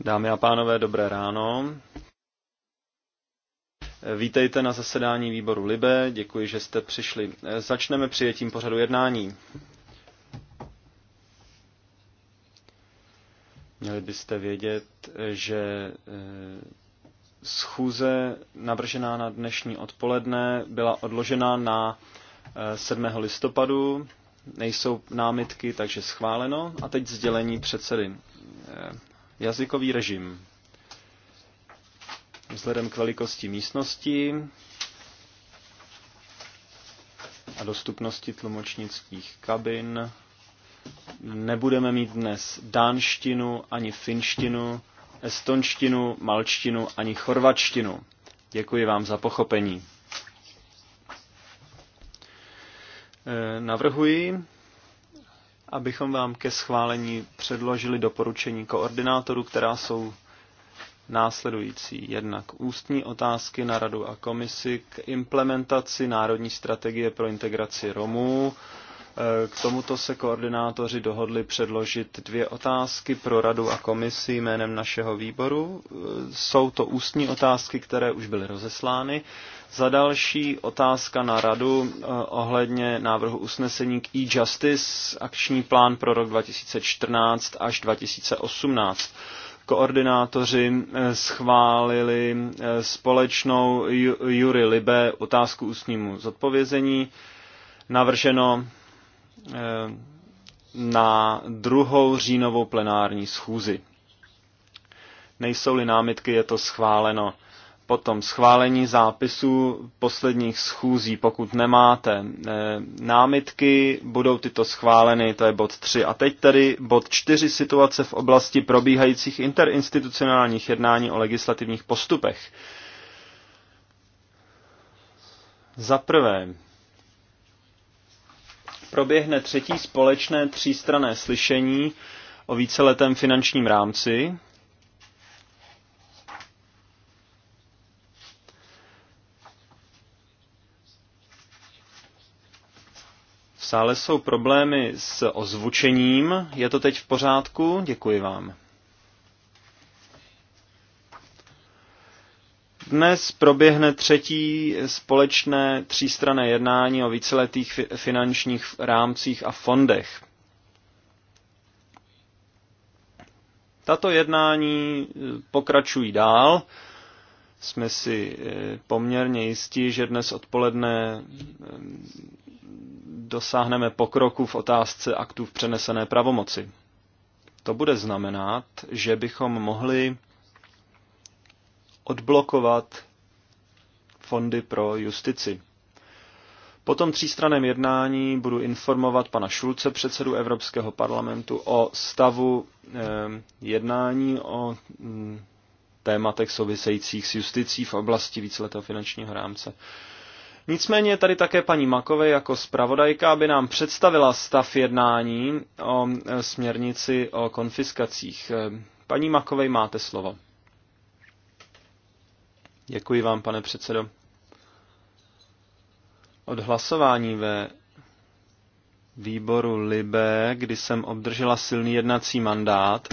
Dámy a pánové, dobré ráno. Vítejte na zasedání výboru Libe, děkuji, že jste přišli. Začneme přijetím pořadu jednání. Měli byste vědět, že eh, schůze navržená na dnešní odpoledne byla odložena na 7. Eh, listopadu nejsou námitky, takže schváleno. A teď sdělení předsedy. Eh, jazykový režim. Vzhledem k velikosti místnosti a dostupnosti tlumočnických kabin nebudeme mít dnes dánštinu, ani finštinu, estonštinu, malčtinu, ani chorvačtinu. Děkuji vám za pochopení. Eh, navrhuji, abychom vám ke schválení předložili doporučení koordinátorů, která jsou následující. Jednak ústní otázky na radu a komisi k implementaci Národní strategie pro integraci Romů Eh, k tomuto se koordinátoři dohodli předložit dvě otázky pro radu a komisi jménem našeho výboru. Eh, jsou to ústní otázky, které už byly rozeslány. Za další otázka na radu eh, ohledně návrhu usnesení k e-justice, akční plán pro rok 2014 až 2018 koordinátoři schválili společnou Jury Libe otázku ústnímu zodpovězení. Navrženo Eh, na druhou říjnovou plenární schůzi. Nejsou-li námitky, je to schváleno. Potom schválení zápisů posledních schůzí, pokud nemáte eh, námitky, budou tyto schváleny, to je bod 3. A teď tedy bod 4, situace v oblasti probíhajících interinstitucionálních jednání o legislativních postupech. Za prvé, proběhne třetí společné třístrané slyšení o víceletém finančním rámci. V sále jsou problémy s ozvučením. Je to teď v pořádku? Děkuji vám. Dnes proběhne třetí společné třístrané jednání o víceletých finančních rámcích a fondech. Tato jednání eh, pokračují dál. Jsme si eh, poměrně jistí, že dnes odpoledne eh, dosáhneme pokroku v otázce aktů v přenesené pravomoci. To bude znamenat, že bychom mohli odblokovat fondy pro justici. Po tom třístraném jednání budu informovat pana Šulce, předsedu Evropského parlamentu, o stavu eh, jednání o mm, tématech souvisejících s justicí v oblasti víceletého finančního rámce. Nicméně tady také paní Makové jako zpravodajka, aby nám představila stav jednání o eh, směrnici o konfiskacích. Eh, paní Makovej, máte slovo. Děkuji vám, pane předsedo. Od hlasování ve výboru Libe, kdy jsem obdržela silný jednací mandát,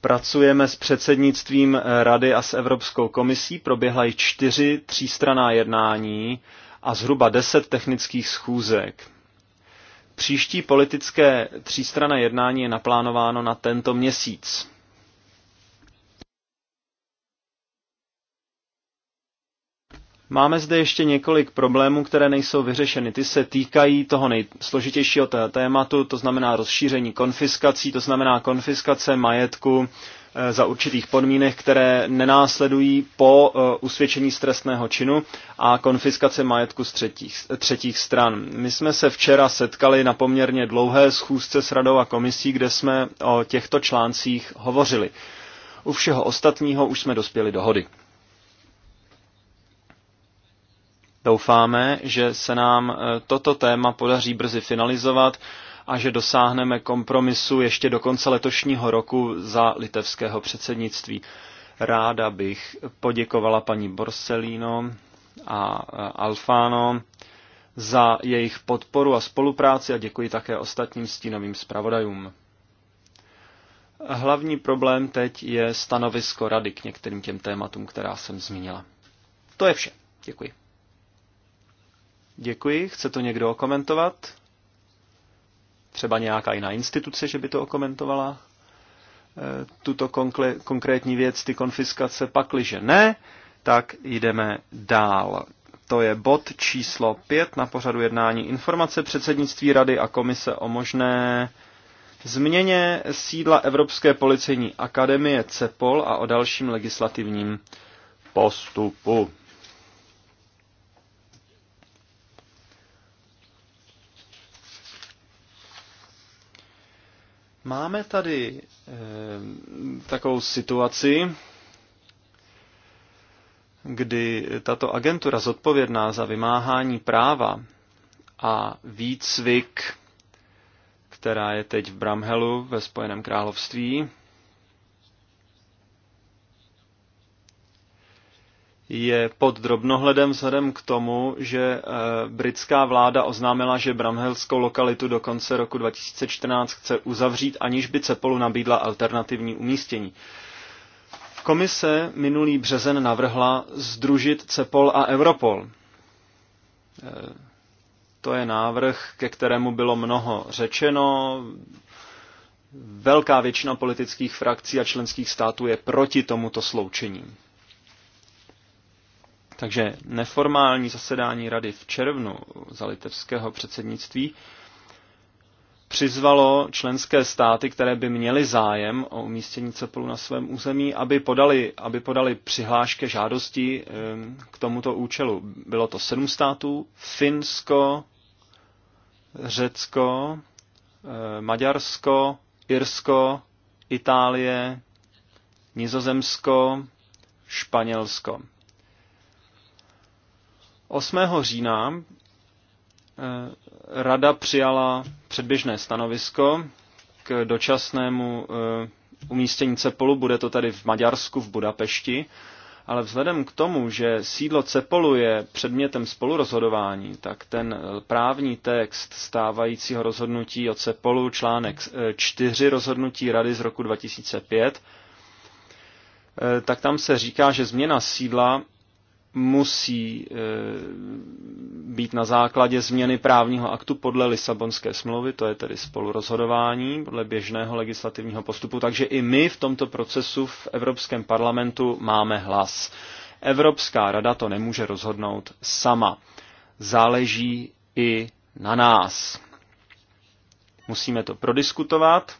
Pracujeme s předsednictvím Rady a s Evropskou komisí. Proběhla i čtyři třístraná jednání a zhruba deset technických schůzek. Příští politické třístrané jednání je naplánováno na tento měsíc. Máme zde ještě několik problémů, které nejsou vyřešeny. Ty se týkají toho nejsložitějšího tématu, to znamená rozšíření konfiskací, to znamená konfiskace majetku e, za určitých podmínek, které nenásledují po e, usvědčení stresného činu a konfiskace majetku z třetích, e, třetích stran. My jsme se včera setkali na poměrně dlouhé schůzce s radou a komisí, kde jsme o těchto článcích hovořili. U všeho ostatního už jsme dospěli dohody. Doufáme, že se nám e, toto téma podaří brzy finalizovat a že dosáhneme kompromisu ještě do konce letošního roku za litevského předsednictví. Ráda bych poděkovala paní Borsellino a e, Alfano za jejich podporu a spolupráci a děkuji také ostatním stínovým zpravodajům. Hlavní problém teď je stanovisko rady k některým těm tématům, která jsem zmínila. To je vše. Děkuji. Děkuji. Chce to někdo okomentovat? Třeba nějaká jiná instituce, že by to okomentovala? E, tuto konkrétní věc, ty konfiskace, pakliže ne, tak jdeme dál. To je bod číslo 5 na pořadu jednání informace předsednictví Rady a komise o možné změně sídla Evropské policejní akademie CEPOL a o dalším legislativním postupu. Máme tady e, takovou situaci, kdy tato agentura zodpovědná za vymáhání práva a výcvik, která je teď v Bramhelu ve Spojeném království, je pod drobnohledem vzhledem k tomu, že eh, britská vláda oznámila, že bramhelskou lokalitu do konce roku 2014 chce uzavřít, aniž by Cepolu nabídla alternativní umístění. Komise minulý březen navrhla združit Cepol a Europol. Eh, to je návrh, ke kterému bylo mnoho řečeno. Velká většina politických frakcí a členských států je proti tomuto sloučení. Takže neformální zasedání rady v červnu za litevského předsednictví přizvalo členské státy, které by měly zájem o umístění cepolu na svém území, aby podali, aby podali přihlášky žádosti k tomuto účelu. Bylo to sedm států, Finsko, Řecko, Maďarsko, Irsko, Itálie, Nizozemsko, Španělsko. 8. října eh, rada přijala předběžné stanovisko k dočasnému eh, umístění Cepolu. Bude to tady v Maďarsku, v Budapešti. Ale vzhledem k tomu, že sídlo Cepolu je předmětem spolurozhodování, tak ten eh, právní text stávajícího rozhodnutí o Cepolu, článek 4 rozhodnutí Rady z roku 2005, tak tam se říká, že změna sídla musí e, být na základě změny právního aktu podle Lisabonské smlouvy, to je tedy spolurozhodování podle běžného legislativního postupu, takže i my v tomto procesu v Evropském parlamentu máme hlas. Evropská rada to nemůže rozhodnout sama. Záleží i na nás. Musíme to prodiskutovat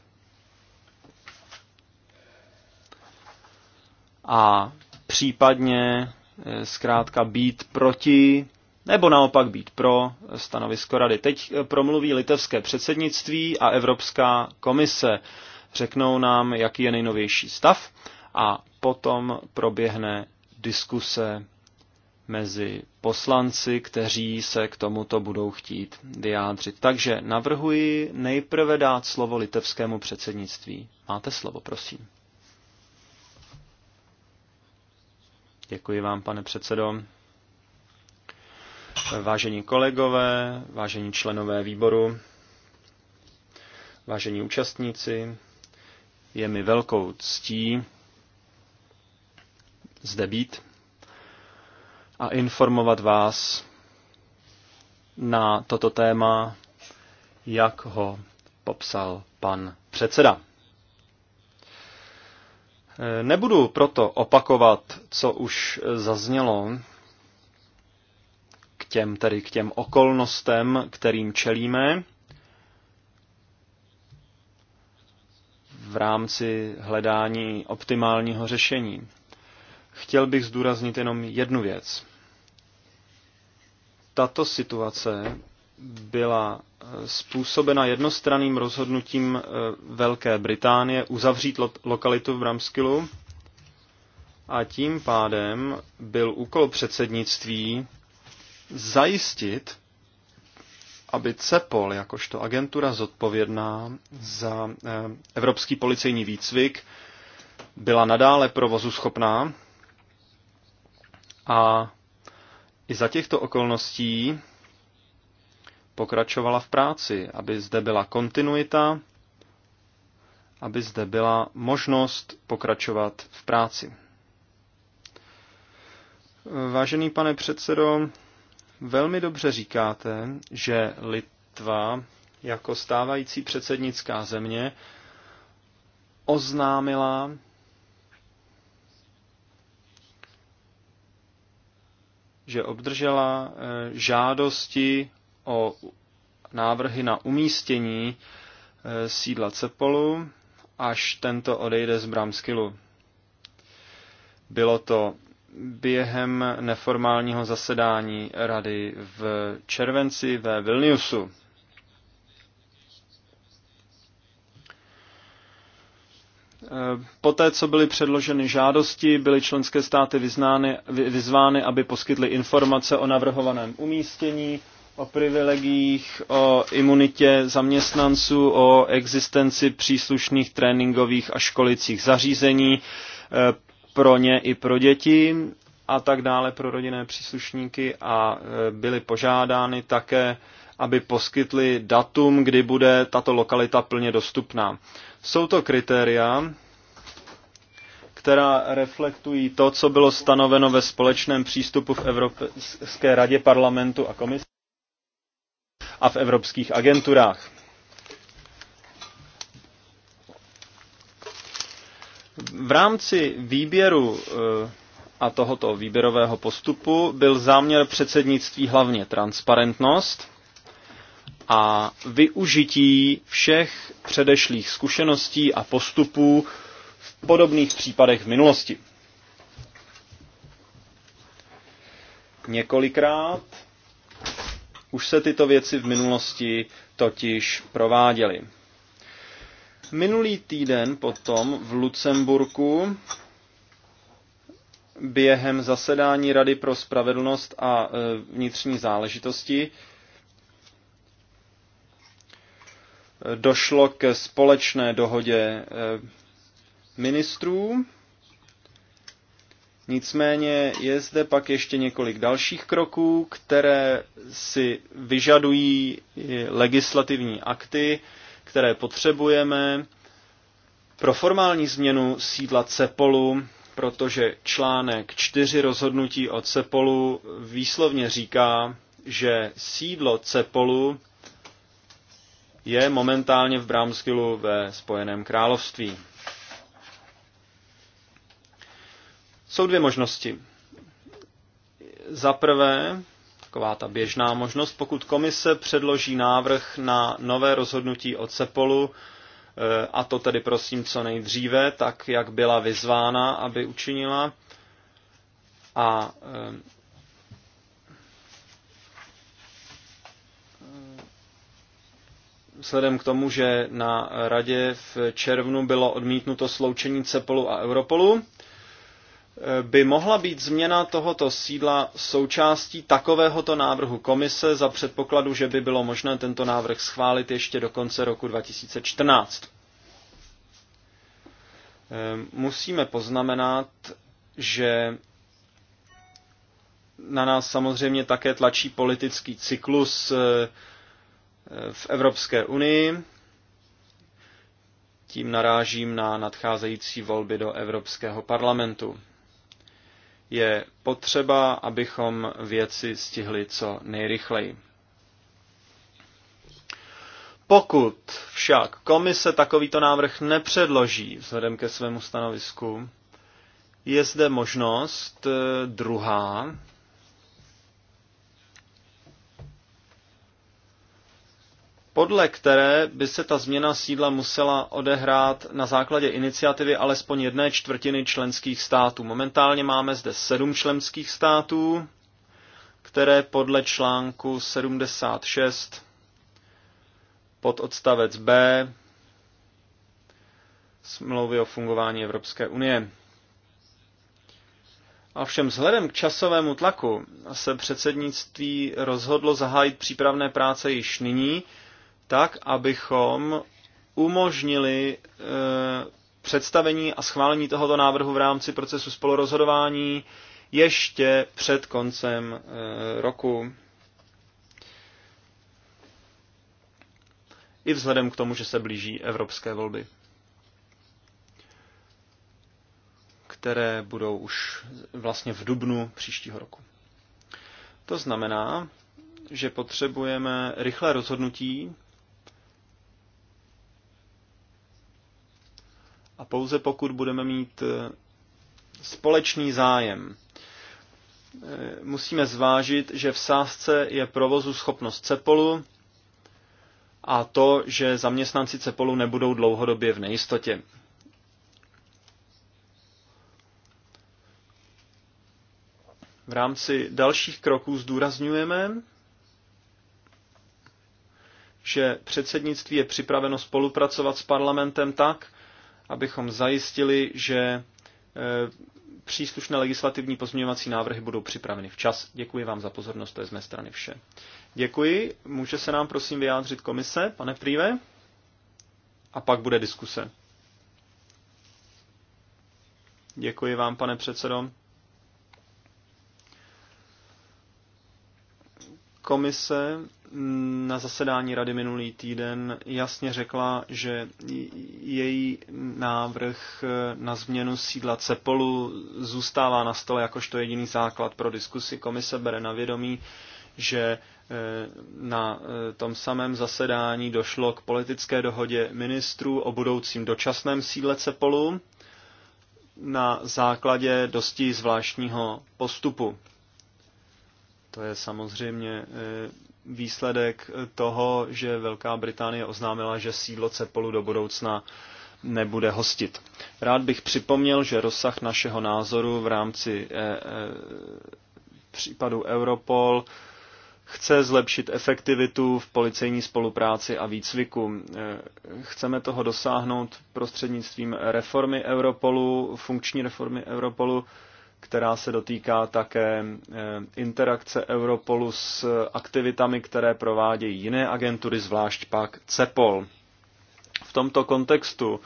a případně Eh, zkrátka být proti nebo naopak být pro stanovisko rady. Teď eh, promluví litevské předsednictví a Evropská komise. Řeknou nám, jaký je nejnovější stav a potom proběhne diskuse mezi poslanci, kteří se k tomuto budou chtít vyjádřit. Takže navrhuji nejprve dát slovo litevskému předsednictví. Máte slovo, prosím. Děkuji vám, pane předsedo. Vážení kolegové, vážení členové výboru, vážení účastníci, je mi velkou ctí zde být a informovat vás na toto téma, jak ho popsal pan předseda. Nebudu proto opakovat, co už zaznělo k těm, tedy k těm okolnostem, kterým čelíme v rámci hledání optimálního řešení. Chtěl bych zdůraznit jenom jednu věc. Tato situace byla eh, způsobena jednostranným rozhodnutím eh, Velké Británie uzavřít lo lokalitu v Bramskilu, a tím pádem byl úkol předsednictví zajistit, aby CEPOL, jakožto agentura zodpovědná za eh, evropský policejní výcvik, byla nadále provozu schopná a i za těchto okolností pokračovala v práci, aby zde byla kontinuita, aby zde byla možnost pokračovat v práci. Vážený pane předsedo, velmi dobře říkáte, že Litva jako stávající předsednická země oznámila že obdržela eh, žádosti o návrhy na umístění e, sídla Cepolu, až tento odejde z Bramskilu. Bylo to během neformálního zasedání rady v červenci ve Vilniusu. E, poté, co byly předloženy žádosti, byly členské státy vyznány, vyzvány, aby poskytly informace o navrhovaném umístění o privilegiích, o imunitě zaměstnanců, o existenci příslušných tréninkových a školicích zařízení eh, pro ně i pro děti a tak dále pro rodinné příslušníky a eh, byly požádány také, aby poskytli datum, kdy bude tato lokalita plně dostupná. Jsou to kritéria, která reflektují to, co bylo stanoveno ve společném přístupu v Evropské radě parlamentu a komisi a v evropských agenturách. V rámci výběru eh, a tohoto výběrového postupu byl záměr předsednictví hlavně transparentnost a využití všech předešlých zkušeností a postupů v podobných případech v minulosti. Několikrát už se tyto věci v minulosti totiž prováděly. Minulý týden potom v Lucemburku během zasedání Rady pro spravedlnost a e, vnitřní záležitosti e, došlo k společné dohodě e, ministrů Nicméně je zde pak ještě několik dalších kroků, které si vyžadují legislativní akty, které potřebujeme pro formální změnu sídla CEPOLu, protože článek 4 rozhodnutí o CEPOLu výslovně říká, že sídlo CEPOLu je momentálně v Bramskillu ve Spojeném království. Jsou dvě možnosti. Za prvé, taková ta běžná možnost, pokud komise předloží návrh na nové rozhodnutí o CEPOLu, eh, a to tedy prosím co nejdříve, tak jak byla vyzvána, aby učinila. A eh, vzhledem k tomu, že na radě v červnu bylo odmítnuto sloučení CEPOLu a Europolu, by mohla být změna tohoto sídla součástí takovéhoto návrhu komise za předpokladu, že by bylo možné tento návrh schválit ještě do konce roku 2014. Eh, musíme poznamenat, že na nás samozřejmě také tlačí politický cyklus eh, eh, v Evropské unii. Tím narážím na nadcházející volby do Evropského parlamentu je potřeba, abychom věci stihli co nejrychleji. Pokud však komise takovýto návrh nepředloží vzhledem ke svému stanovisku, je zde možnost eh, druhá, podle které by se ta změna sídla musela odehrát na základě iniciativy alespoň jedné čtvrtiny členských států. Momentálně máme zde sedm členských států, které podle článku 76 pod odstavec B smlouvy o fungování Evropské unie. A všem vzhledem k časovému tlaku se předsednictví rozhodlo zahájit přípravné práce již nyní, tak, abychom umožnili eh, představení a schválení tohoto návrhu v rámci procesu spolurozhodování ještě před koncem eh, roku. I vzhledem k tomu, že se blíží evropské volby, které budou už vlastně v dubnu příštího roku. To znamená, že potřebujeme rychlé rozhodnutí pouze pokud budeme mít eh, společný zájem, eh, musíme zvážit, že v sázce je provozu schopnost Cepolu a to, že zaměstnanci Cepolu nebudou dlouhodobě v nejistotě. V rámci dalších kroků zdůrazňujeme, že předsednictví je připraveno spolupracovat s parlamentem tak, abychom zajistili, že e, příslušné legislativní pozměňovací návrhy budou připraveny včas. Děkuji vám za pozornost, to je z mé strany vše. Děkuji. Může se nám prosím vyjádřit komise, pane Prýve? A pak bude diskuse. Děkuji vám, pane předsedo. Komise na zasedání rady minulý týden jasně řekla, že její návrh na změnu sídla Cepolu zůstává na stole jakožto jediný základ pro diskusi. Komise bere na vědomí, že e, na e, tom samém zasedání došlo k politické dohodě ministrů o budoucím dočasném sídle Cepolu na základě dosti zvláštního postupu. To je samozřejmě e, výsledek toho, že Velká Británie oznámila, že sídlo Cepolu do budoucna nebude hostit. Rád bych připomněl, že rozsah našeho názoru v rámci e, e, případu Europol chce zlepšit efektivitu v policejní spolupráci a výcviku. Eh, chceme toho dosáhnout prostřednictvím reformy Europolu, funkční reformy Europolu, která se dotýká také eh, interakce Europolu s aktivitami, které provádějí jiné agentury, zvlášť pak CEPOL. V tomto kontextu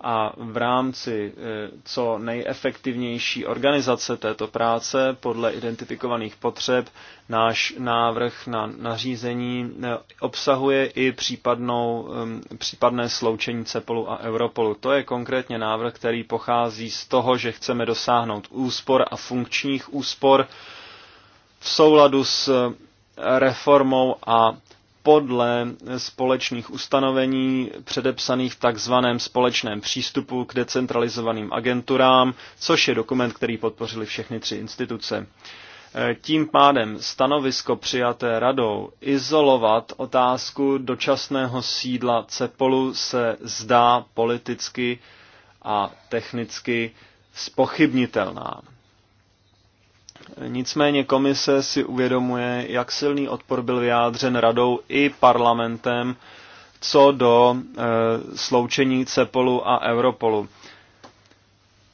a v rámci eh, co nejefektivnější organizace této práce podle identifikovaných potřeb náš návrh na nařízení eh, obsahuje i případnou, eh, případné sloučení CEPOLu a Europolu. To je konkrétně návrh, který pochází z toho, že chceme dosáhnout úspor a funkčních úspor v souladu s reformou a podle společných ustanovení předepsaných v takzvaném společném přístupu k decentralizovaným agenturám, což je dokument, který podpořili všechny tři instituce. Tím pádem stanovisko přijaté radou izolovat otázku dočasného sídla Cepolu se zdá politicky a technicky spochybnitelná. Nicméně komise si uvědomuje, jak silný odpor byl vyjádřen radou i parlamentem co do e, sloučení CEPOLu a Europolu.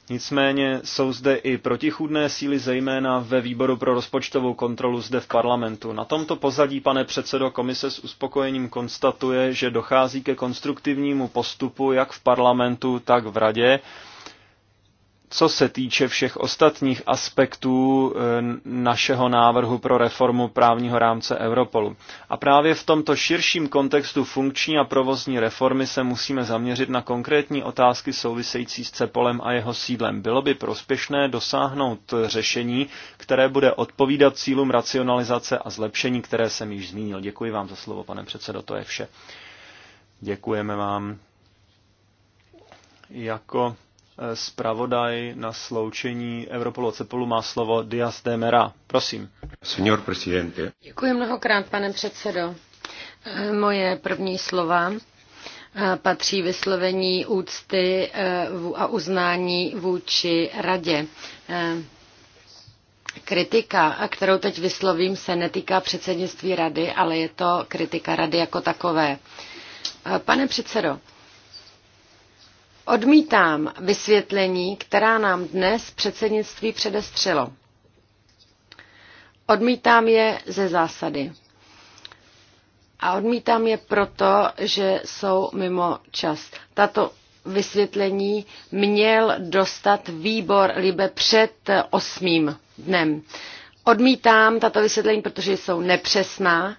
Nicméně jsou zde i protichůdné síly, zejména ve výboru pro rozpočtovou kontrolu zde v parlamentu. Na tomto pozadí, pane předsedo, komise s uspokojením konstatuje, že dochází ke konstruktivnímu postupu jak v parlamentu, tak v radě co se týče všech ostatních aspektů eh, našeho návrhu pro reformu právního rámce Europolu. A právě v tomto širším kontextu funkční a provozní reformy se musíme zaměřit na konkrétní otázky související s Cepolem a jeho sídlem. Bylo by prospěšné dosáhnout řešení, které bude odpovídat cílům racionalizace a zlepšení, které jsem již zmínil. Děkuji vám za slovo, pane předsedo, to je vše. Děkujeme vám. Jako zpravodaj na sloučení Europolu Cepolu má slovo Dias de Mera. Prosím. Senor presidente. Děkuji mnohokrát, pane předsedo. Moje první slova eh, patří vyslovení úcty eh, a uznání vůči radě. Eh, kritika, kterou teď vyslovím, se netýká předsednictví rady, ale je to kritika rady jako takové. Pane předsedo, Odmítám vysvětlení, která nám dnes předsednictví předestřelo. Odmítám je ze zásady. A odmítám je proto, že jsou mimo čas. Tato vysvětlení měl dostat výbor Libe před osmým dnem. Odmítám tato vysvětlení, protože jsou nepřesná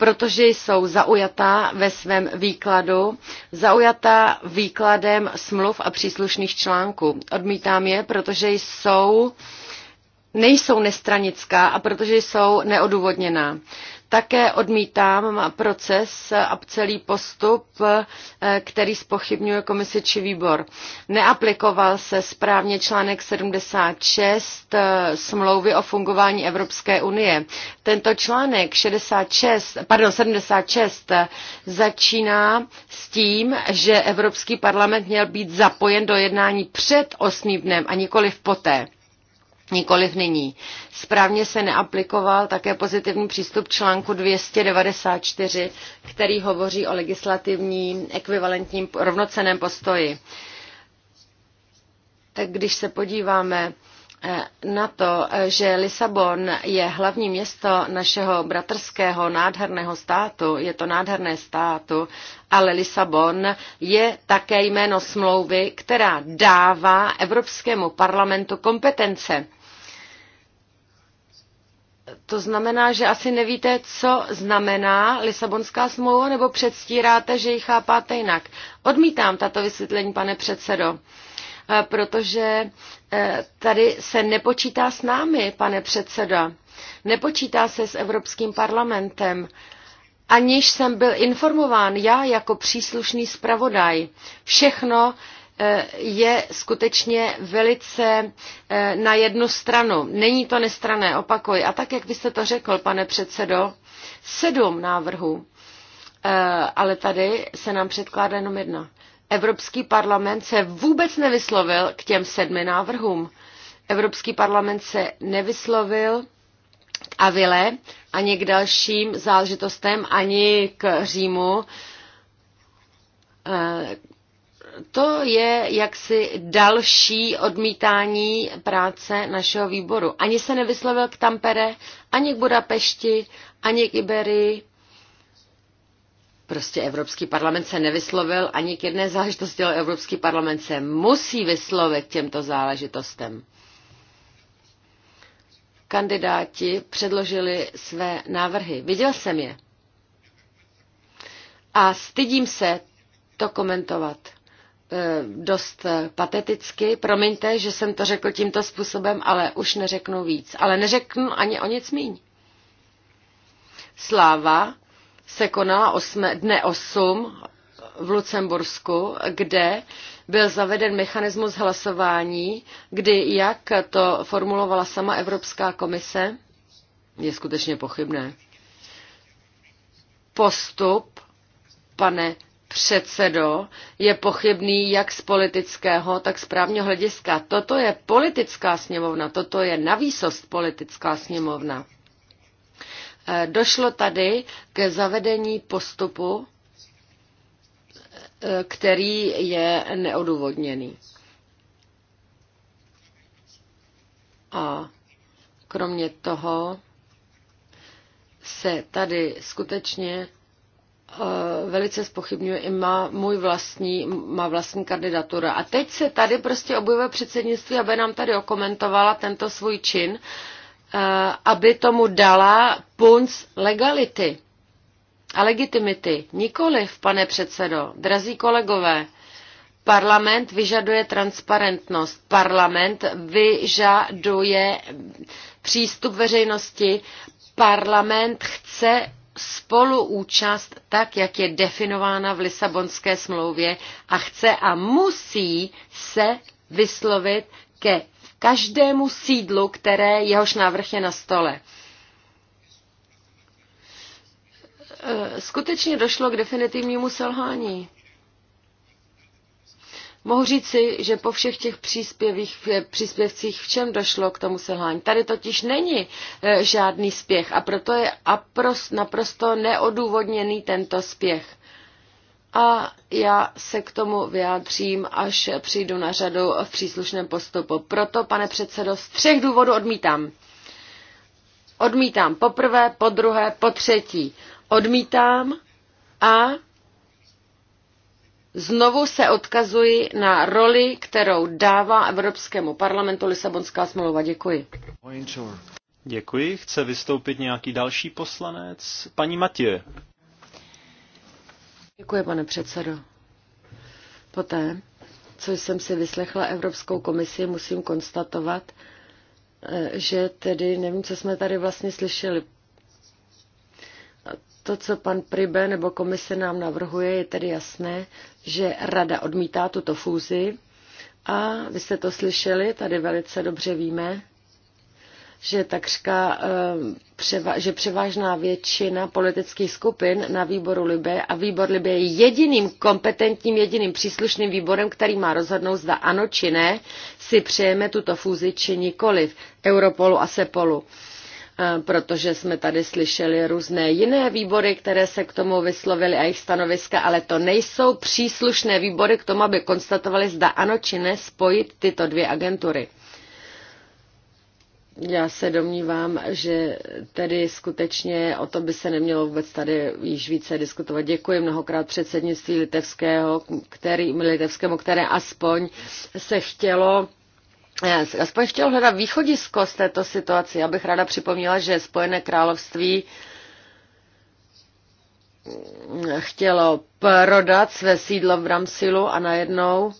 protože jsou zaujatá ve svém výkladu, zaujatá výkladem smluv a příslušných článků. Odmítám je, protože jsou nejsou nestranická a protože jsou neodůvodněná. Také odmítám proces a celý postup, eh, který spochybňuje komisi či výbor. Neaplikoval se správně článek 76 eh, smlouvy o fungování Evropské unie. Tento článek 66, pardon, 76 eh, začíná s tím, že Evropský parlament měl být zapojen do jednání před osmým dnem a nikoli v poté nikoliv nyní. Správně se neaplikoval také pozitivní přístup článku 294, který hovoří o legislativním ekvivalentním rovnoceném postoji. Když se podíváme eh, na to, eh, že Lisabon je hlavní město našeho bratrského nádherného státu, je to nádherné státu, ale Lisabon je také jméno smlouvy, která dává Evropskému parlamentu kompetence to znamená, že asi nevíte, co znamená Lisabonská smlouva, nebo předstíráte, že ji chápáte jinak. Odmítám tato vysvětlení, pane předsedo, eh, protože eh, tady se nepočítá s námi, pane předsedo. Nepočítá se s Evropským parlamentem. Aniž jsem byl informován já jako příslušný zpravodaj. Všechno je skutečně velice eh, na jednu stranu. Není to nestrané, opakuj. A tak, jak vy jste to řekl, pane předsedo, sedm návrhů, eh, ale tady se nám předkládá jenom jedna. Evropský parlament se vůbec nevyslovil k těm sedmi návrhům. Evropský parlament se nevyslovil k Avile ani k dalším záležitostem, ani k Římu, eh, to je jaksi další odmítání práce našeho výboru. Ani se nevyslovil k Tampere, ani k Budapešti, ani k Iberii. Prostě Evropský parlament se nevyslovil ani k jedné záležitosti, ale Evropský parlament se musí vyslovit těmto záležitostem. Kandidáti předložili své návrhy. Viděl jsem je. A stydím se to komentovat. Eh, dost eh, pateticky. Promiňte, že jsem to řekl tímto způsobem, ale už neřeknu víc. Ale neřeknu ani o nic míň. Sláva se konala osme, dne 8 v Lucembursku, kde byl zaveden mechanismus hlasování, kdy, jak to formulovala sama Evropská komise, je skutečně pochybné. Postup, pane předsedo, je pochybný jak z politického, tak z právního hlediska. Toto je politická sněmovna, toto je navýsost politická sněmovna. E, došlo tady ke zavedení postupu, e, který je neodůvodněný. A kromě toho se tady skutečně Eh, velice spochybňuje i má můj vlastní, má vlastní kandidatura. A teď se tady prostě objevuje předsednictví, aby nám tady okomentovala tento svůj čin, eh, aby tomu dala punc legality a legitimity. Nikoliv, pane předsedo, drazí kolegové, parlament vyžaduje transparentnost, parlament vyžaduje přístup veřejnosti, parlament chce spoluúčast tak, jak je definována v Lisabonské smlouvě a chce a musí se vyslovit ke každému sídlu, které jehož návrh je na stole. E, skutečně došlo k definitivnímu selhání. Mohu říci, že po všech těch příspěvcích v čem došlo k tomu selhání. Tady totiž není e, žádný spěch a proto je aprost, naprosto neodůvodněný tento spěch. A já se k tomu vyjádřím, až přijdu na řadu v příslušném postupu. Proto, pane předsedo, z třech důvodů odmítám. Odmítám po prvé, po druhé, po třetí. Odmítám a Znovu se odkazuji na roli, kterou dává Evropskému parlamentu Lisabonská smlouva. Děkuji. Děkuji. Chce vystoupit nějaký další poslanec? Paní Matěje. Děkuji, pane předsedo. Poté, co jsem si vyslechla Evropskou komisi, musím konstatovat, eh, že tedy nevím, co jsme tady vlastně slyšeli. To, co pan Pribe nebo komise nám navrhuje, je tedy jasné, že rada odmítá tuto fúzi a vy jste to slyšeli, tady velice dobře víme, že takřka eh, že převážná většina politických skupin na výboru Libé a výbor Libé je jediným kompetentním, jediným příslušným výborem, který má rozhodnout, zda ano či ne, si přejeme tuto fúzi či nikoliv Europolu a Sepolu. Eh, protože jsme tady slyšeli různé jiné výbory, které se k tomu vyslovily a jejich stanoviska, ale to nejsou příslušné výbory k tomu, aby konstatovali, zda ano či ne spojit tyto dvě agentury. Já se domnívám, že tedy skutečně o to by se nemělo vůbec tady již více diskutovat. Děkuji mnohokrát předsednictví litevského, který, litevskému, které aspoň se chtělo Eh, aspoň chtěl hledat východisko z této situace. Já bych ráda připomněla, že Spojené království mm, chtělo prodat své sídlo v Ramsilu a najednou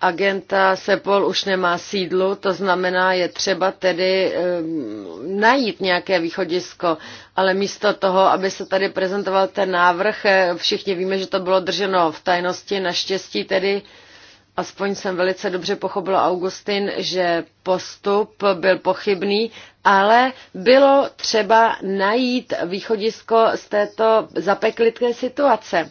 agenta Sepol už nemá sídlu, to znamená, je třeba tedy um, najít nějaké východisko, ale místo toho, aby se tady prezentoval ten návrh, eh, všichni víme, že to bylo drženo v tajnosti, naštěstí tedy aspoň jsem velice dobře pochopila Augustin, že postup byl pochybný, ale bylo třeba najít východisko z této zapeklitké situace.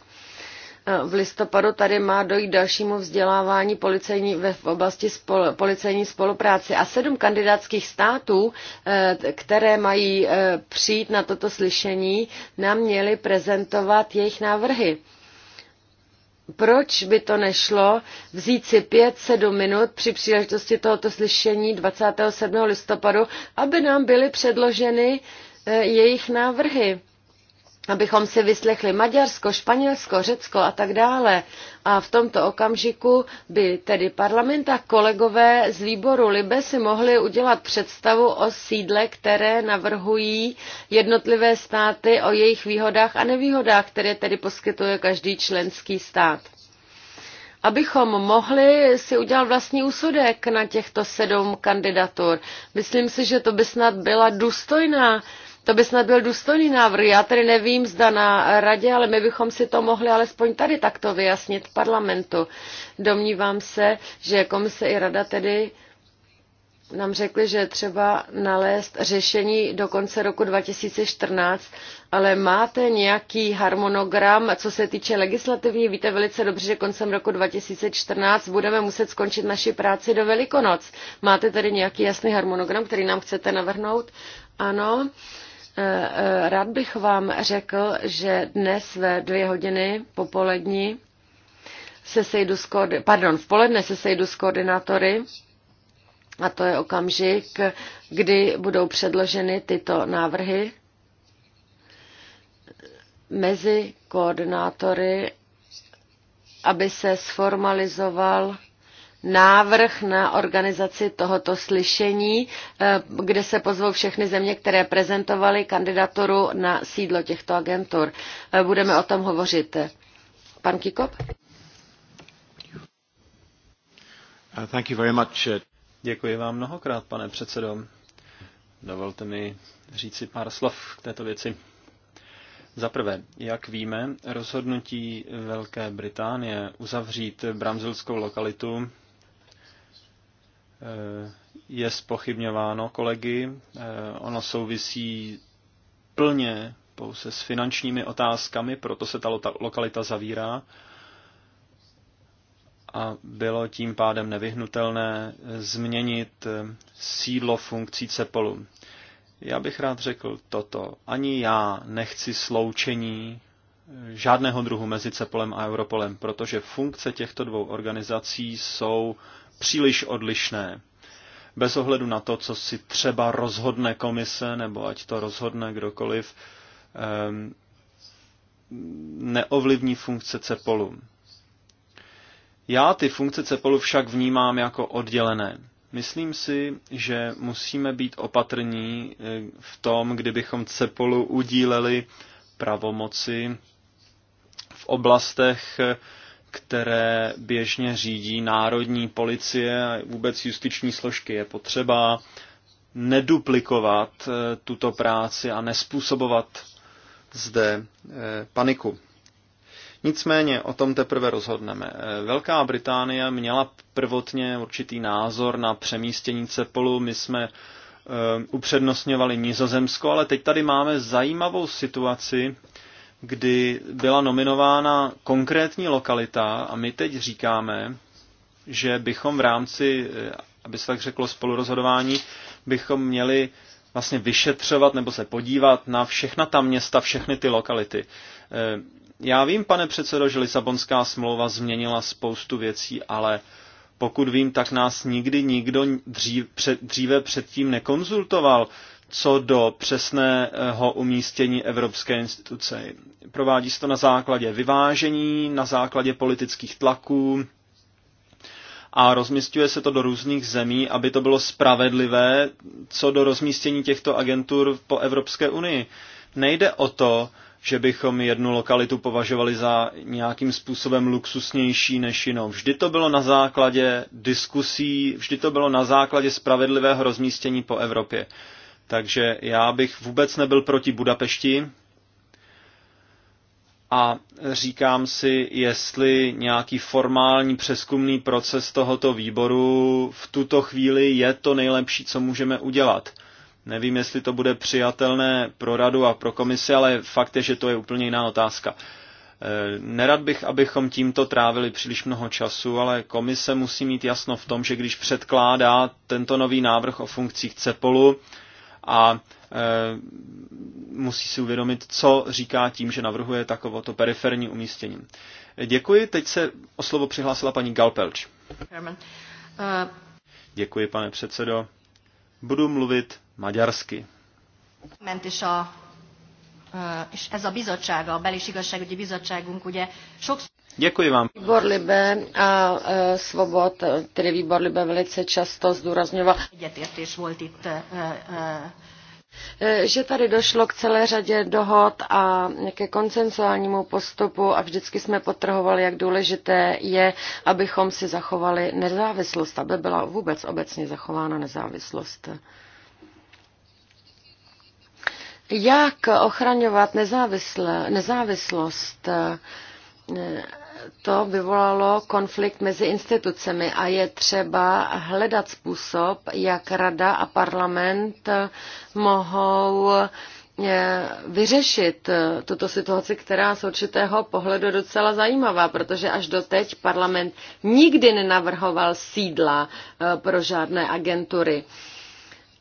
V listopadu tady má dojít dalšímu vzdělávání policejní, v oblasti spol, policejní spolupráce a sedm kandidátských států, eh, které mají eh, přijít na toto slyšení, nám měly prezentovat jejich návrhy proč by to nešlo vzít si pět sedm minut při příležitosti tohoto slyšení 27. listopadu, aby nám byly předloženy eh, jejich návrhy abychom si vyslechli Maďarsko, Španělsko, Řecko a tak dále. A v tomto okamžiku by tedy parlament a kolegové z výboru Libe si mohli udělat představu o sídle, které navrhují jednotlivé státy, o jejich výhodách a nevýhodách, které tedy poskytuje každý členský stát abychom mohli si udělat vlastní úsudek na těchto sedm kandidatur. Myslím si, že to by snad byla důstojná to by snad byl důstojný návrh. Já tedy nevím, zda na radě, ale my bychom si to mohli alespoň tady takto vyjasnit v parlamentu. Domnívám se, že komise i rada tedy nám řekli, že je třeba nalézt řešení do konce roku 2014, ale máte nějaký harmonogram, co se týče legislativní? Víte velice dobře, že koncem roku 2014 budeme muset skončit naši práci do Velikonoc. Máte tedy nějaký jasný harmonogram, který nám chcete navrhnout? Ano. Uh, Eh, eh, rád bych vám řekl, že dnes ve dvě hodiny popolední se sejdu s pardon, v poledne se sejdu s koordinátory a to je okamžik, kdy budou předloženy tyto návrhy mezi koordinátory, aby se sformalizoval návrh na organizaci tohoto slyšení, eh, kde se pozvou všechny země, které prezentovaly kandidaturu na sídlo těchto agentur. Eh, budeme o tom hovořit. Pan Kikop? Uh, thank you very much. Uh, Děkuji vám mnohokrát, pane předsedo. Dovolte mi říci pár slov k této věci. Za prvé, jak víme, rozhodnutí Velké Británie uzavřít bramzilskou lokalitu Eh, je spochybňováno kolegy. Eh, ono souvisí plně pouze s finančními otázkami, proto se ta lokalita zavírá a bylo tím pádem nevyhnutelné eh, změnit sídlo funkcí Cepolu. Já bych rád řekl toto. Ani já nechci sloučení žádného druhu mezi Cepolem a Europolem, protože funkce těchto dvou organizací jsou příliš odlišné. Bez ohledu na to, co si třeba rozhodne komise, nebo ať to rozhodne kdokoliv, ehm, neovlivní funkce cepolu. Já ty funkce cepolu však vnímám jako oddělené. Myslím si, že musíme být opatrní eh, v tom, kdybychom cepolu udíleli pravomoci v oblastech, eh, které běžně řídí národní policie a vůbec justiční složky. Je potřeba neduplikovat eh, tuto práci a nespůsobovat zde eh, paniku. Nicméně o tom teprve rozhodneme. Eh, Velká Británie měla prvotně určitý názor na přemístění Cepolu. My jsme upřednostňovali Nizozemsko, ale teď tady máme zajímavou situaci, kdy byla nominována konkrétní lokalita a my teď říkáme, že bychom v rámci, eh, aby se tak řeklo, spolurozhodování, bychom měli vlastně vyšetřovat nebo se podívat na všechna ta města, všechny ty lokality. Eh, já vím, pane předsedo, že Lisabonská smlouva změnila spoustu věcí, ale pokud vím, tak nás nikdy nikdo dříve předtím nekonzultoval co do přesného umístění evropské instituce. Provádí se to na základě vyvážení, na základě politických tlaků a rozmistuje se to do různých zemí, aby to bylo spravedlivé co do rozmístění těchto agentur po Evropské unii. Nejde o to, že bychom jednu lokalitu považovali za nějakým způsobem luxusnější než jinou. Vždy to bylo na základě diskusí, vždy to bylo na základě spravedlivého rozmístění po Evropě. Takže já bych vůbec nebyl proti Budapešti a říkám si, jestli nějaký formální přeskumný proces tohoto výboru v tuto chvíli je to nejlepší, co můžeme udělat. Nevím, jestli to bude přijatelné pro radu a pro komisi, ale fakt je, že to je úplně jiná otázka. E, nerad bych, abychom tímto trávili příliš mnoho času, ale komise musí mít jasno v tom, že když předkládá tento nový návrh o funkcích CEPOLu, a e, musí si uvědomit, co říká tím, že navrhuje takovoto periferní umístění. Děkuji, teď se o slovo přihlásila paní Galpelč. Uh, Děkuji, pane předsedo. Budu mluvit maďarsky. Uh, és ez a bizottsága, a Belis Igazságügyi Bizottságunk ugye sokszor... Děkuji vám. Výbor Libe a e, Svobod, tedy výbor Libe velice často zdůrazňoval, e, že tady došlo k celé řadě dohod a ke koncensuálnímu postupu a vždycky jsme potrhovali, jak důležité je, abychom si zachovali nezávislost, aby byla vůbec obecně zachována nezávislost. Jak ochraňovat nezávisle, nezávislost? E, to vyvolalo konflikt mezi institucemi a je třeba hledat způsob, jak rada a parlament mohou eh, vyřešit eh, tuto situaci, která z určitého pohledu docela zajímavá, protože až doteď parlament nikdy nenavrhoval sídla eh, pro žádné agentury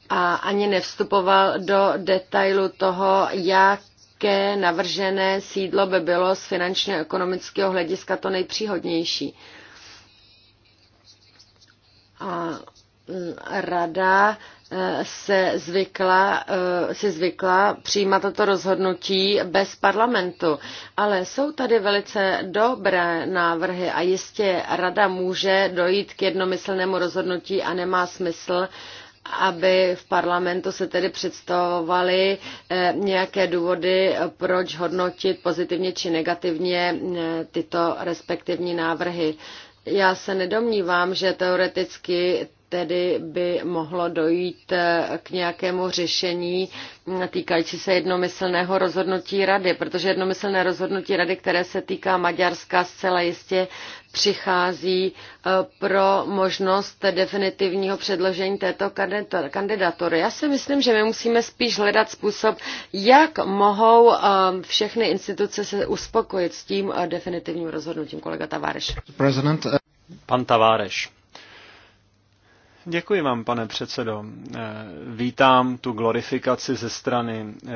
a ani nevstupoval do detailu toho, jak české navržené sídlo by bylo z finančně ekonomického hlediska to nejpříhodnější. A mm, rada e, se zvykla, e, si zvykla přijímat toto rozhodnutí bez parlamentu. Ale jsou tady velice dobré návrhy a jistě rada může dojít k jednomyslnému rozhodnutí a nemá smysl aby v parlamentu se tedy představovaly eh, nějaké důvody, proč hodnotit pozitivně či negativně eh, tyto respektivní návrhy. Já se nedomnívám, že teoreticky tedy by mohlo dojít eh, k nějakému řešení týkající se jednomyslného rozhodnutí rady, protože jednomyslné rozhodnutí rady, které se týká Maďarska, zcela jistě přichází eh, pro možnost definitivního předložení této kandidatury. Já si myslím, že my musíme spíš hledat způsob, jak mohou eh, všechny instituce se uspokojit s tím definitivním rozhodnutím. Kolega Tavareš. Pan Tavareš. Děkuji vám, pane předsedo. Eh, vítám tu glorifikaci ze strany eh,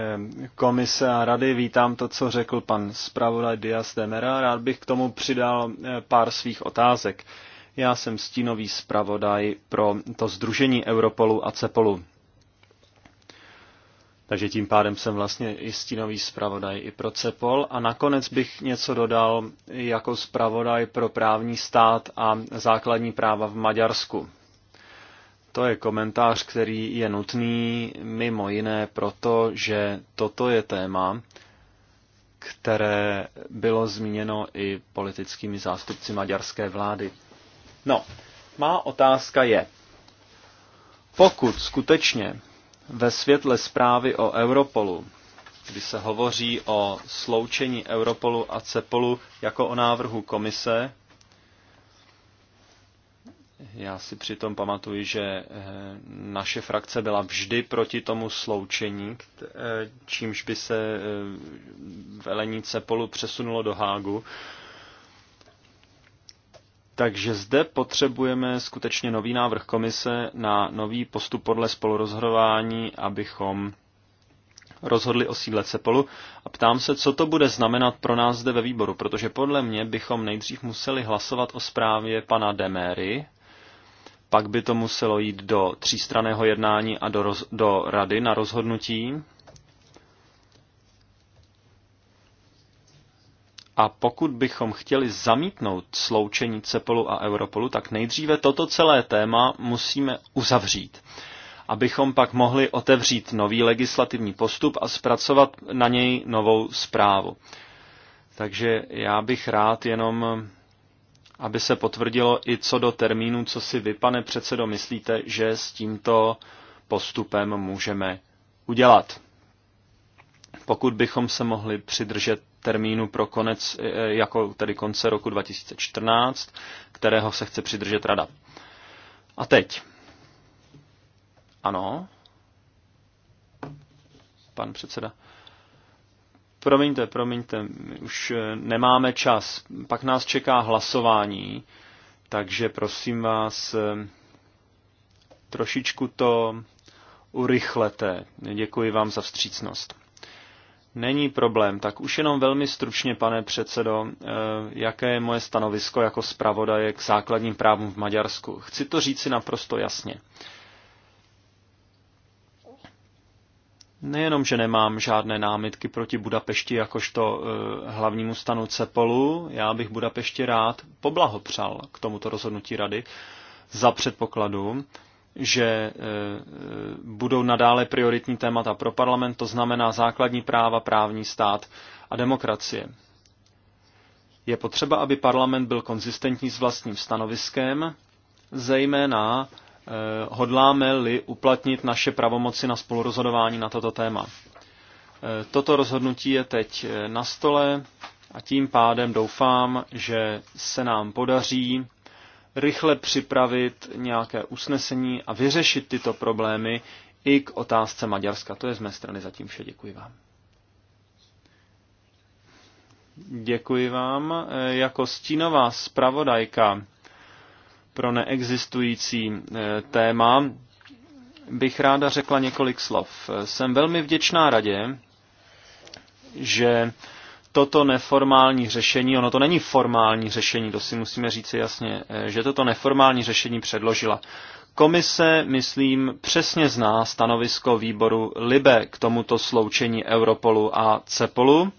komise a rady, vítám to, co řekl pan zpravodaj Diaz de Mera. Rád bych k tomu přidal eh, pár svých otázek. Já jsem stínový zpravodaj pro to združení Europolu a Cepolu. Takže tím pádem jsem vlastně i stínový zpravodaj i pro CEPOL. A nakonec bych něco dodal jako zpravodaj pro právní stát a základní práva v Maďarsku. To je komentář, který je nutný mimo jiné proto, že toto je téma, které bylo zmíněno i politickými zástupci maďarské vlády. No, má otázka je, pokud skutečně ve světle zprávy o Europolu, kdy se hovoří o sloučení Europolu a Cepolu jako o návrhu komise, já si přitom pamatuju, že eh, naše frakce byla vždy proti tomu sloučení, eh, čímž by se eh, velení Cepolu přesunulo do Hágu. Takže zde potřebujeme skutečně nový návrh komise na nový postup podle spolurozhodování, abychom rozhodli o sídle Cepolu a ptám se, co to bude znamenat pro nás zde ve výboru, protože podle mě bychom nejdřív museli hlasovat o zprávě pana Deméry, pak by to muselo jít do třístraného jednání a do, roz, do rady na rozhodnutí. A pokud bychom chtěli zamítnout sloučení CEPOLu a Europolu, tak nejdříve toto celé téma musíme uzavřít, abychom pak mohli otevřít nový legislativní postup a zpracovat na něj novou zprávu. Takže já bych rád jenom aby se potvrdilo i co do termínu, co si vy, pane předsedo, myslíte, že s tímto postupem můžeme udělat. Pokud bychom se mohli přidržet termínu pro konec, e, e, jako tedy konce roku 2014, kterého se chce přidržet rada. A teď. Ano. Pan předseda. Promiňte, promiňte, už eh, nemáme čas. Pak nás čeká hlasování, takže prosím vás, eh, trošičku to urychlete. Děkuji vám za vstřícnost. Není problém, tak už jenom velmi stručně, pane předsedo, eh, jaké je moje stanovisko jako zpravodaje k základním právům v Maďarsku. Chci to říci naprosto jasně. Nejenom, že nemám žádné námitky proti Budapešti jakožto e, hlavnímu stanu Cepolu, já bych Budapešti rád poblahopřál k tomuto rozhodnutí rady za předpokladu, že e, budou nadále prioritní témata pro parlament, to znamená základní práva, právní stát a demokracie. Je potřeba, aby parlament byl konzistentní s vlastním stanoviskem, zejména Eh, hodláme-li uplatnit naše pravomoci na spolurozhodování na toto téma. Eh, toto rozhodnutí je teď eh, na stole a tím pádem doufám, že se nám podaří rychle připravit nějaké usnesení a vyřešit tyto problémy i k otázce Maďarska. To je z mé strany zatím vše. Děkuji vám. Děkuji vám. Jako stínová zpravodajka pro neexistující eh, téma bych ráda řekla několik slov. Jsem velmi vděčná radě, že toto neformální řešení, ono to není formální řešení, to si musíme říct jasně, eh, že toto neformální řešení předložila. Komise, myslím, přesně zná stanovisko výboru LIBE k tomuto sloučení Europolu a CEPOLu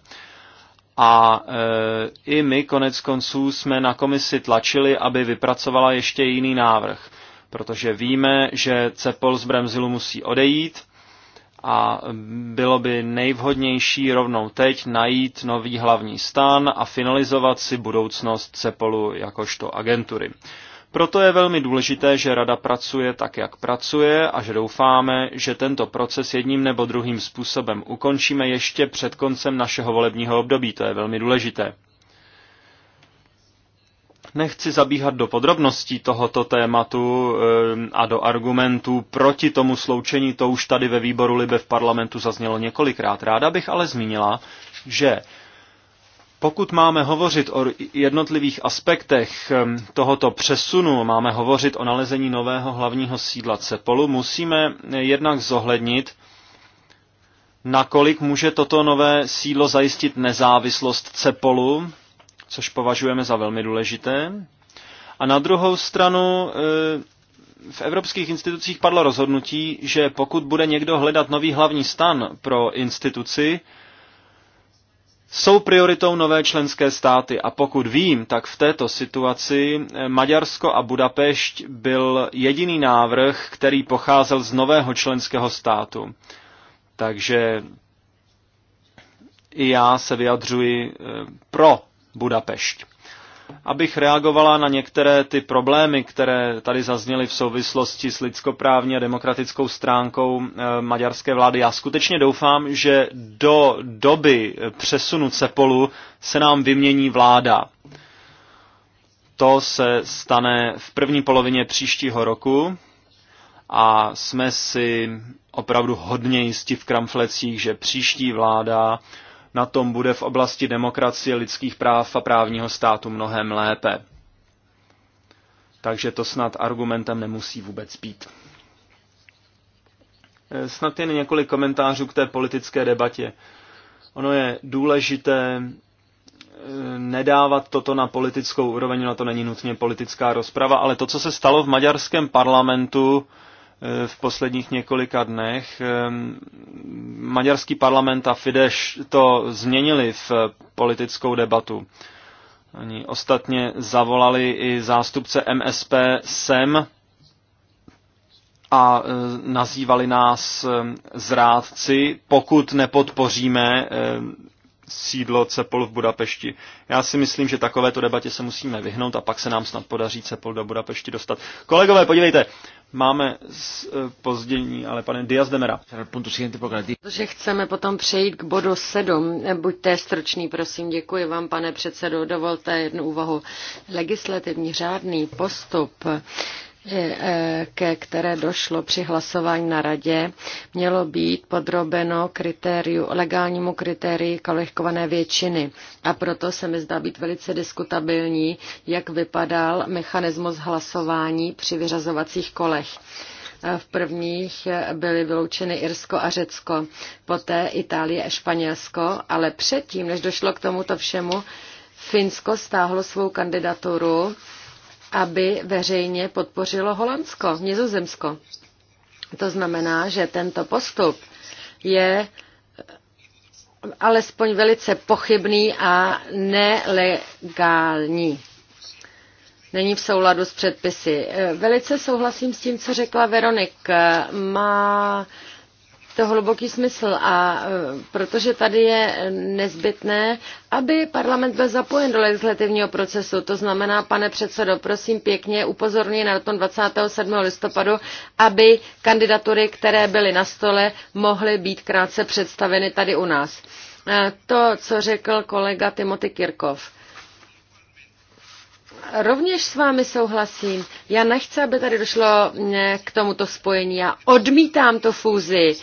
a e, i my konec konců jsme na komisi tlačili, aby vypracovala ještě jiný návrh, protože víme, že Cepol z Bremzilu musí odejít a bylo by nejvhodnější rovnou teď najít nový hlavní stan a finalizovat si budoucnost Cepolu jakožto agentury. Proto je velmi důležité, že Rada pracuje tak, jak pracuje a že doufáme, že tento proces jedním nebo druhým způsobem ukončíme ještě před koncem našeho volebního období. To je velmi důležité. Nechci zabíhat do podrobností tohoto tématu ehm, a do argumentů proti tomu sloučení, to už tady ve výboru Libe v parlamentu zaznělo několikrát. Ráda bych ale zmínila, že pokud máme hovořit o jednotlivých aspektech tohoto přesunu, máme hovořit o nalezení nového hlavního sídla CEPOLu, musíme jednak zohlednit, nakolik může toto nové sídlo zajistit nezávislost CEPOLu, což považujeme za velmi důležité. A na druhou stranu e, v evropských institucích padlo rozhodnutí, že pokud bude někdo hledat nový hlavní stan pro instituci, jsou prioritou nové členské státy a pokud vím, tak v této situaci eh, Maďarsko a Budapešť byl jediný návrh, který pocházel z nového členského státu. Takže i já se vyjadřuji eh, pro Budapešť abych reagovala na některé ty problémy, které tady zazněly v souvislosti s lidskoprávní a demokratickou stránkou eh, maďarské vlády. Já skutečně doufám, že do doby přesunu Cepolu se nám vymění vláda. To se stane v první polovině příštího roku a jsme si opravdu hodně jistí v kramflecích, že příští vláda na tom bude v oblasti demokracie, lidských práv a právního státu mnohem lépe. Takže to snad argumentem nemusí vůbec být. E, snad jen několik komentářů k té politické debatě. Ono je důležité e, nedávat toto na politickou úroveň, na to není nutně politická rozprava, ale to, co se stalo v maďarském parlamentu, Eh, v posledních několika dnech. Eh, maďarský parlament a Fidesz to změnili v politickou debatu. Oni ostatně zavolali i zástupce MSP sem a eh, nazývali nás zrádci, pokud nepodpoříme sídlo Cepol v Budapešti. Já si myslím, že takovéto debatě se musíme vyhnout a pak se nám snad podaří Cepol do Budapešti dostat. Kolegové, podívejte, máme eh, pozdění, ale pane Diaz Demera. Že chceme potom přejít k bodu 7. Eh, buďte stručný, prosím, děkuji vám, pane předsedo. Dovolte jednu úvahu. Legislativní řádný postup Eh, ke které došlo při hlasování na radě, mělo být podrobeno kritériu, legálnímu kritérii kvalifikované většiny. A proto se mi zdá být velice diskutabilní, jak vypadal mechanismus hlasování při vyřazovacích kolech. Eh, v prvních eh, byly vyloučeny Irsko a Řecko, poté Itálie a Španělsko, ale předtím, než došlo k tomuto všemu, Finsko stáhlo svou kandidaturu aby veřejně podpořilo Holandsko, Nizozemsko. To znamená, že tento postup je alespoň velice pochybný a nelegální. Není v souladu s předpisy. Velice souhlasím s tím, co řekla Veronik. Má to hluboký smysl a e, protože tady je nezbytné, aby parlament byl zapojen do legislativního procesu. To znamená, pane předsedo, prosím pěkně, upozorňuji na tom 27. listopadu, aby kandidatury, které byly na stole, mohly být krátce představeny tady u nás. E, to, co řekl kolega Timothy Kirkov. Rovněž s vámi souhlasím. Já nechci, aby tady došlo k tomuto spojení. Já odmítám to fúzi.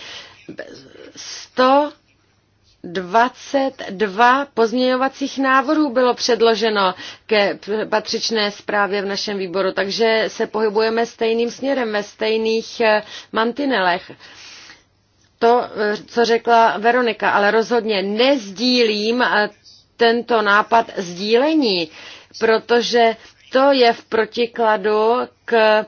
122 pozměňovacích návrhů bylo předloženo ke patřičné zprávě v našem výboru, takže se pohybujeme stejným směrem, ve stejných eh, mantinelech. To, eh, co řekla Veronika, ale rozhodně nezdílím eh, tento nápad sdílení, protože to je v protikladu k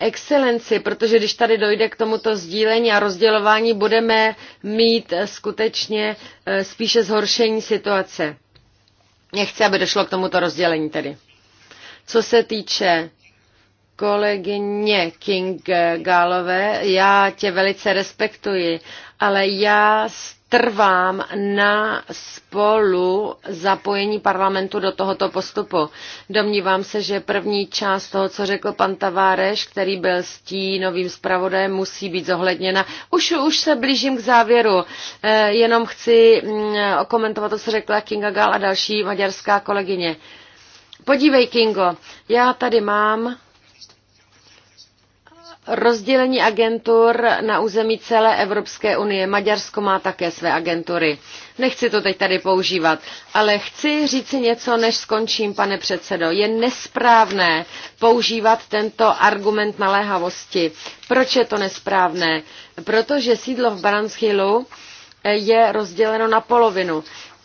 excelenci, protože když tady dojde k tomuto sdílení a rozdělování, budeme mít eh, skutečně eh, spíše zhoršení situace. Nechci, aby došlo k tomuto rozdělení tedy. Co se týče kolegyně King Gálové, já tě velice respektuji, ale já s trvám na spolu zapojení parlamentu do tohoto postupu. Domnívám se, že první část toho, co řekl pan Taváreš, který byl s novým zpravodajem, musí být zohledněna. Už, už se blížím k závěru. Eh, jenom chci mm, komentovat to, co řekla Kinga Gal a další maďarská kolegyně. Podívej, Kingo, já tady mám Rozdělení agentur na území celé Evropské unie. Maďarsko má také své agentury. Nechci to teď tady používat, ale chci říci něco, než skončím, pane předsedo. Je nesprávné používat tento argument naléhavosti. Proč je to nesprávné? Protože sídlo v Baranskilu eh, je rozděleno na polovinu.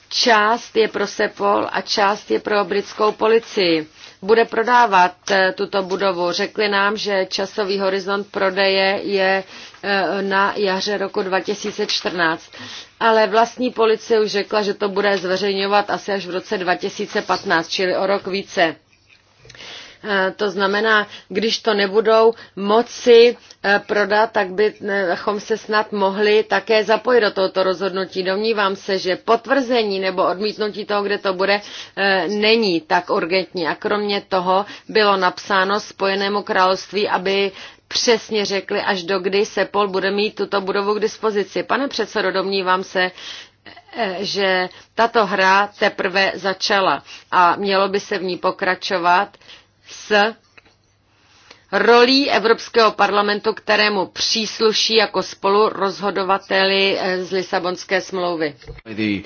Část je pro Sepol a část je pro britskou policii bude prodávat eh, tuto budovu. Řekli nám, že časový horizont prodeje je eh, na jaře roku 2014. Ale vlastní policie už řekla, že to bude zveřejňovat asi až v roce 2015, čili o rok více. Eh, to znamená, když to nebudou moci eh, prodat, tak bychom eh, se snad mohli také zapojit do tohoto rozhodnutí. Domnívám se, že potvrzení nebo odmítnutí toho, kde to bude, není tak urgentní. A kromě toho bylo napsáno Spojenému království, aby přesně řekli, až do kdy se Pol bude mít tuto budovu k dispozici. Pane předsedo, domnívám se, že tato hra teprve začala a mělo by se v ní pokračovat s rolí Evropského parlamentu, kterému přísluší jako spolurozhodovateli eh, z Lisabonské smlouvy. E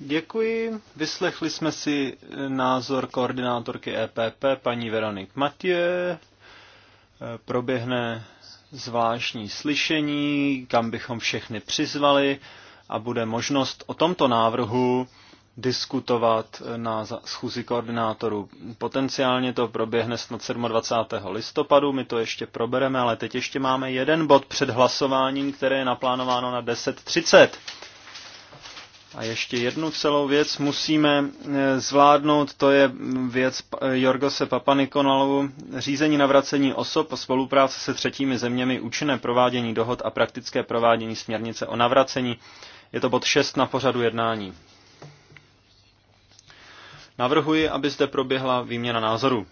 Děkuji. Vyslechli jsme si eh, názor koordinátorky EPP paní Veronik Matě. Eh, proběhne zvláštní slyšení, kam bychom všechny přizvali a bude možnost o tomto návrhu diskutovat eh, na schůzi koordinátorů. Potenciálně to proběhne snad 27. listopadu, my to ještě probereme, ale teď ještě máme jeden bod před hlasováním, které je naplánováno na 10.30. A ještě jednu celou věc musíme eh, zvládnout, to je věc eh, Jorgose Papanikonalovu. řízení navracení osob, spolupráce se třetími zeměmi, účinné provádění dohod a praktické provádění směrnice o navracení. Je to bod 6 na pořadu jednání. Navrhuji, aby zde proběhla výměna názorů.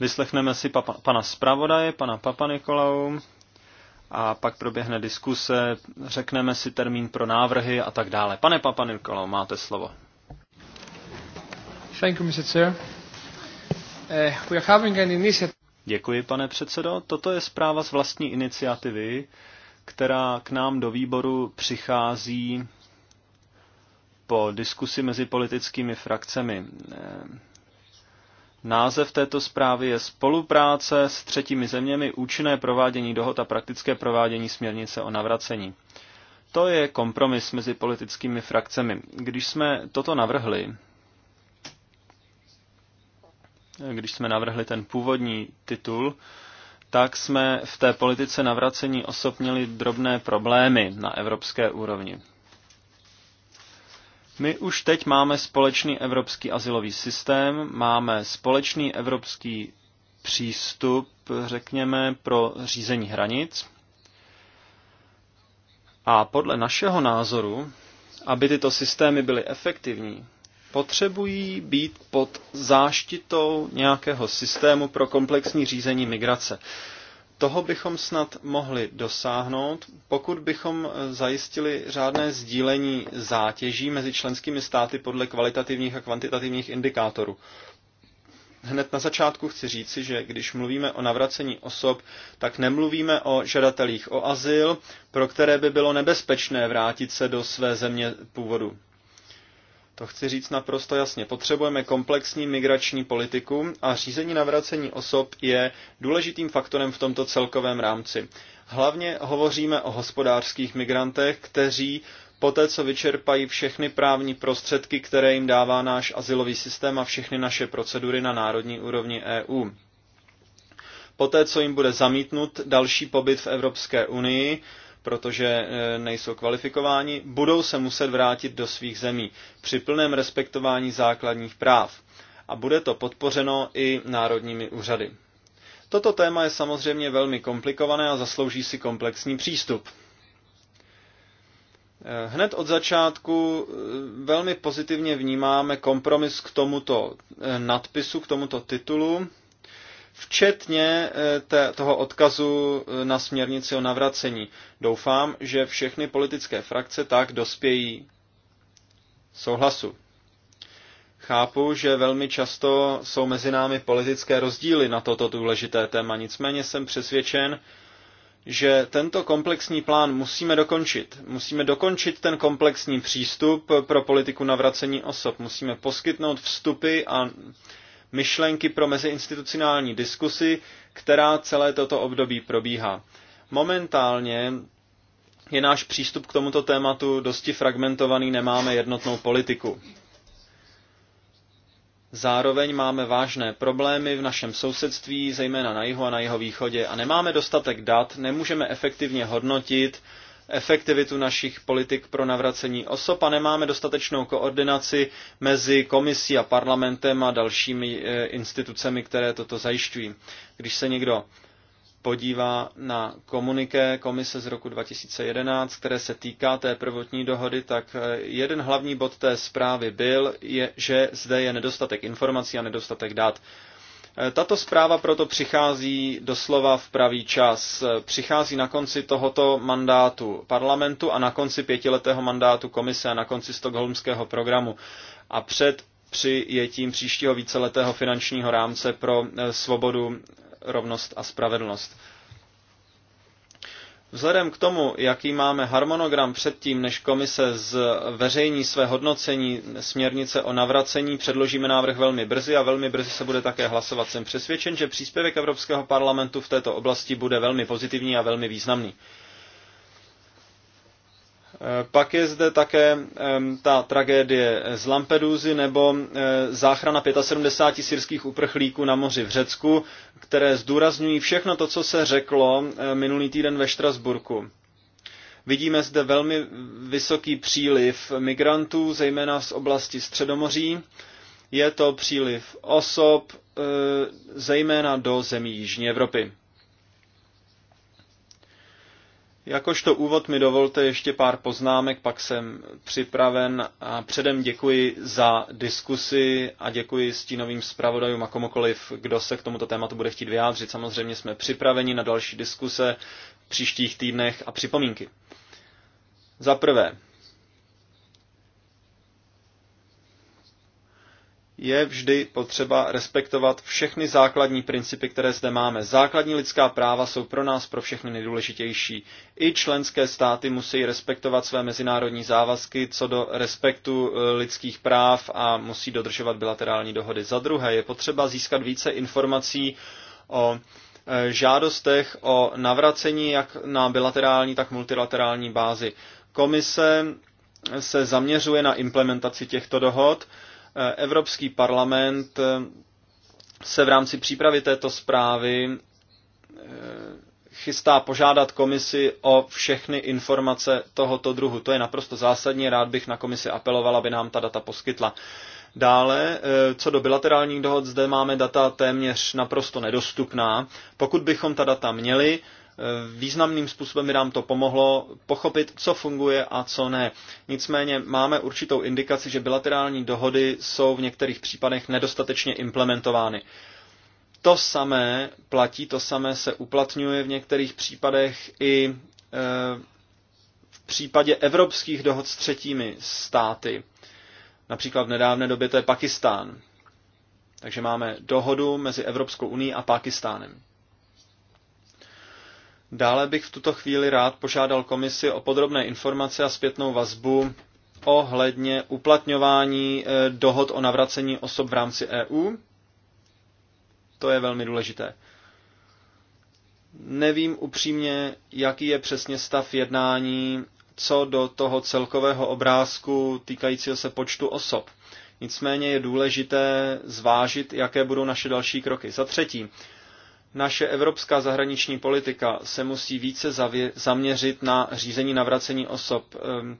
Vyslechneme si papa, pana zpravodaje, pana Papa Nikolau a pak proběhne diskuse, řekneme si termín pro návrhy a tak dále. Pane Papa Nikolau, máte slovo. Thank you, Mr. Chair. Eh, we are having an initiative. Děkuji, pane předsedo. Toto je zpráva z vlastní iniciativy, která k nám do výboru přichází po diskusi mezi politickými frakcemi. Eh, název této zprávy je Spolupráce s třetími zeměmi, účinné provádění dohod a praktické provádění směrnice o navracení. To je kompromis mezi politickými frakcemi. Když jsme toto navrhli, eh, když jsme navrhli ten původní titul, tak jsme v té politice navracení osob měli drobné problémy na evropské úrovni. My už teď máme společný evropský asilový systém, máme společný evropský přístup, řekněme, pro řízení hranic. A podle našeho názoru, aby tyto systémy byly efektivní, potřebují být pod záštitou nějakého systému pro komplexní řízení migrace. Toho bychom snad mohli dosáhnout, pokud bychom eh, zajistili řádné sdílení zátěží mezi členskými státy podle kvalitativních a kvantitativních indikátorů. Hned na začátku chci říci, že když mluvíme o navracení osob, tak nemluvíme o žadatelích o azyl, pro které by bylo nebezpečné vrátit se do své země původu. To chci říct naprosto jasně. Potřebujeme komplexní migrační politiku a řízení navracení osob je důležitým faktorem v tomto celkovém rámci. Hlavně hovoříme o hospodářských migrantech, kteří poté, co vyčerpají všechny právní prostředky, které jim dává náš asilový systém a všechny naše procedury na národní úrovni EU. Poté, co jim bude zamítnut další pobyt v Evropské unii, protože e, nejsou kvalifikováni, budou se muset vrátit do svých zemí při plném respektování základních práv. A bude to podpořeno i národními úřady. Toto téma je samozřejmě velmi komplikované a zaslouží si komplexní přístup. E, hned od začátku e, velmi pozitivně vnímáme kompromis k tomuto nadpisu, k tomuto titulu, včetně eh, toho odkazu eh, na směrnici o navracení. Doufám, že všechny politické frakce tak dospějí souhlasu. Chápu, že velmi často jsou mezi námi politické rozdíly na toto důležité téma, nicméně jsem přesvědčen, že tento komplexní plán musíme dokončit. Musíme dokončit ten komplexní přístup pro politiku navracení osob. Musíme poskytnout vstupy a myšlenky pro meziinstitucionální diskusy, která celé toto období probíhá. Momentálně je náš přístup k tomuto tématu dosti fragmentovaný, nemáme jednotnou politiku. Zároveň máme vážné problémy v našem sousedství, zejména na jihu a na jeho východě, a nemáme dostatek dat, nemůžeme efektivně hodnotit, efektivitu našich politik pro navracení osob a nemáme dostatečnou koordinaci mezi komisí a parlamentem a dalšími eh, institucemi, které toto zajišťují. Když se někdo podívá na komuniké komise z roku 2011, které se týká té prvotní dohody, tak eh, jeden hlavní bod té zprávy byl, je, že zde je nedostatek informací a nedostatek dat. Eh, tato zpráva proto přichází doslova v pravý čas. Eh, přichází na konci tohoto mandátu parlamentu a na konci pětiletého mandátu komise a na konci stokholmského programu a před přijetím příštího víceletého finančního rámce pro eh, svobodu, rovnost a spravedlnost. Vzhledem k tomu, jaký máme harmonogram předtím, než komise zveřejní své hodnocení směrnice o navracení, předložíme návrh velmi brzy a velmi brzy se bude také hlasovat. Jsem přesvědčen, že příspěvek Evropského parlamentu v této oblasti bude velmi pozitivní a velmi významný. Eh, pak je zde také ta tragédie z Lampedusy nebo eh, záchrana 75 syrských uprchlíků na moři v Řecku, které zdůrazňují všechno to, co se řeklo eh, minulý týden ve Štrasburku. Vidíme zde velmi vysoký příliv migrantů, zejména z oblasti Středomoří. Je to příliv osob, zejména do zemí Jižní Evropy. Jakožto úvod mi dovolte ještě pár poznámek, pak jsem připraven a předem děkuji za diskusi a děkuji stínovým zpravodajům a komukoliv, kdo se k tomuto tématu bude chtít vyjádřit. Samozřejmě jsme připraveni na další diskuse v příštích týdnech a připomínky. Za prvé, je vždy potřeba respektovat všechny základní principy, které zde máme. Základní lidská práva jsou pro nás pro všechny nejdůležitější. I členské státy musí respektovat své mezinárodní závazky co do respektu eh, lidských práv a musí dodržovat bilaterální dohody. Za druhé je potřeba získat více informací o eh, žádostech o navracení jak na bilaterální, tak multilaterální bázi. Komise se zaměřuje na implementaci těchto dohod Eh, Evropský parlament eh, se v rámci přípravy této zprávy eh, chystá požádat komisi o všechny informace tohoto druhu. To je naprosto zásadní, rád bych na komisi apeloval, aby nám ta data poskytla. Dále, co do bilaterálních dohod, zde máme data téměř naprosto nedostupná. Pokud bychom ta data měli, Významným způsobem by nám to pomohlo pochopit, co funguje a co ne. Nicméně máme určitou indikaci, že bilaterální dohody jsou v některých případech nedostatečně implementovány. To samé platí, to samé se uplatňuje v některých případech i e, v případě evropských dohod s třetími státy. Například v nedávné době to je Pakistán. Takže máme dohodu mezi Evropskou uní a Pakistánem. Dále bych v tuto chvíli rád požádal komisi o podrobné informace a zpětnou vazbu ohledně uplatňování eh, dohod o navracení osob v rámci EU. To je velmi důležité. Nevím upřímně, jaký je přesně stav jednání co do toho celkového obrázku týkajícího se počtu osob. Nicméně je důležité zvážit, jaké budou naše další kroky. Za třetí, naše evropská zahraniční politika se musí více zaměřit na řízení navracení osob. Ehm,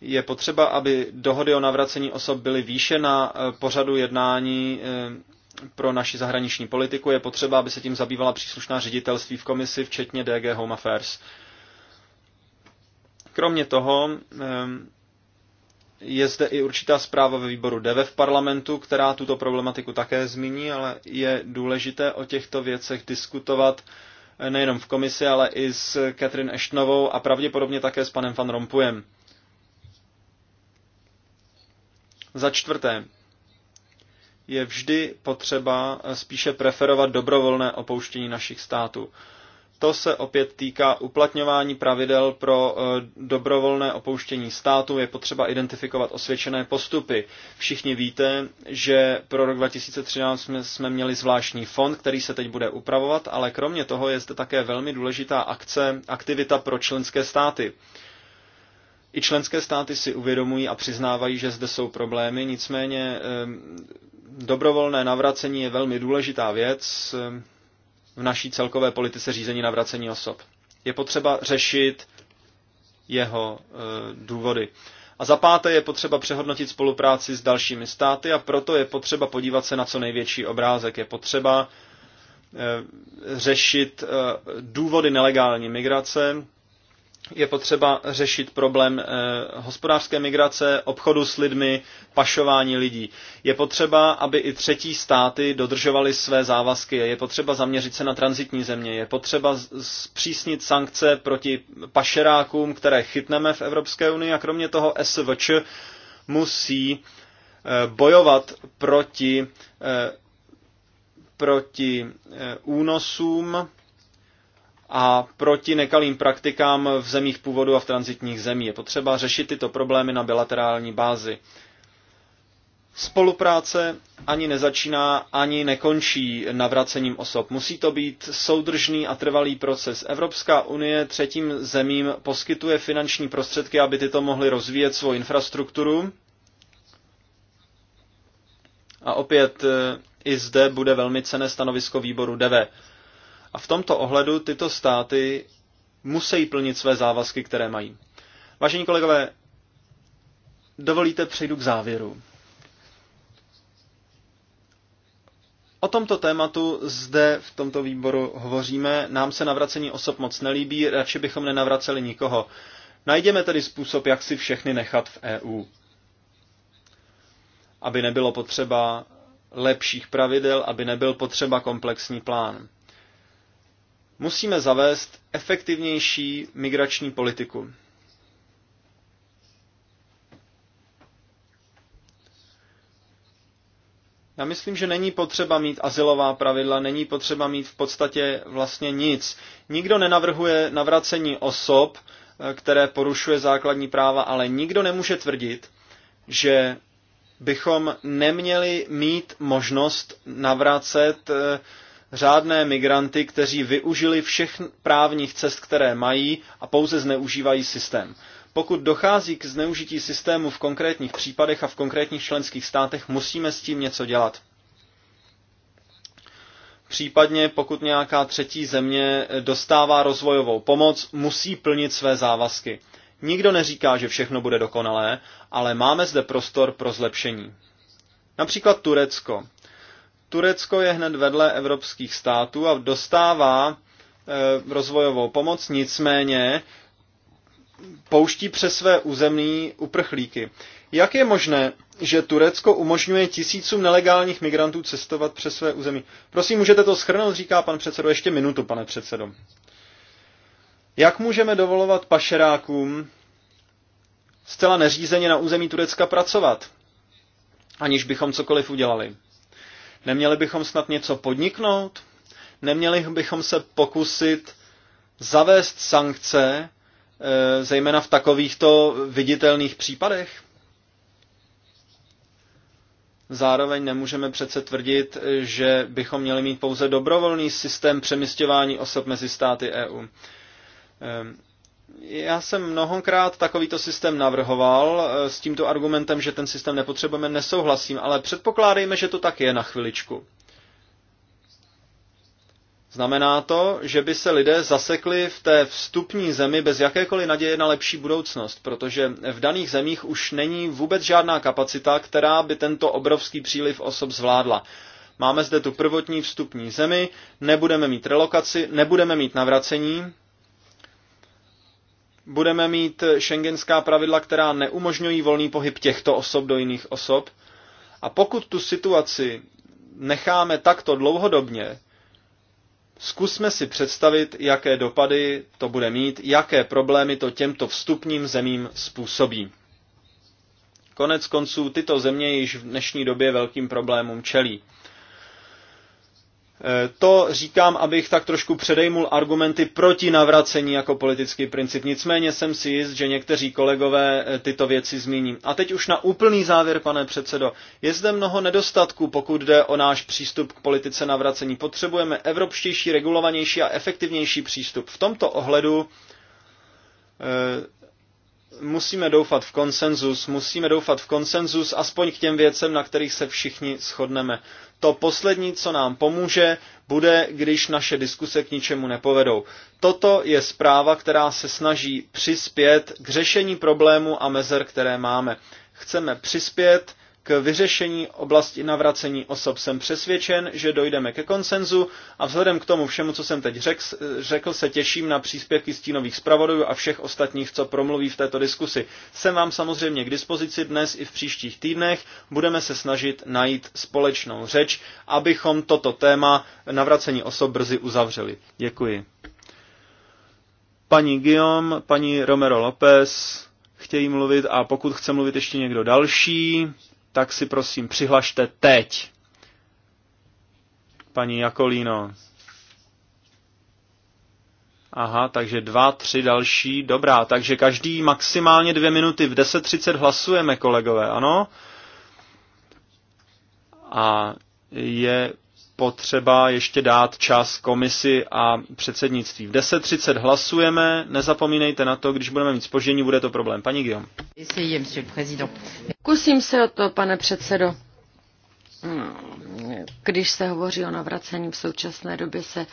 je potřeba, aby dohody o navracení osob byly výše na e, pořadu jednání e, pro naši zahraniční politiku. Je potřeba, aby se tím zabývala příslušná ředitelství v komisi, včetně DG Home Affairs. Kromě toho ehm, je zde i určitá zpráva ve výboru DEVE v parlamentu, která tuto problematiku také zmíní, ale je důležité o těchto věcech diskutovat eh, nejenom v komisi, ale i s Catherine Ashtonovou a pravděpodobně také s panem Van Rompuyem. Za čtvrté, je vždy potřeba eh, spíše preferovat dobrovolné opouštění našich států. To se opět týká uplatňování pravidel pro e, dobrovolné opouštění státu. Je potřeba identifikovat osvědčené postupy. Všichni víte, že pro rok 2013 jsme, měli zvláštní fond, který se teď bude upravovat, ale kromě toho je zde také velmi důležitá akce, aktivita pro členské státy. I členské státy si uvědomují a přiznávají, že zde jsou problémy, nicméně e, dobrovolné navracení je velmi důležitá věc v naší celkové politice řízení vracení osob. Je potřeba řešit jeho e, důvody. A za páté je potřeba přehodnotit spolupráci s dalšími státy a proto je potřeba podívat se na co největší obrázek. Je potřeba e, řešit e, důvody nelegální migrace je potřeba řešit problém eh, hospodářské migrace, obchodu s lidmi, pašování lidí. Je potřeba, aby i třetí státy dodržovaly své závazky. Je potřeba zaměřit se na transitní země. Je potřeba zpřísnit sankce proti pašerákům, které chytneme v Evropské unii. A kromě toho SVČ musí eh, bojovat proti, eh, proti únosům a proti nekalým praktikám v zemích původu a v transitních zemí. Je potřeba řešit tyto problémy na bilaterální bázi. Spolupráce ani nezačíná, ani nekončí navracením osob. Musí to být soudržný a trvalý proces. Evropská unie třetím zemím poskytuje finanční prostředky, aby tyto mohly rozvíjet svou infrastrukturu. A opět eh, i zde bude velmi cené stanovisko výboru DEVE a v tomto ohledu tyto státy musí plnit své závazky, které mají. Vážení kolegové, dovolíte, přejdu k závěru. O tomto tématu zde v tomto výboru hovoříme. Nám se navracení osob moc nelíbí, radši bychom nenavraceli nikoho. Najdeme tedy způsob, jak si všechny nechat v EU. Aby nebylo potřeba lepších pravidel, aby nebyl potřeba komplexní plán. Musíme zavést efektivnější migrační politiku. Já myslím, že není potřeba mít asilová pravidla, není potřeba mít v podstatě vlastně nic. Nikdo nenavrhuje navracení osob, které porušuje základní práva, ale nikdo nemůže tvrdit, že bychom neměli mít možnost navracet eh, řádné migranty, kteří využili všech právních cest, které mají a pouze zneužívají systém. Pokud dochází k zneužití systému v konkrétních případech a v konkrétních členských státech, musíme s tím něco dělat. Případně pokud nějaká třetí země dostává rozvojovou pomoc, musí plnit své závazky. Nikdo neříká, že všechno bude dokonalé, ale máme zde prostor pro zlepšení. Například Turecko. Turecko je hned vedle evropských států a dostává eh, rozvojovou pomoc, nicméně pouští přes své území uprchlíky. Jak je možné, že Turecko umožňuje tisícům nelegálních migrantů cestovat přes své území? Prosím, můžete to schrnout, říká pan předsedo, ještě minutu, pane předsedo. Jak můžeme dovolovat pašerákům zcela neřízeně na území Turecka pracovat, aniž bychom cokoliv udělali? Neměli bychom snad něco podniknout? Neměli bychom se pokusit zavést sankce, e, zejména v takovýchto viditelných případech? Zároveň nemůžeme přece tvrdit, že bychom měli mít pouze dobrovolný systém přemysťování osob mezi státy EU. Ehm, já jsem mnohokrát takovýto systém navrhoval eh, s tímto argumentem, že ten systém nepotřebujeme, nesouhlasím, ale předpokládejme, že to tak je na chviličku. Znamená to, že by se lidé zasekli v té vstupní zemi bez jakékoliv naděje na lepší budoucnost, protože v daných zemích už není vůbec žádná kapacita, která by tento obrovský příliv osob zvládla. Máme zde tu prvotní vstupní zemi, nebudeme mít relokaci, nebudeme mít navracení, budeme mít šengenská pravidla, která neumožňují volný pohyb těchto osob do jiných osob. A pokud tu situaci necháme takto dlouhodobně, zkusme si představit, jaké dopady to bude mít, jaké problémy to těmto vstupním zemím způsobí. Konec konců tyto země již v dnešní době velkým problémům čelí. Eh, to říkám, abych tak trošku předejmul argumenty proti navracení jako politický princip. Nicméně jsem si jist, že někteří kolegové eh, tyto věci zmíní. A teď už na úplný závěr, pane předsedo. Je zde mnoho nedostatků, pokud jde o náš přístup k politice navracení. Potřebujeme evropštější, regulovanější a efektivnější přístup. V tomto ohledu eh, musíme doufat v konsenzus, musíme doufat v konsenzus aspoň k těm věcem, na kterých se všichni shodneme. To poslední, co nám pomůže, bude, když naše diskuse k ničemu nepovedou. Toto je zpráva, která se snaží přispět k řešení problému a mezer, které máme. Chceme přispět k vyřešení oblasti navracení osob. Jsem přesvědčen, že dojdeme ke konsenzu a vzhledem k tomu všemu, co jsem teď řekl, řekl, se těším na příspěvky stínových zpravodajů a všech ostatních, co promluví v této diskusi. Jsem vám samozřejmě k dispozici dnes i v příštích týdnech. Budeme se snažit najít společnou řeč, abychom toto téma navracení osob brzy uzavřeli. Děkuji. Paní Guillaume, paní Romero López chtějí mluvit a pokud chce mluvit ještě někdo další, tak si prosím přihlašte teď. Paní Jakolíno. Aha, takže dva, tři další. Dobrá, takže každý maximálně dvě minuty. V 10.30 hlasujeme, kolegové, ano? A je potřeba ještě dát čas komisi a předsednictví. V 10.30 hlasujeme, nezapomínejte na to, když budeme mít spoždění, bude to problém. Paní Gion. Kusím se o to, pane předsedo. Když se hovoří o navracení v současné době, se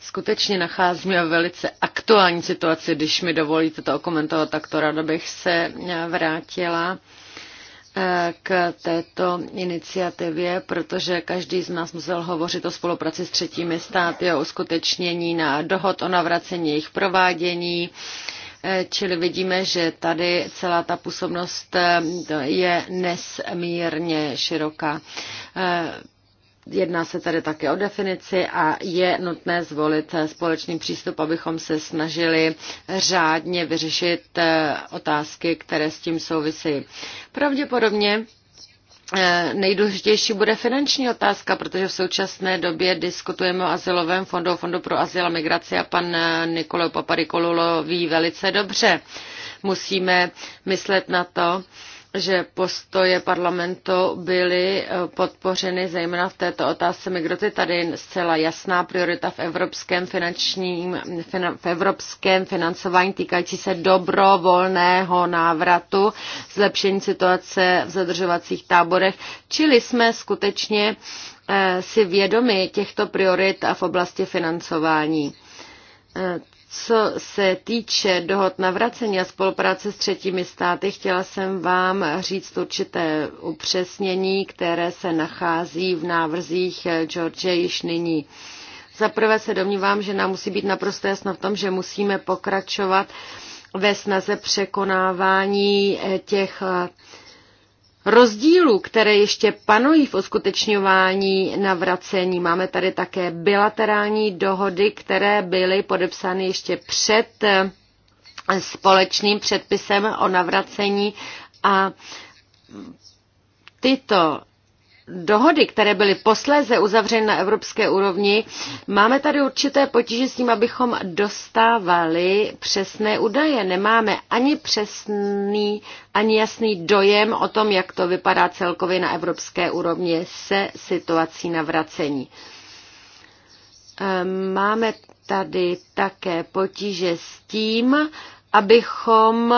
skutečně nacházíme v velice aktuální situaci. Když mi dovolíte to okomentovat, tak to ráda bych se vrátila Eh, k této iniciativě, protože každý z nás musel hovořit o spolupráci s třetími státy, o uskutečnění na dohod o navracení jejich provádění. Eh, čili vidíme, že tady celá ta působnost eh, je nesmírně široká. Jedná se tady také o definici a je nutné zvolit společný přístup, abychom se snažili řádně vyřešit eh, otázky, které s tím souvisí. Pravděpodobně eh, Nejdůležitější bude finanční otázka, protože v současné době diskutujeme o asilovém fondu, o fondu pro azyl a migraci a pan eh, Nikolo Paparikolulo ví velice dobře. Musíme myslet na to, že postoje parlamentu byly eh, podpořeny zejména v této otázce migrace. Tady je zcela jasná priorita v evropském, finančním, v evropském financování týkající se dobrovolného návratu, zlepšení situace v zadržovacích táborech, čili jsme skutečně eh, si vědomi těchto priorit a v oblasti financování. Eh, co se týče dohod na vracení a spolupráce s třetími státy, chtěla jsem vám říct určité upřesnění, které se nachází v návrzích George již nyní. Za prvé se domnívám, že nám musí být naprosto jasno v tom, že musíme pokračovat ve snaze překonávání těch rozdílů, které ještě panují v uskutečňování navracení. Máme tady také bilaterální dohody, které byly podepsány ještě před eh, společným předpisem o navracení a tyto dohody, které byly posléze uzavřeny na evropské úrovni, máme tady určité potíže s tím, abychom dostávali přesné údaje. Nemáme ani přesný, ani jasný dojem o tom, jak to vypadá celkově na evropské úrovni se situací na vracení. Ehm, máme tady také potíže s tím, abychom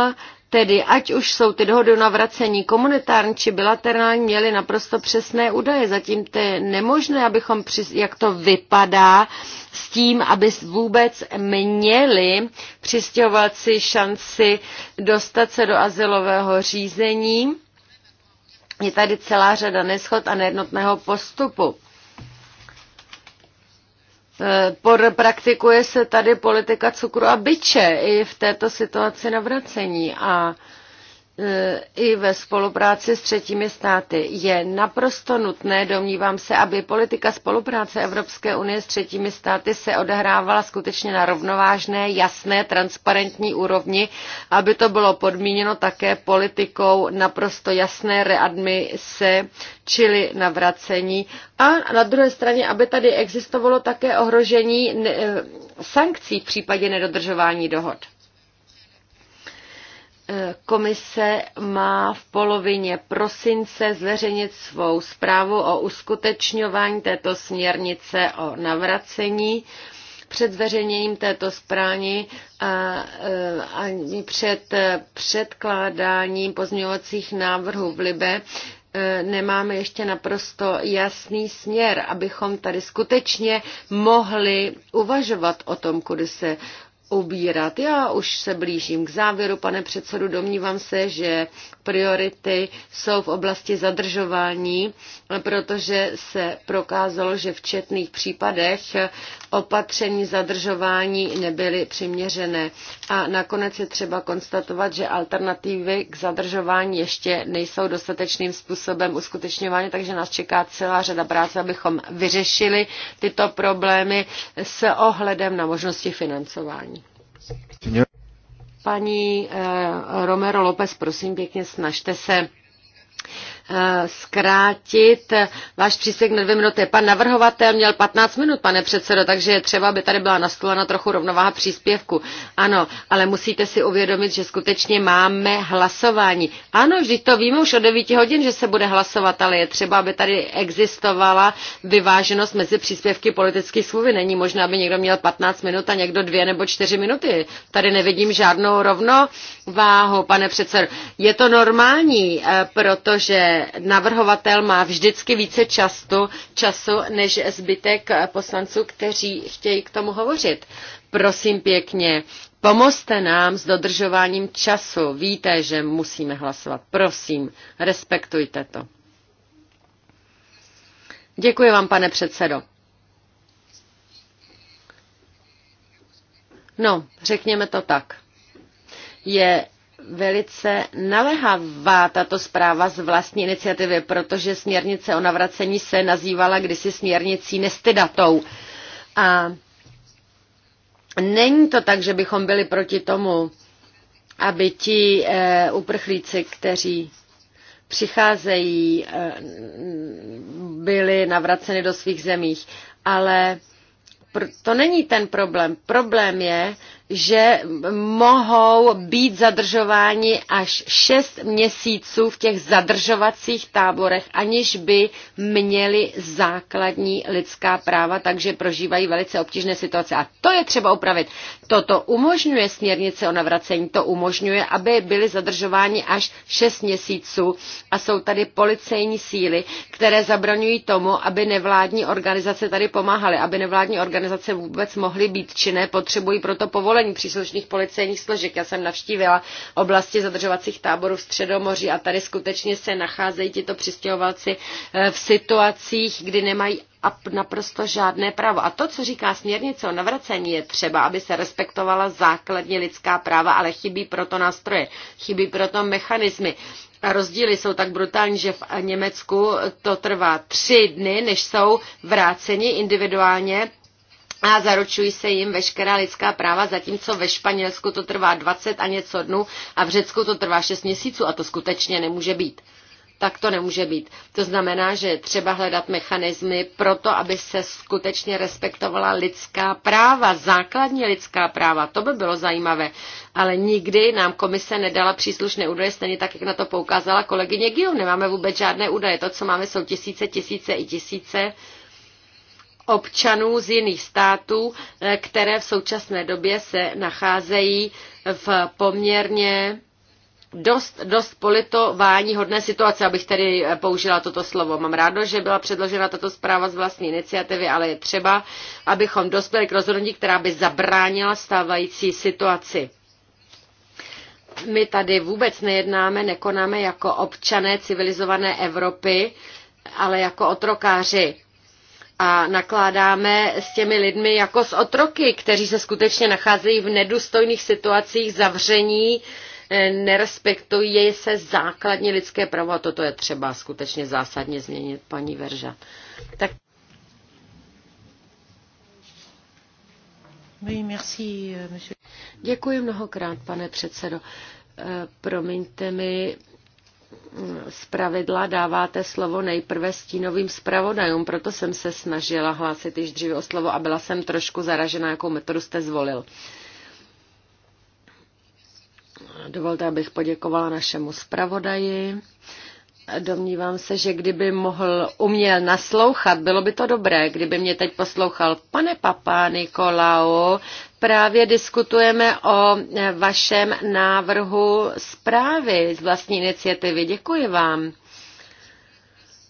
Tedy ať už jsou ty dohody na navracení komunitární či bilaterální, měly naprosto přesné údaje. Zatím to je nemožné, abychom, při, jak to vypadá, s tím, aby vůbec měli přistěhovalci šanci dostat se do azylového řízení. Je tady celá řada neschod a nejednotného postupu. Eh, praktikuje se tady politika cukru a byče i v této situaci navracení a i ve spolupráci s třetími státy. Je naprosto nutné, domnívám se, aby politika spolupráce Evropské unie s třetími státy se odehrávala skutečně na rovnovážné, jasné, transparentní úrovni, aby to bylo podmíněno také politikou naprosto jasné readmise, čili navracení. A na druhé straně, aby tady existovalo také ohrožení sankcí v případě nedodržování dohod. E, komise má v polovině prosince zveřejnit svou zprávu o uskutečňování této směrnice o navracení před zveřejněním této zprávy a e, e, ani před předkládáním pozměňovacích návrhů v Libe nemáme ještě naprosto jasný směr, abychom tady skutečně mohli uvažovat o tom, kudy se ubírat. Já už se blížím k závěru, pane předsedu. Domnívám se, že priority jsou v oblasti zadržování, protože se prokázalo, že v četných případech opatření zadržování nebyly přiměřené. A nakonec je třeba konstatovat, že alternativy k zadržování ještě nejsou dostatečným způsobem uskutečňovány, takže nás čeká celá řada práce, abychom vyřešili tyto problémy s ohledem na možnosti financování. Paní eh, Romero López, prosím pěkně, snažte se Eh, zkrátit váš přísek na dvě minuty. Pan navrhovatel měl 15 minut, pane předsedo, takže je třeba, aby tady byla nastolena trochu rovnováha příspěvku. Ano, ale musíte si uvědomit, že skutečně máme hlasování. Ano, vždyť to víme už od 9 hodin, že se bude hlasovat, ale je třeba, aby tady existovala vyváženost mezi příspěvky politických slovy. Není možné, aby někdo měl 15 minut a někdo dvě nebo čtyři minuty. Tady nevidím žádnou rovnováhu, pane předsedo. Je to normální, eh, protože navrhovatel má vždycky více času, času než zbytek poslanců, kteří chtějí k tomu hovořit. Prosím pěkně, Pomozte nám s dodržováním času. Víte, že musíme hlasovat. Prosím, respektujte to. Děkuji vám, pane předsedo. No, řekněme to tak. Je velice naléhavá tato zpráva z vlastní iniciativy, protože směrnice o navracení se nazývala kdysi směrnicí nestydatou. A není to tak, že bychom byli proti tomu, aby ti e, uprchlíci, kteří přicházejí, e, byli navraceni do svých zemích, ale to není ten problém. Problém je, že mohou být zadržováni až šest měsíců v těch zadržovacích táborech, aniž by měli základní lidská práva, takže prožívají velice obtížné situace. A to je třeba upravit. Toto umožňuje směrnice o navracení, to umožňuje, aby byli zadržováni až šest měsíců a jsou tady policejní síly, které zabraňují tomu, aby nevládní organizace tady pomáhaly, aby nevládní organizace vůbec mohly být činné, potřebují proto povolení školení příslušných policejních složek. Já jsem navštívila oblasti zadržovacích táborů v Středomoří a tady skutečně se nacházejí tito přistěhovalci eh, v situacích, kdy nemají a naprosto žádné právo. A to, co říká směrnice o navracení, je třeba, aby se respektovala základní lidská práva, ale chybí proto nástroje, chybí proto mechanismy. A rozdíly jsou tak brutální, že v Německu to trvá tři dny, než jsou vráceni individuálně a zaručují se jim veškerá lidská práva, zatímco ve Španělsku to trvá 20 a něco dnů a v Řecku to trvá 6 měsíců a to skutečně nemůže být. Tak to nemůže být. To znamená, že třeba hledat mechanismy pro to, aby se skutečně respektovala lidská práva, základní lidská práva. To by bylo zajímavé. Ale nikdy nám komise nedala příslušné údaje, stejně tak, jak na to poukázala kolegyně Gil. Nemáme vůbec žádné údaje. To, co máme, jsou tisíce, tisíce i tisíce občanů z jiných států, eh, které v současné době se nacházejí v poměrně dost, dost politování hodné situace, abych tedy eh, použila toto slovo. Mám rádo, že byla předložena tato zpráva z vlastní iniciativy, ale je třeba, abychom dospěli k rozhodnutí, která by zabránila stávající situaci. My tady vůbec nejednáme, nekonáme jako občané civilizované Evropy, ale jako otrokáři a nakládáme s těmi lidmi jako s otroky, kteří se skutečně nacházejí v nedůstojných situacích zavření, eh, nerespektují se základní lidské právo a toto je třeba skutečně zásadně změnit, paní Verža. Tak... Euh, Děkuji mnohokrát, pane předsedo. Eh, promiňte mi, z pravidla dáváte slovo nejprve stínovým zpravodajům, proto jsem se snažila hlásit již dříve o slovo a byla jsem trošku zaražena, jakou metodu jste zvolil. Dovolte, abych poděkovala našemu zpravodaji. Domnívám se, že kdyby mohl uměl naslouchat, bylo by to dobré, kdyby mě teď poslouchal. Pane papá Nikolao, právě diskutujeme o eh, vašem návrhu zprávy z vlastní iniciativy. Děkuji vám.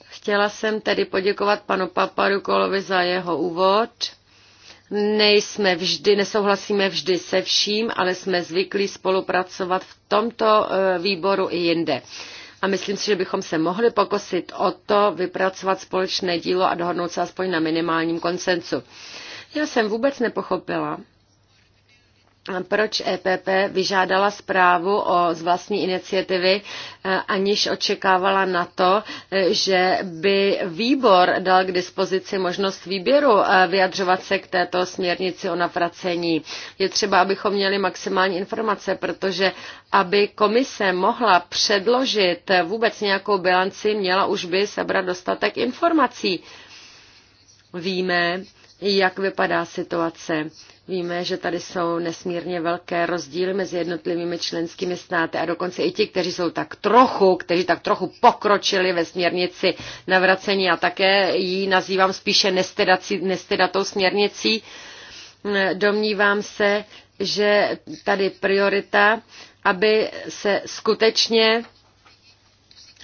Chtěla jsem tedy poděkovat panu Paparukolovi za jeho úvod. Nejsme vždy, nesouhlasíme vždy se vším, ale jsme zvyklí spolupracovat v tomto eh, výboru i jinde. A myslím si, že bychom se mohli pokusit o to vypracovat společné dílo a dohodnout se aspoň na minimálním konsensu. Já jsem vůbec nepochopila, proč EPP vyžádala zprávu o z vlastní iniciativy, e, aniž očekávala na to, e, že by výbor dal k dispozici možnost výběru e, vyjadřovat se k této směrnici o navracení. Je třeba, abychom měli maximální informace, protože aby komise mohla předložit vůbec nějakou bilanci, měla už by sebrat dostatek informací. Víme, jak vypadá situace. Víme, že tady jsou nesmírně velké rozdíly mezi jednotlivými členskými státy a dokonce i ti, kteří jsou tak trochu, kteří tak trochu pokročili ve směrnici navracení a také ji nazývám spíše nestedatou směrnicí. Domnívám se, že tady priorita, aby se skutečně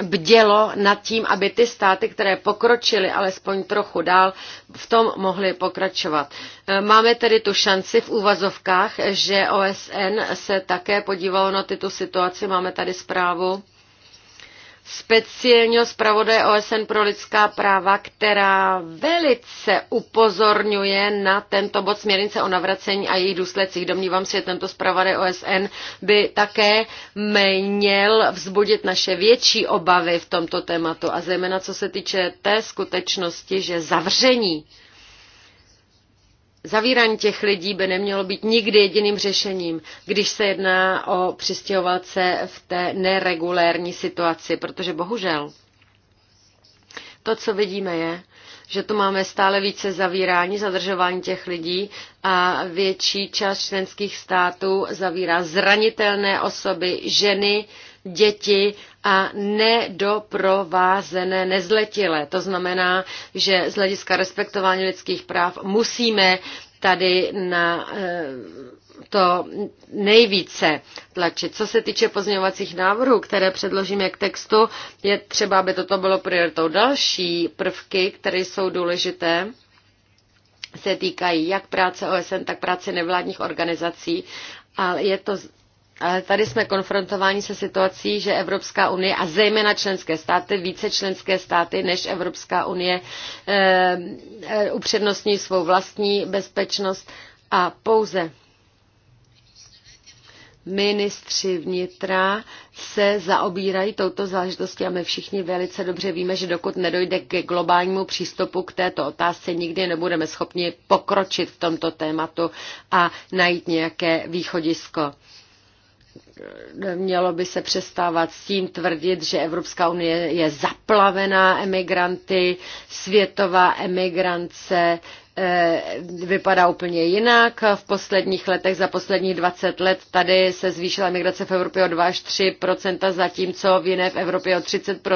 bdělo nad tím, aby ty státy, které pokročily alespoň trochu dál, v tom mohly pokračovat. E, máme tedy tu šanci v úvazovkách, že OSN se také podívalo na tyto situaci. Máme tady zprávu speciálního zpravodaje OSN pro lidská práva, která velice upozorňuje na tento bod směrnice o navracení a jejich důsledcích. Domnívám se, že tento zpravodaj OSN by také měl vzbudit naše větší obavy v tomto tématu a zejména co se týče té skutečnosti, že zavření Zavírání těch lidí by nemělo být nikdy jediným řešením, když se jedná o přistěhovalce v té neregulérní situaci, protože bohužel to, co vidíme, je, že tu máme stále více zavírání, zadržování těch lidí a větší část členských států zavírá zranitelné osoby, ženy, děti a nedoprovázené nezletilé. To znamená, že z hlediska respektování lidských práv musíme tady na eh, to nejvíce tlačit. Co se týče pozměňovacích návrhů, které předložíme k textu, je třeba, aby toto bylo prioritou. Další prvky, které jsou důležité, se týkají jak práce OSN, tak práce nevládních organizací, ale je to Tady jsme konfrontováni se situací, že Evropská unie a zejména členské státy, více členské státy než Evropská unie, eh, eh, upřednostní svou vlastní bezpečnost a pouze ministři vnitra se zaobírají touto záležitostí a my všichni velice dobře víme, že dokud nedojde ke globálnímu přístupu k této otázce, nikdy nebudeme schopni pokročit v tomto tématu a najít nějaké východisko mělo by se přestávat s tím tvrdit, že Evropská unie je zaplavená emigranty, světová emigrance Eh, vypadá úplně jinak. V posledních letech, za posledních 20 let, tady se zvýšila migrace v Evropě o 2 až 3 zatímco v jiné v Evropě o 30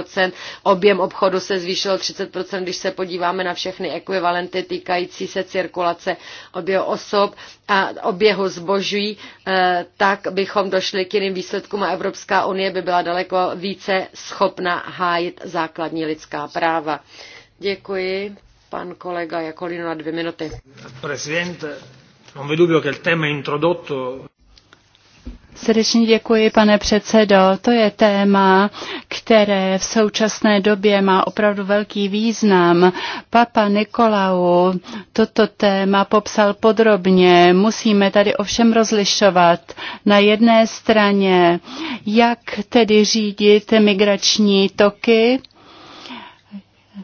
Objem obchodu se zvýšil o 30 když se podíváme na všechny ekvivalenty týkající se cirkulace oběhu osob a oběhu zboží, eh, tak bychom došli k jiným výsledkům a Evropská unie by byla daleko více schopna hájit základní lidská práva. Děkuji. Pan kolega Jakolino na dvě minuty. Srdečně děkuji, pane předsedo. To je téma, které v současné době má opravdu velký význam. Papa Nikolau toto téma popsal podrobně. Musíme tady ovšem rozlišovat na jedné straně, jak tedy řídit migrační toky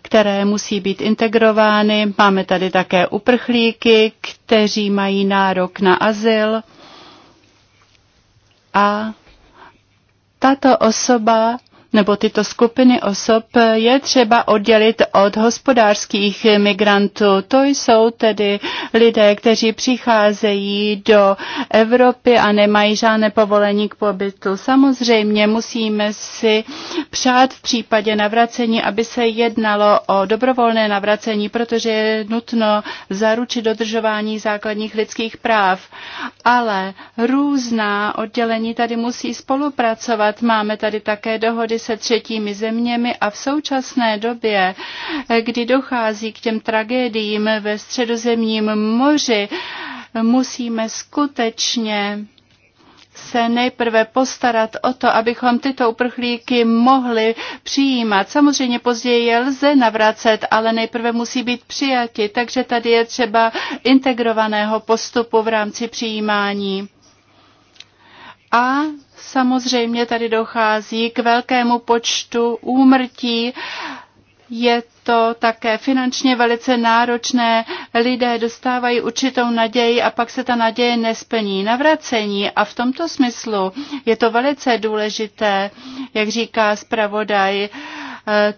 které musí být integrovány. Máme tady také uprchlíky, kteří mají nárok na azyl. A tato osoba nebo tyto skupiny osob je třeba oddělit od hospodářských migrantů. To jsou tedy lidé, kteří přicházejí do Evropy a nemají žádné povolení k pobytu. Samozřejmě musíme si přát v případě navracení, aby se jednalo o dobrovolné navracení, protože je nutno zaručit dodržování základních lidských práv. Ale různá oddělení tady musí spolupracovat. Máme tady také dohody se třetími zeměmi a v současné době, kdy dochází k těm tragédiím ve středozemním moři, musíme skutečně se nejprve postarat o to, abychom tyto uprchlíky mohli přijímat. Samozřejmě později je lze navracet, ale nejprve musí být přijati, takže tady je třeba integrovaného postupu v rámci přijímání. A Samozřejmě tady dochází k velkému počtu úmrtí. Je to také finančně velice náročné. Lidé dostávají určitou naději a pak se ta naděje nesplní. Navracení a v tomto smyslu je to velice důležité, jak říká zpravodaj, eh,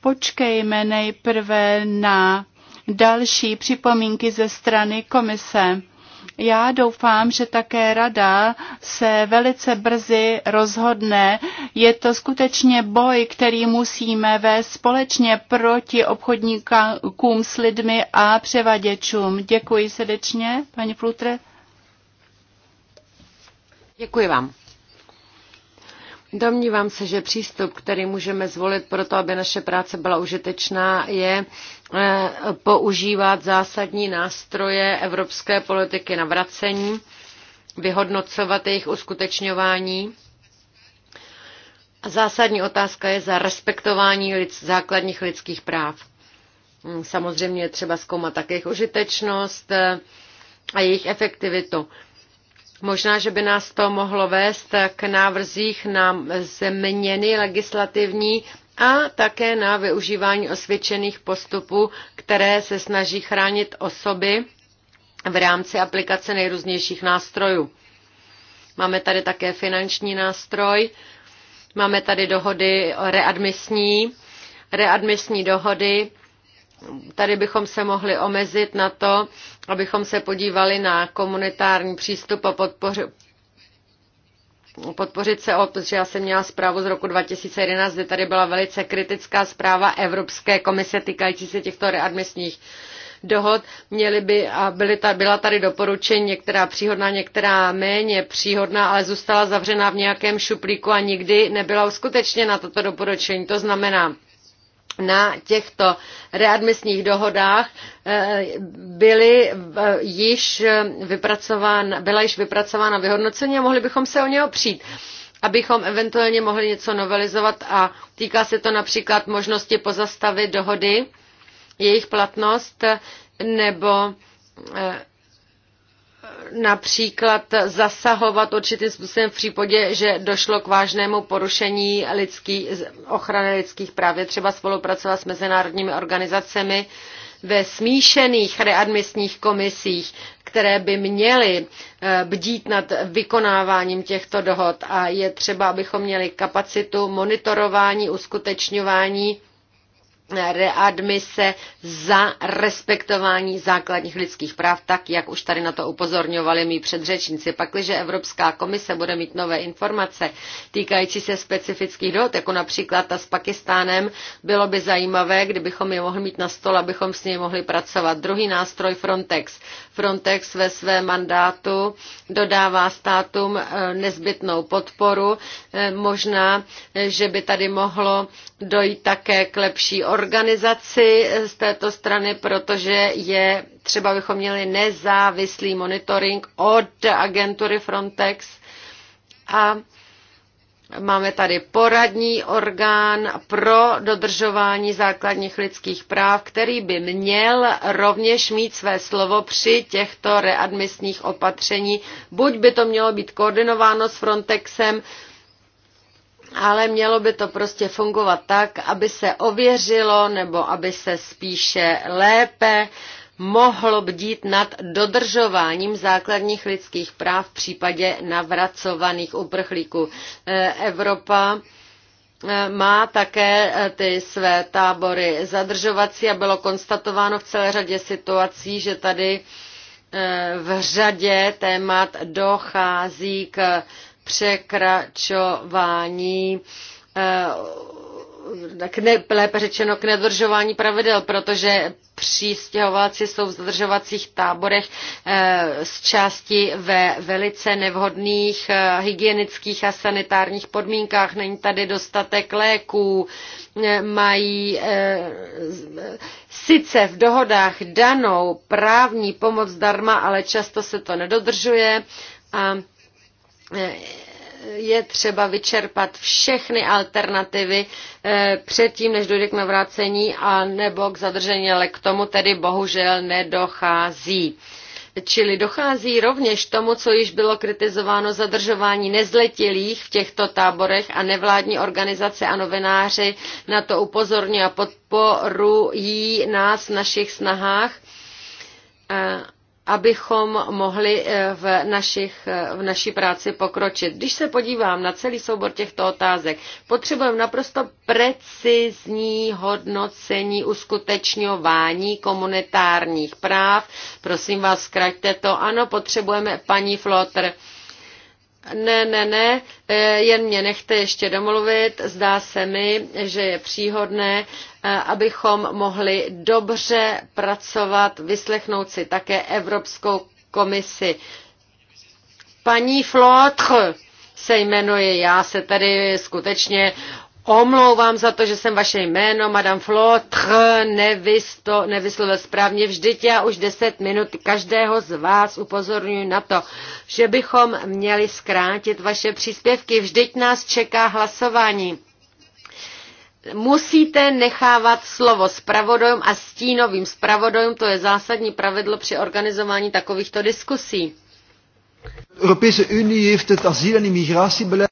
počkejme nejprve na další připomínky ze strany komise. Já doufám, že také rada se velice brzy rozhodne. Je to skutečně boj, který musíme vést společně proti obchodníkům s lidmi a převaděčům. Děkuji srdečně, paní Flutre. Děkuji vám. Domnívám se, že přístup, který můžeme zvolit pro to, aby naše práce byla užitečná, je používat zásadní nástroje evropské politiky na vracení, vyhodnocovat jejich uskutečňování. Zásadní otázka je za respektování lidz, základních lidských práv. Hmm, samozřejmě je třeba zkoumat také jejich užitečnost eh, a jejich efektivitu. Možná, že by nás to mohlo vést k návrzích na změny legislativní a také na využívání osvědčených postupů, které se snaží chránit osoby v rámci aplikace nejrůznějších nástrojů. Máme tady také finanční nástroj, máme tady dohody readmisní, readmisní dohody. Tady bychom se mohli omezit na to, abychom se podívali na komunitární přístup a podpořit se o, protože já jsem měla zprávu z roku 2011, kde tady byla velice kritická zpráva Evropské komise týkající se těchto readmisních dohod. Měly by, a byly ta, byla tady doporučení, některá příhodná, některá méně příhodná, ale zůstala zavřená v nějakém šuplíku a nikdy nebyla uskutečněna tato doporučení. To znamená, na těchto readmisních dohodách eh, byly eh, již eh, byla již vypracována vyhodnocení a mohli bychom se o ně opřít abychom eventuálně mohli něco novelizovat a týká se to například možnosti pozastavit dohody, jejich platnost nebo například zasahovat určitým způsobem v případě, že došlo k vážnému porušení lidský, ochrany lidských práv. Je třeba spolupracovat s mezinárodními organizacemi ve smíšených readmisních komisích, které by měly eh, bdít nad vykonáváním těchto dohod a je třeba, abychom měli kapacitu monitorování, uskutečňování readmise za respektování základních lidských práv, tak jak už tady na to upozorňovali mý předřečníci. Pakliže Evropská komise bude mít nové informace týkající se specifických dohod, jako například ta s Pakistánem, bylo by zajímavé, kdybychom je mohli mít na stole, abychom s nimi mohli pracovat. Druhý nástroj Frontex. Frontex ve své mandátu dodává státům eh, nezbytnou podporu. Eh, možná, eh, že by tady mohlo dojít také k lepší organizaci z této strany, protože je třeba, bychom měli nezávislý monitoring od agentury Frontex a Máme tady poradní orgán pro dodržování základních lidských práv, který by měl rovněž mít své slovo při těchto readmisních opatření. Buď by to mělo být koordinováno s Frontexem, ale mělo by to prostě fungovat tak, aby se ověřilo nebo aby se spíše lépe mohlo bdít nad dodržováním základních lidských práv v případě navracovaných uprchlíků. Eh, Evropa eh, má také eh, ty své tábory zadržovací a bylo konstatováno v celé řadě situací, že tady v řadě témat dochází k překračování eh, k ne, lépe řečeno k nedržování pravidel, protože přístěhováci jsou v zadržovacích táborech eh, z části ve velice nevhodných eh, hygienických a sanitárních podmínkách. Není tady dostatek léků, mají sice v dohodách danou právní pomoc darma, ale často se to nedodržuje. A je třeba vyčerpat všechny alternativy eh, předtím, než dojde k navrácení a nebo k zadržení, ale k tomu tedy bohužel nedochází. Čili dochází rovněž tomu, co již bylo kritizováno zadržování nezletilých v těchto táborech a nevládní organizace a novináři na to upozorňují a podporují nás v našich snahách eh, abychom mohli eh, v, našich, eh, v naší práci pokročit. Když se podívám na celý soubor těchto otázek, potřebujeme naprosto precizní hodnocení uskutečňování komunitárních práv. Prosím vás, zkraťte to. Ano, potřebujeme paní Flotr ne, ne, ne, e, jen mě nechte ještě domluvit. Zdá se mi, že je příhodné, e, abychom mohli dobře pracovat, vyslechnout si také Evropskou komisi. Paní Flotr se jmenuje, já se tady skutečně omlouvám za to, že jsem vaše jméno, Madame Flotre, nevysto, nevyslovil správně. Vždyť já už deset minut každého z vás upozorňuji na to, že bychom měli zkrátit vaše příspěvky. Vždyť nás čeká hlasování musíte nechávat slovo spravodajům a stínovým spravodajům, to je zásadní pravidlo při organizování takovýchto diskusí.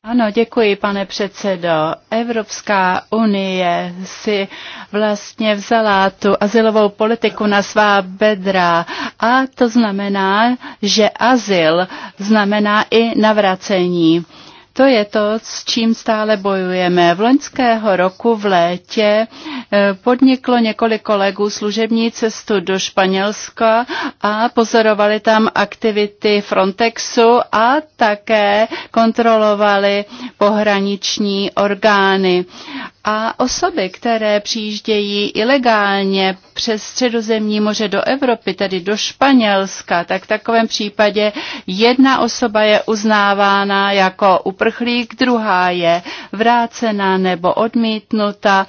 Ano, děkuji, pane předsedo. Evropská unie si vlastně vzala tu asilovou politiku na svá bedra a to znamená, že azyl znamená i navracení. To je to, s čím stále bojujeme. V loňského roku v létě eh, podniklo několik kolegů služební cestu do Španělska a pozorovali tam aktivity Frontexu a také kontrolovali pohraniční orgány. A osoby, které přijíždějí ilegálně přes středozemní moře do Evropy, tedy do Španělska, tak v takovém případě jedna osoba je uznávána jako uprchlík, druhá je vrácena nebo odmítnuta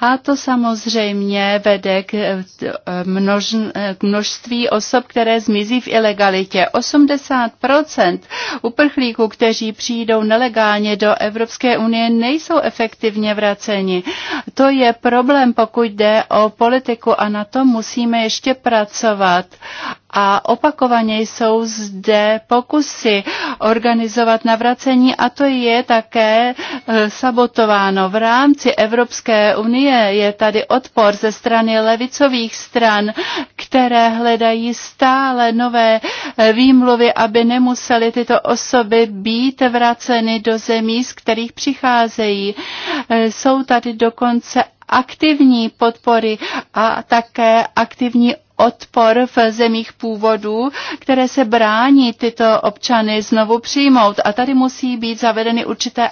a to samozřejmě vede k, množ, k množství osob, které zmizí v ilegalitě. 80% uprchlíků, kteří přijdou nelegálně do Evropské unie, nejsou efektivně vraceni. To je problém, pokud jde o politiku a na to musíme ještě pracovat a opakovaně jsou zde pokusy organizovat navracení a to je také eh, sabotováno. V rámci Evropské unie je tady odpor ze strany levicových stran, které hledají stále nové eh, výmluvy, aby nemuseli tyto osoby být vraceny do zemí, z kterých přicházejí. Eh, jsou tady dokonce aktivní podpory a také aktivní odpor v zemích původu, které se brání tyto občany znovu přijmout. A tady musí být zavedeny určité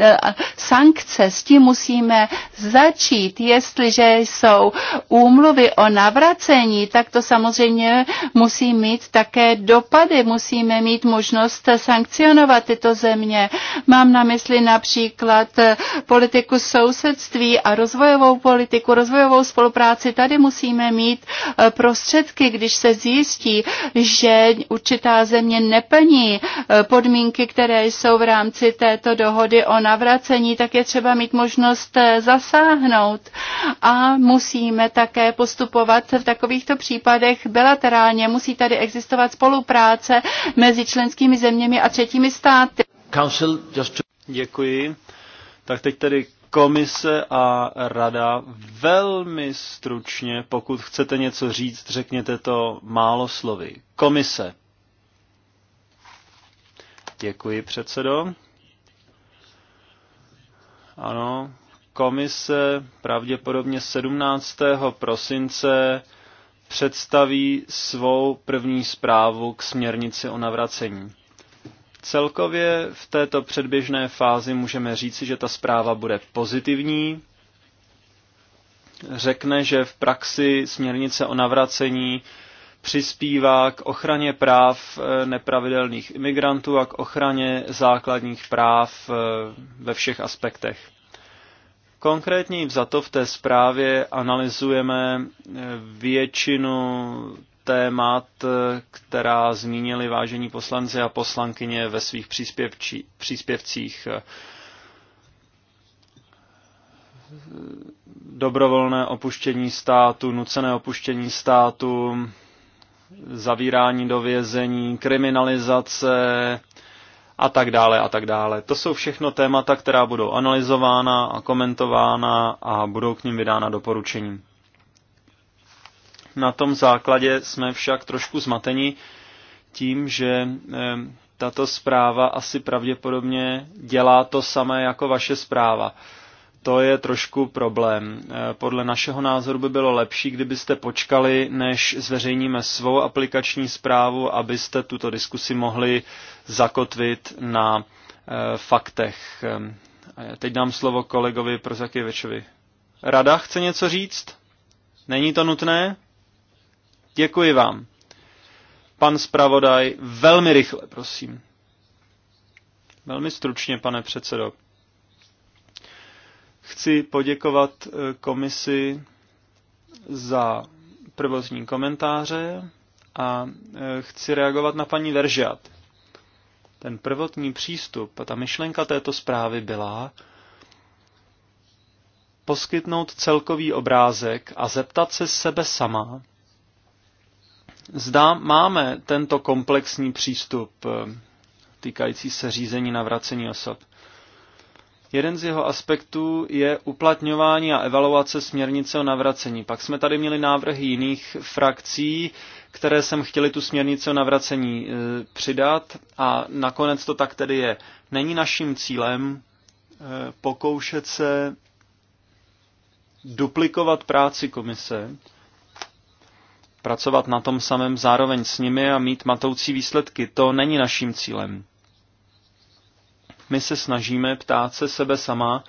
eh, sankce. S tím musíme začít. Jestliže jsou úmluvy o navracení, tak to samozřejmě musí mít také dopady. Musíme mít možnost sankcionovat tyto země. Mám na mysli například eh, politiku sousedství a rozvojovou politiku, rozvojovou spolupráci. Tady musíme mít pro eh, prostředky, když se zjistí, že určitá země neplní eh, podmínky, které jsou v rámci této dohody o navracení, tak je třeba mít možnost eh, zasáhnout. A musíme také postupovat v takovýchto případech bilaterálně. Musí tady existovat spolupráce mezi členskými zeměmi a třetími státy. Děkuji. Tak teď tedy Komise a rada velmi stručně, pokud chcete něco říct, řekněte to málo slovy. Komise. Děkuji, předsedo. Ano, komise pravděpodobně 17. prosince představí svou první zprávu k směrnici o navracení. Celkově v této předběžné fázi můžeme říci, že ta zpráva bude pozitivní. Řekne, že v praxi směrnice o navracení přispívá k ochraně práv eh, nepravidelných imigrantů a k ochraně základních práv eh, ve všech aspektech. Konkrétně za to v té zprávě analyzujeme eh, většinu témat, eh, která zmínili vážení poslanci a poslankyně ve svých příspěvcích. Eh, dobrovolné opuštění státu, nucené opuštění státu, zavírání do vězení, kriminalizace a tak dále a tak dále. To jsou všechno témata, která budou analyzována a komentována a budou k ním vydána doporučení. Na tom základě jsme však trošku zmateni tím, že eh, tato zpráva asi pravděpodobně dělá to samé jako vaše zpráva. To je trošku problém. Eh, podle našeho názoru by bylo lepší, kdybyste počkali, než zveřejníme svou aplikační zprávu, abyste tuto diskusi mohli zakotvit na eh, faktech. Teď dám slovo kolegovi Prozakěvečovi. Rada chce něco říct? Není to nutné? Děkuji vám. Pan zpravodaj, velmi rychle, prosím. Velmi stručně, pane předsedo. Chci poděkovat eh, komisi za prvozní komentáře a eh, chci reagovat na paní Veržiat. Ten prvotní přístup a ta myšlenka této zprávy byla poskytnout celkový obrázek a zeptat se sebe sama, Zda máme tento komplexní přístup eh, týkající se řízení navracení osob. Jeden z jeho aspektů je uplatňování a evaluace směrnice o navracení. Pak jsme tady měli návrhy jiných frakcí, které jsem chtěli tu směrnici o navracení eh, přidat a nakonec to tak tedy je. Není naším cílem eh, pokoušet se duplikovat práci komise, pracovat na tom samém zároveň s nimi a mít matoucí výsledky. To není naším cílem. My se snažíme ptát se sebe sama,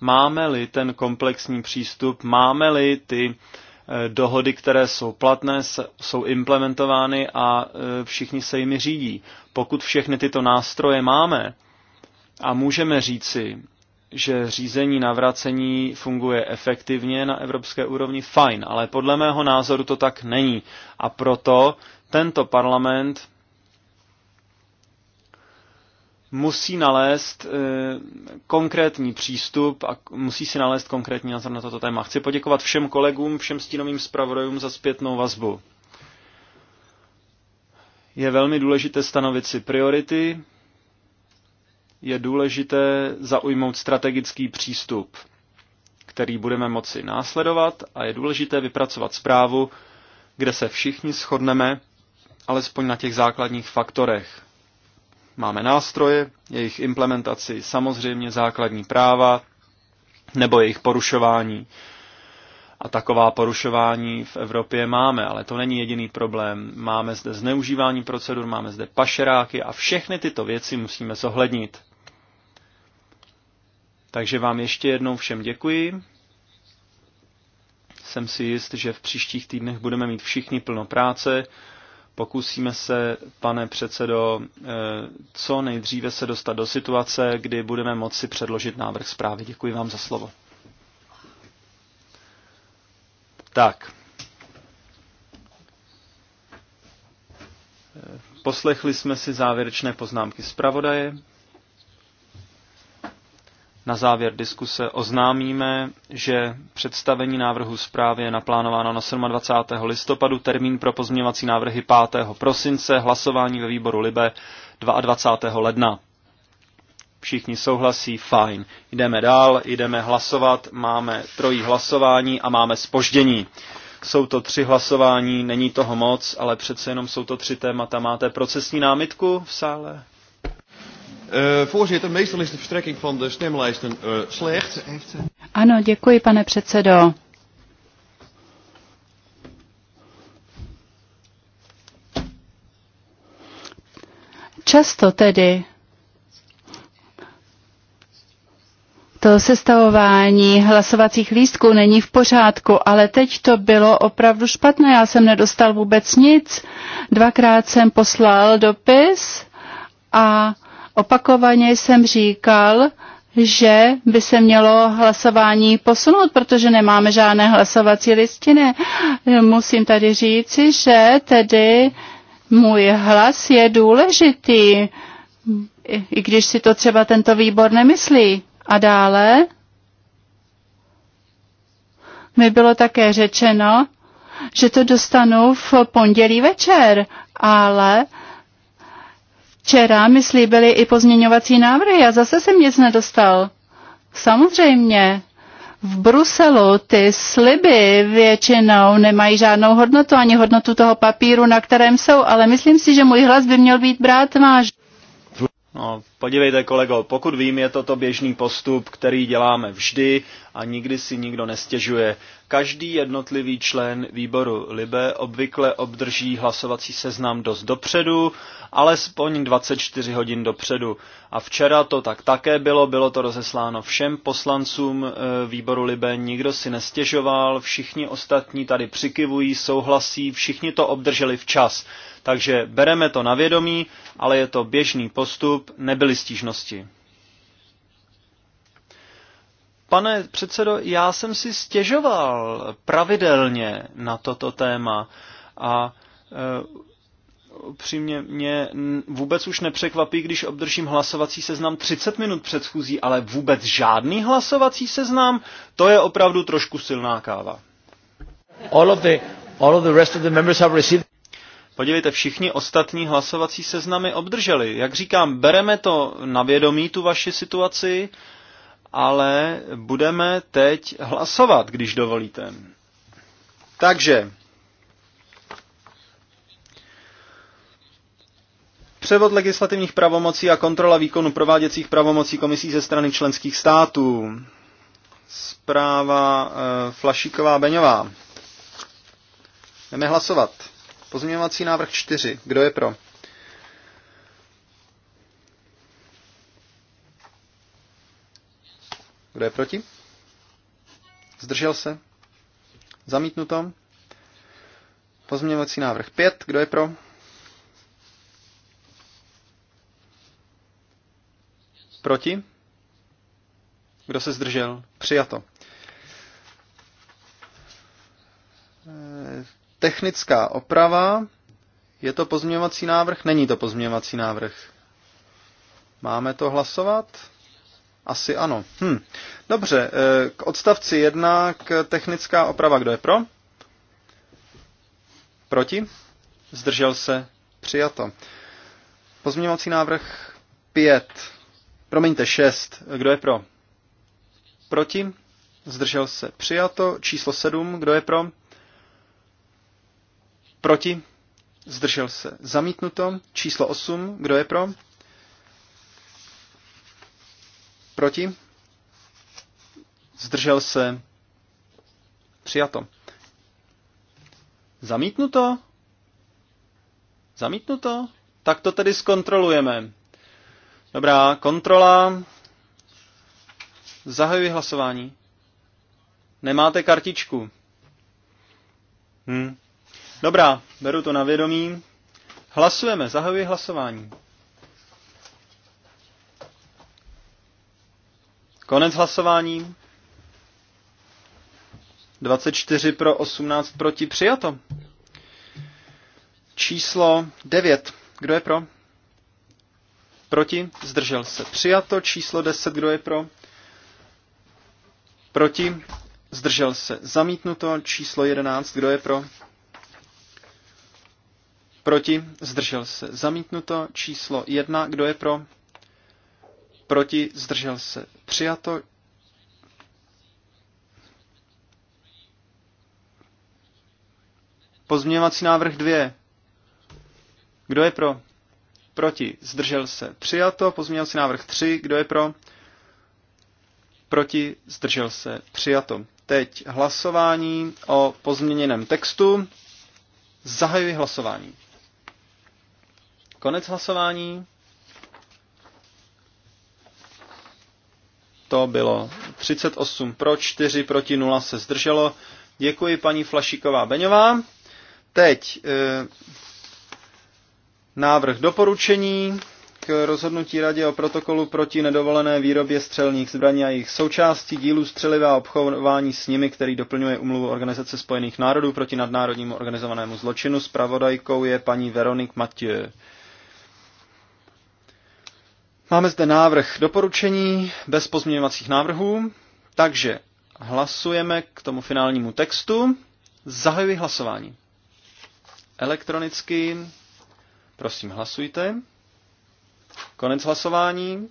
máme-li ten komplexní přístup, máme-li ty eh, dohody, které jsou platné, jsou implementovány a eh, všichni se jimi řídí. Pokud všechny tyto nástroje máme a můžeme říci, že řízení navracení funguje efektivně na evropské úrovni, fajn, ale podle mého názoru to tak není. A proto tento parlament musí nalézt e, konkrétní přístup a musí si nalézt konkrétní názor na toto téma. Chci poděkovat všem kolegům, všem stínovým zpravodajům za zpětnou vazbu. Je velmi důležité stanovit si priority, je důležité zaujmout strategický přístup, který budeme moci následovat a je důležité vypracovat zprávu, kde se všichni shodneme, alespoň na těch základních faktorech. Máme nástroje, jejich implementaci, samozřejmě základní práva nebo jejich porušování, a taková porušování v Evropě máme, ale to není jediný problém. Máme zde zneužívání procedur, máme zde pašeráky a všechny tyto věci musíme zohlednit. Takže vám ještě jednou všem děkuji. Jsem si jist, že v příštích týdnech budeme mít všichni plno práce. Pokusíme se, pane předsedo, eh, co nejdříve se dostat do situace, kdy budeme moci předložit návrh zprávy. Děkuji vám za slovo. Tak. Poslechli jsme si závěrečné poznámky zpravodaje. Na závěr diskuse oznámíme, že představení návrhu zprávy je naplánováno na 27. listopadu, termín pro pozměňovací návrhy 5. prosince, hlasování ve výboru Libe 22. ledna. Všichni souhlasí, fajn. Jdeme dál, jdeme hlasovat, máme trojí hlasování a máme spoždění. Jsou to tři hlasování, není toho moc, ale přece jenom jsou to tři témata. Máte procesní námitku v sále? Eh, voorzitter, meestal is de verstrekking van de stemlijsten eh, slecht. Ano, děkuji, pane předsedo. Často tedy To sestavování hlasovacích lístků není v pořádku, ale teď to bylo opravdu špatné. Já jsem nedostal vůbec nic. Dvakrát jsem poslal dopis a opakovaně jsem říkal, že by se mělo hlasování posunout, protože nemáme žádné hlasovací listiny. Musím tady říci, že tedy můj hlas je důležitý, i když si to třeba tento výbor nemyslí. A dále mi bylo také řečeno, že to dostanu v pondělí večer, ale včera mi slíbili i pozměňovací návrhy a zase jsem nic nedostal. Samozřejmě, v Bruselu ty sliby většinou nemají žádnou hodnotu, ani hodnotu toho papíru, na kterém jsou, ale myslím si, že můj hlas by měl být brát vážně. No, podívejte, kolego, pokud vím, je toto běžný postup, který děláme vždy a nikdy si nikdo nestěžuje. Každý jednotlivý člen výboru LIBE obvykle obdrží hlasovací seznam dost dopředu alespoň 24 hodin dopředu. A včera to tak také bylo, bylo to rozesláno všem poslancům eh, výboru Libe, nikdo si nestěžoval, všichni ostatní tady přikivují, souhlasí, všichni to obdrželi včas. Takže bereme to na vědomí, ale je to běžný postup, nebyly stížnosti. Pane předsedo, já jsem si stěžoval pravidelně na toto téma a eh, upřímně mě vůbec už nepřekvapí, když obdržím hlasovací seznam 30 minut před schůzí, ale vůbec žádný hlasovací seznam, to je opravdu trošku silná káva. All of the, all of the rest of the members have received... Podívejte, všichni ostatní hlasovací seznamy obdrželi. Jak říkám, bereme to na vědomí, tu vaši situaci, ale budeme teď hlasovat, když dovolíte. Takže, Převod legislativních pravomocí a kontrola výkonu prováděcích pravomocí komisí ze strany členských států. Zpráva e, Flašíková Beňová. Jdeme hlasovat. Pozměňovací návrh 4. Kdo je pro? Kdo je proti? Zdržel se? Zamítnuto. Pozměňovací návrh 5. Kdo je pro? Proti? Kdo se zdržel? Přijato. Eh, technická oprava. Je to pozměňovací návrh? Není to pozměňovací návrh. Máme to hlasovat? Asi ano. Hm. Dobře, eh, k odstavci 1, k technická oprava. Kdo je pro? Proti? Zdržel se? Přijato. Pozměňovací návrh 5. Promiňte, šest. Kdo je pro? Proti? Zdržel se. Přijato. Číslo sedm. Kdo je pro? Proti? Zdržel se. Zamítnuto. Číslo osm. Kdo je pro? Proti? Zdržel se. Přijato. Zamítnuto? Zamítnuto? Tak to tedy zkontrolujeme. Dobrá, kontrola. Zahajuji hlasování. Nemáte kartičku. Hm. Dobrá, beru to na vědomí. Hlasujeme, zahajuji hlasování. Konec hlasování. 24 pro 18 proti přijato. Číslo 9. Kdo je pro? Proti? Zdržel se. Přijato. Číslo 10. Kdo je pro? Proti? Zdržel se. Zamítnuto. Číslo 11. Kdo je pro? Proti? Zdržel se. Zamítnuto. Číslo 1. Kdo je pro? Proti? Zdržel se. Přijato. Pozměňovací návrh 2. Kdo je pro? Proti. Zdržel se. Přijato. Pozměnil si návrh 3. Kdo je pro? Proti. Zdržel se. Přijato. Teď hlasování o pozměněném textu. Zahajuji hlasování. Konec hlasování. To bylo 38 pro, 4 proti 0 se zdrželo. Děkuji paní Flašíková Beňová. Teď e návrh doporučení k rozhodnutí radě o protokolu proti nedovolené výrobě střelných zbraní a jejich součástí, dílů střeliva a obchodování s nimi, který doplňuje umluvu Organizace spojených národů proti nadnárodnímu organizovanému zločinu. Spravodajkou je paní Veronik Mathieu. Máme zde návrh doporučení bez pozměňovacích návrhů, takže hlasujeme k tomu finálnímu textu. Zahajuji hlasování. Elektronicky Prosím, hlasujte. Konec hlasování.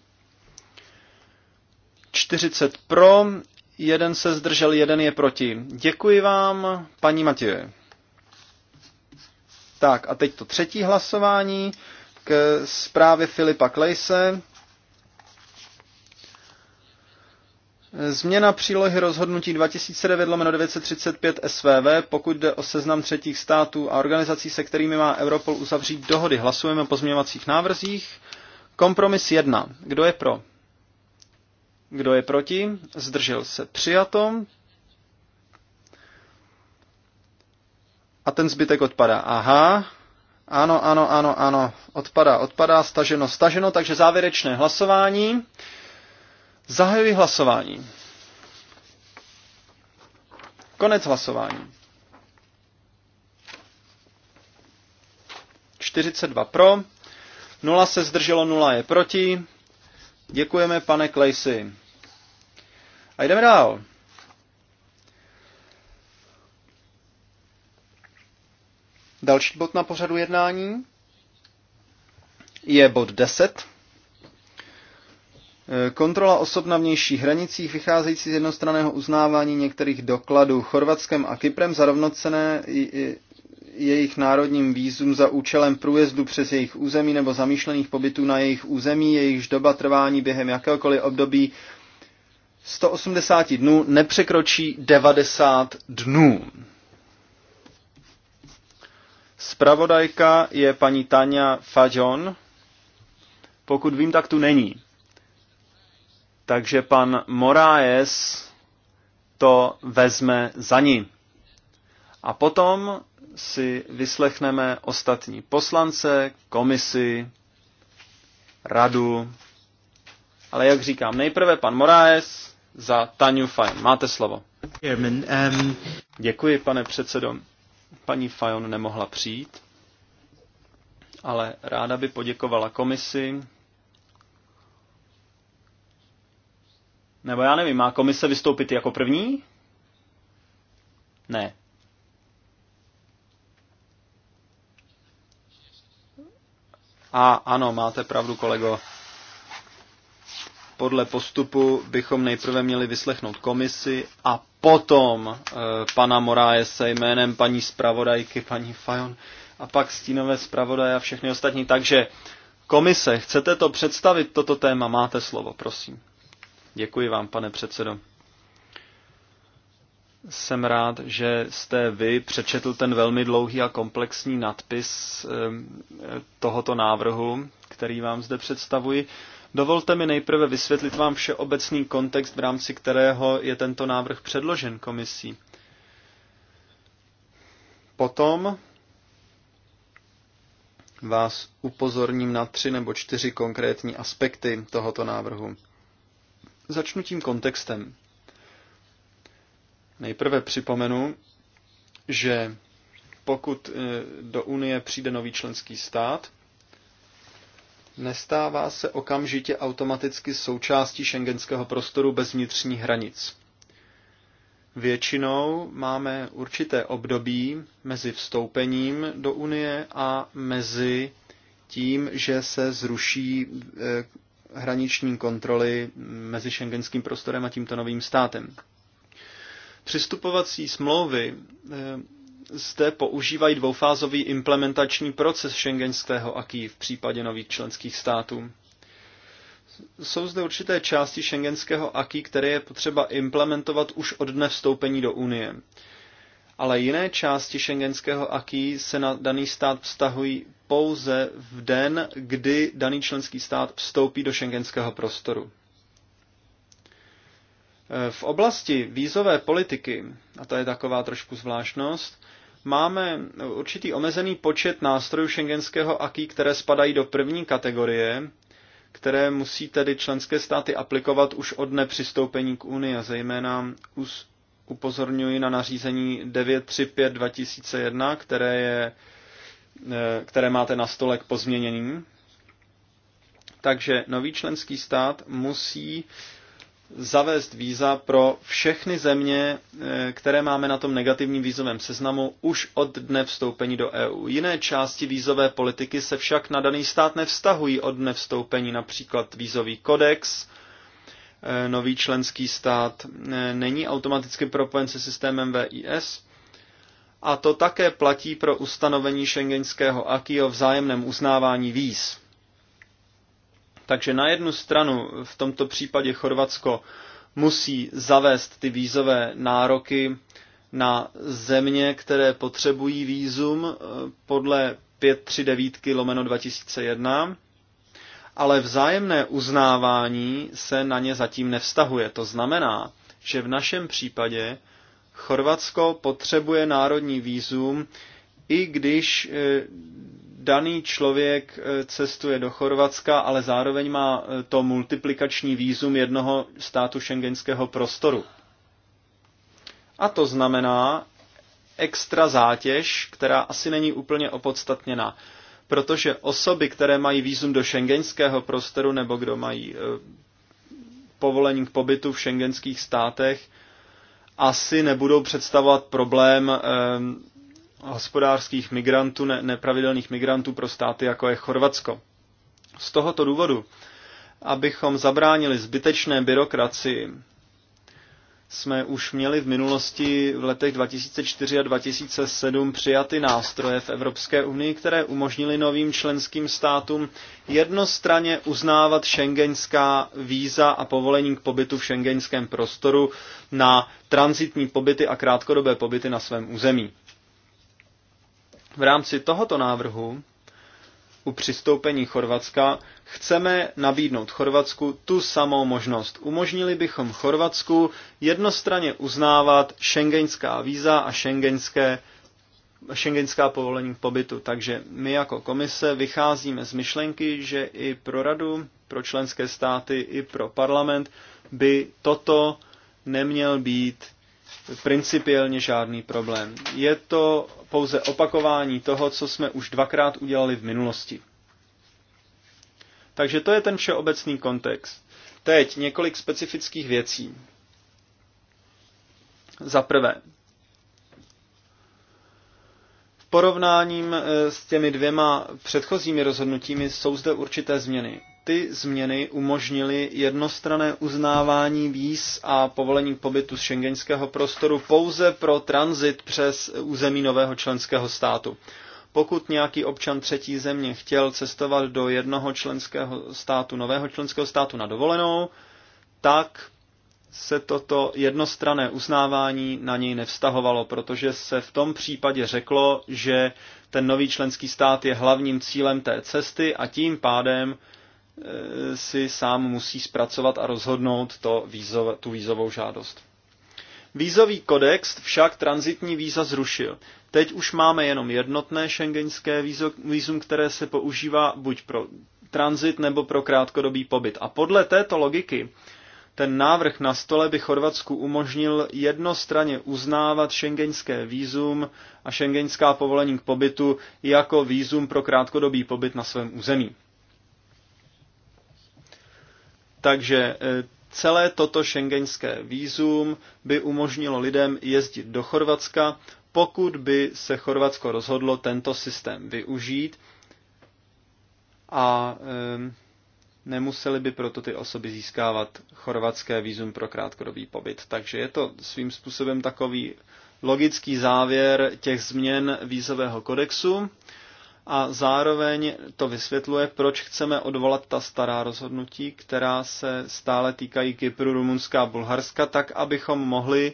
40 pro, jeden se zdržel, jeden je proti. Děkuji vám, paní Matěje. Tak a teď to třetí hlasování k zprávě Filipa Klejse. Změna přílohy rozhodnutí 2009-935 SVV, pokud jde o seznam třetích států a organizací, se kterými má Europol uzavřít dohody. Hlasujeme o pozměňovacích návrzích. Kompromis 1. Kdo je pro? Kdo je proti? Zdržel se přijato. A ten zbytek odpadá. Aha. Ano, ano, ano, ano. Odpadá, odpadá, staženo, staženo, takže závěrečné hlasování. Zahajuji hlasování. Konec hlasování. 42 pro, 0 se zdrželo, 0 je proti. Děkujeme, pane Klejsi. A jdeme dál. Další bod na pořadu jednání je bod 10. Eh, kontrola osob na vnějších hranicích vycházející z jednostranného uznávání některých dokladů Chorvatskem a Kyprem za rovnocené jejich národním výzum za účelem průjezdu přes jejich území nebo zamýšlených pobytů na jejich území, jejichž doba trvání během jakéhokoliv období 180 dnů nepřekročí 90 dnů. Spravodajka je paní Tania Fajon. Pokud vím, tak tu není takže pan Moraes to vezme za ní. A potom si vyslechneme ostatní poslance, komisi, radu. Ale jak říkám, nejprve pan Moraes za Tanju Fajon. Máte slovo. Um, Děkuji, pane předsedo. Paní Fajon nemohla přijít, ale ráda by poděkovala komisi Nebo já nevím, má komise vystoupit jako první? Ne. A ano, máte pravdu, kolego. Podle postupu bychom nejprve měli vyslechnout komisi a potom e, pana se jménem paní zpravodajky, paní Fajon a pak stínové zpravodaje a všechny ostatní. Takže komise, chcete to představit, toto téma? Máte slovo, prosím. Děkuji vám, pane předsedo. Jsem rád, že jste vy přečetl ten velmi dlouhý a komplexní nadpis ehm, tohoto návrhu, který vám zde představuji. Dovolte mi nejprve vysvětlit vám všeobecný kontext, v rámci kterého je tento návrh předložen komisí. Potom vás upozorním na tři nebo čtyři konkrétní aspekty tohoto návrhu. Začnu tím kontextem. Nejprve připomenu, že pokud e, do Unie přijde nový členský stát, nestává se okamžitě automaticky součástí šengenského prostoru bez vnitřních hranic. Většinou máme určité období mezi vstoupením do Unie a mezi tím, že se zruší e, hraniční kontroly mezi šengenským prostorem a tímto novým státem. Přistupovací smlouvy eh, zde používají dvoufázový implementační proces šengenského aký v případě nových členských států. Jsou zde určité části šengenského aký, které je potřeba implementovat už od dne vstoupení do Unie. Ale jiné části šengenského aký se na daný stát vztahují pouze v den, kdy daný členský stát vstoupí do šengenského prostoru. V oblasti vízové politiky, a to je taková trošku zvláštnost, máme určitý omezený počet nástrojů šengenského aký které spadají do první kategorie, které musí tedy členské státy aplikovat už od dne přistoupení k Unii, a zejména upozorňuji na nařízení 935 2001, které je Eh, které máte na stole k pozměnění. Takže nový členský stát musí zavést víza pro všechny země, eh, které máme na tom negativním vízovém seznamu už od dne vstoupení do EU. Jiné části vízové politiky se však na daný stát nevztahují od dne vstoupení, například vízový kodex. Eh, nový členský stát není automaticky propojen se systémem VIS a to také platí pro ustanovení šengenského aky o vzájemném uznávání víz. Takže na jednu stranu v tomto případě Chorvatsko musí zavést ty vízové nároky na země, které potřebují vízum eh, podle 539 lomeno 2001, ale vzájemné uznávání se na ně zatím nevztahuje. To znamená, že v našem případě Chorvatsko potřebuje národní výzum, i když e, daný člověk e, cestuje do Chorvatska, ale zároveň má e, to multiplikační výzum jednoho státu šengenského prostoru. A to znamená extra zátěž, která asi není úplně opodstatněná, protože osoby, které mají výzum do šengenského prostoru nebo kdo mají povolení k pobytu v šengenských státech, asi nebudou představovat problém eh, hospodářských migrantů, ne, nepravidelných migrantů pro státy, jako je Chorvatsko. Z tohoto důvodu, abychom zabránili zbytečné byrokracii jsme už měli v minulosti v letech 2004 a 2007 přijaty nástroje v Evropské unii, které umožnily novým členským státům jednostranně uznávat šengenská víza a povolení k pobytu v šengenském prostoru na transitní pobyty a krátkodobé pobyty na svém území. V rámci tohoto návrhu u přistoupení Chorvatska, chceme nabídnout Chorvatsku tu samou možnost. Umožnili bychom Chorvatsku jednostranně uznávat šengenská víza a šengenské šengenská povolení k pobytu. Takže my jako komise vycházíme z myšlenky, že i pro radu, pro členské státy, i pro parlament by toto neměl být principiálně žádný problém. Je to pouze opakování toho, co jsme už dvakrát udělali v minulosti. Takže to je ten všeobecný kontext. Teď několik specifických věcí. Za prvé, v porovnáním eh, s těmi dvěma předchozími rozhodnutími jsou zde určité změny ty změny umožnily jednostrané uznávání víz a povolení pobytu z šengenského prostoru pouze pro tranzit přes území nového členského státu. Pokud nějaký občan třetí země chtěl cestovat do jednoho členského státu, nového členského státu na dovolenou, tak se toto jednostrané uznávání na něj nevztahovalo, protože se v tom případě řeklo, že ten nový členský stát je hlavním cílem té cesty a tím pádem Eh, si sám musí zpracovat a rozhodnout to vízo, tu vízovou žádost. Vízový kodex však transitní víza zrušil. Teď už máme jenom jednotné šengenské vízum, které se používá buď pro transit nebo pro krátkodobý pobyt. A podle této logiky ten návrh na stole by Chorvatsku umožnil jednostranně uznávat šengenské vízum a šengenská povolení k pobytu jako vízum pro krátkodobý pobyt na svém území. Takže eh, celé toto šengenské výzum by umožnilo lidem jezdit do Chorvatska, pokud by se Chorvatsko rozhodlo tento systém využít a ehm, nemuseli by proto ty osoby získávat chorvatské výzum pro krátkodobý pobyt. Takže je to svým způsobem takový logický závěr těch změn vízového kodexu a zároveň to vysvětluje, proč chceme odvolat ta stará rozhodnutí, která se stále týkají Kypru, Rumunska a Bulharska, tak abychom mohli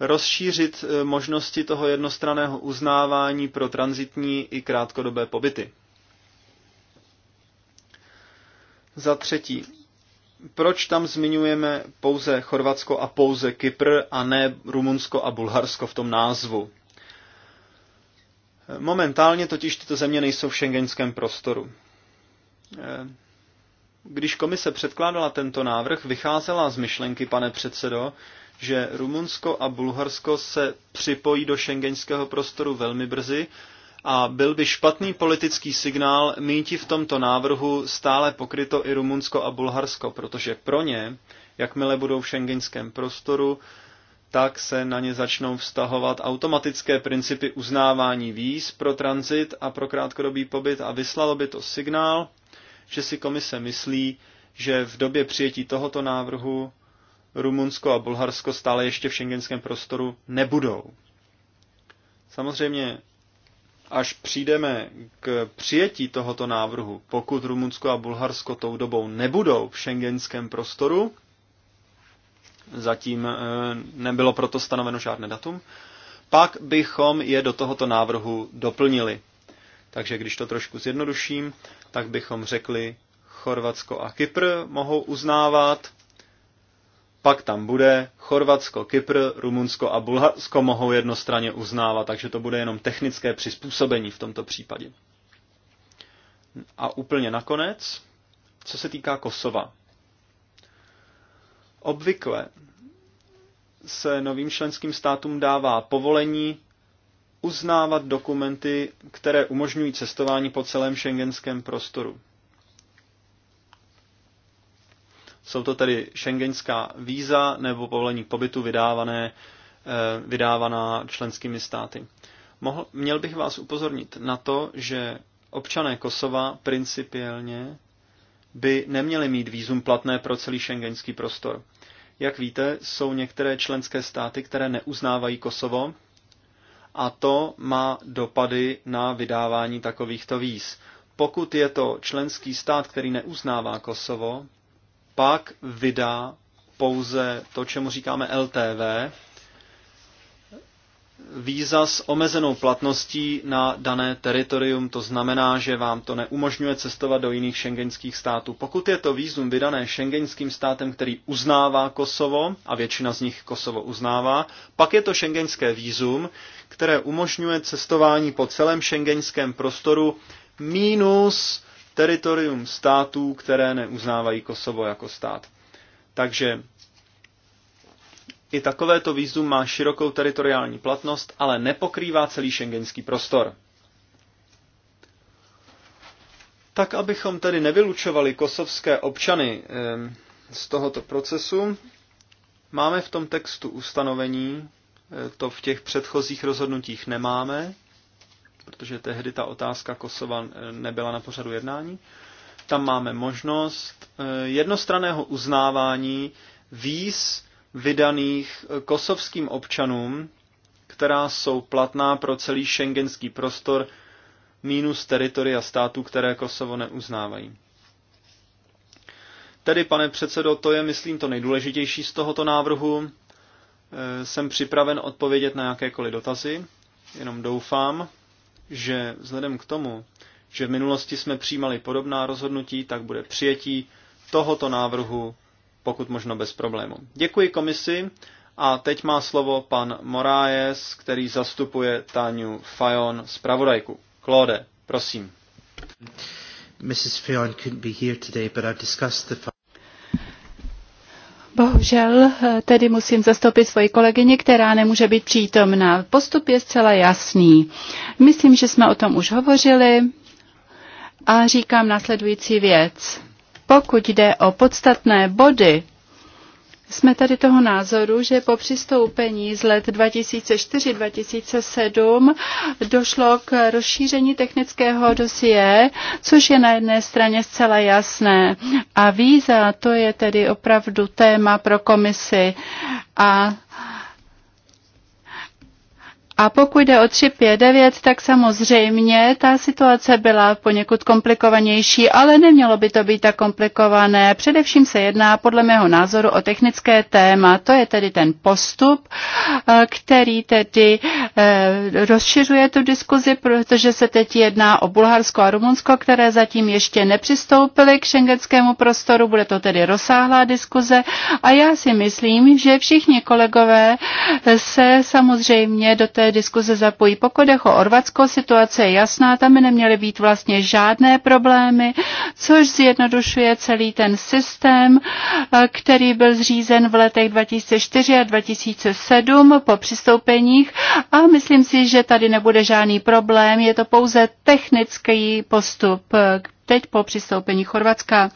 rozšířit eh, možnosti toho jednostraného uznávání pro transitní i krátkodobé pobyty. Za třetí, proč tam zmiňujeme pouze Chorvatsko a pouze Kypr a ne Rumunsko a Bulharsko v tom názvu? Momentálně totiž tyto země nejsou v šengenském prostoru. Eh, když komise předkládala tento návrh, vycházela z myšlenky, pane předsedo, že Rumunsko a Bulharsko se připojí do šengenského prostoru velmi brzy a byl by špatný politický signál míti v tomto návrhu stále pokryto i Rumunsko a Bulharsko, protože pro ně, jakmile budou v šengenském prostoru, tak se na ně začnou vztahovat automatické principy uznávání víz pro tranzit a pro krátkodobý pobyt a vyslalo by to signál, že si komise myslí, že v době přijetí tohoto návrhu Rumunsko a Bulharsko stále ještě v šengenském prostoru nebudou. Samozřejmě, až přijdeme k přijetí tohoto návrhu, pokud Rumunsko a Bulharsko tou dobou nebudou v šengenském prostoru, Zatím eh, nebylo proto stanoveno žádné datum. Pak bychom je do tohoto návrhu doplnili. Takže když to trošku zjednoduším, tak bychom řekli, Chorvatsko a Kypr mohou uznávat, pak tam bude Chorvatsko, Kypr, Rumunsko a Bulharsko mohou jednostranně uznávat, takže to bude jenom technické přizpůsobení v tomto případě. A úplně nakonec, co se týká Kosova. Obvykle se novým členským státům dává povolení uznávat dokumenty, které umožňují cestování po celém šengenském prostoru. Jsou to tedy šengenská víza nebo povolení k pobytu vydávané, eh, vydávaná členskými státy. Mohl, měl bych vás upozornit na to, že občané Kosova principiálně by neměly mít výzum platné pro celý šengenský prostor. Jak víte, jsou některé členské státy, které neuznávají Kosovo a to má dopady na vydávání takovýchto víz. Pokud je to členský stát, který neuznává Kosovo, pak vydá pouze to, čemu říkáme LTV, víza s omezenou platností na dané teritorium. To znamená, že vám to neumožňuje cestovat do jiných šengenských států. Pokud je to vízum vydané šengenským státem, který uznává Kosovo, a většina z nich Kosovo uznává, pak je to šengenské vízum, které umožňuje cestování po celém šengenském prostoru minus teritorium států, které neuznávají Kosovo jako stát. Takže i takovéto výzum má širokou teritoriální platnost, ale nepokrývá celý šengenský prostor. Tak, abychom tedy nevylučovali kosovské občany z tohoto procesu, máme v tom textu ustanovení, e, to v těch předchozích rozhodnutích nemáme, protože tehdy ta otázka Kosova e, nebyla na pořadu jednání. Tam máme možnost e, jednostraného uznávání víz vydaných kosovským občanům, která jsou platná pro celý šengenský prostor minus teritoria států, které Kosovo neuznávají. Tedy, pane předsedo, to je, myslím, to nejdůležitější z tohoto návrhu. E, jsem připraven odpovědět na jakékoliv dotazy, jenom doufám, že vzhledem k tomu, že v minulosti jsme přijímali podobná rozhodnutí, tak bude přijetí tohoto návrhu pokud možno bez problému. Děkuji komisi a teď má slovo pan Moraes, který zastupuje Tanju Fajon, Pravodajku. Claude, prosím. Mrs. Fajon couldn't be here today, but I've discussed the Bohužel eh, tedy musím zastoupit svoji kolegyni, která nemůže být přítomná. Postup je zcela jasný. Myslím, že jsme o tom už hovořili a říkám následující věc. Pokud jde o podstatné body, jsme tady toho názoru, že po přistoupení z let 2004-2007 došlo k rozšíření technického dosie, což je na jedné straně zcela jasné. A víza, to je tedy opravdu téma pro komisi. A a pokud jde o 359, tak samozřejmě ta situace byla poněkud komplikovanější, ale nemělo by to být tak komplikované. Především se jedná podle mého názoru o technické téma, to je tedy ten postup, eh, který tedy eh, rozšiřuje tu diskuzi, protože se teď jedná o Bulharsko a Rumunsko, které zatím ještě nepřistoupily k šengenskému prostoru, bude to tedy rozsáhlá diskuze a já si myslím, že všichni kolegové se samozřejmě do té té diskuze zapojí. Pokud je o Orvatsko, situace je jasná, tam by neměly být vlastně žádné problémy, což zjednodušuje celý ten systém, eh, který byl zřízen v letech 2004 a 2007 po přistoupeních a myslím si, že tady nebude žádný problém, je to pouze technický postup eh, teď po přistoupení Chorvatska.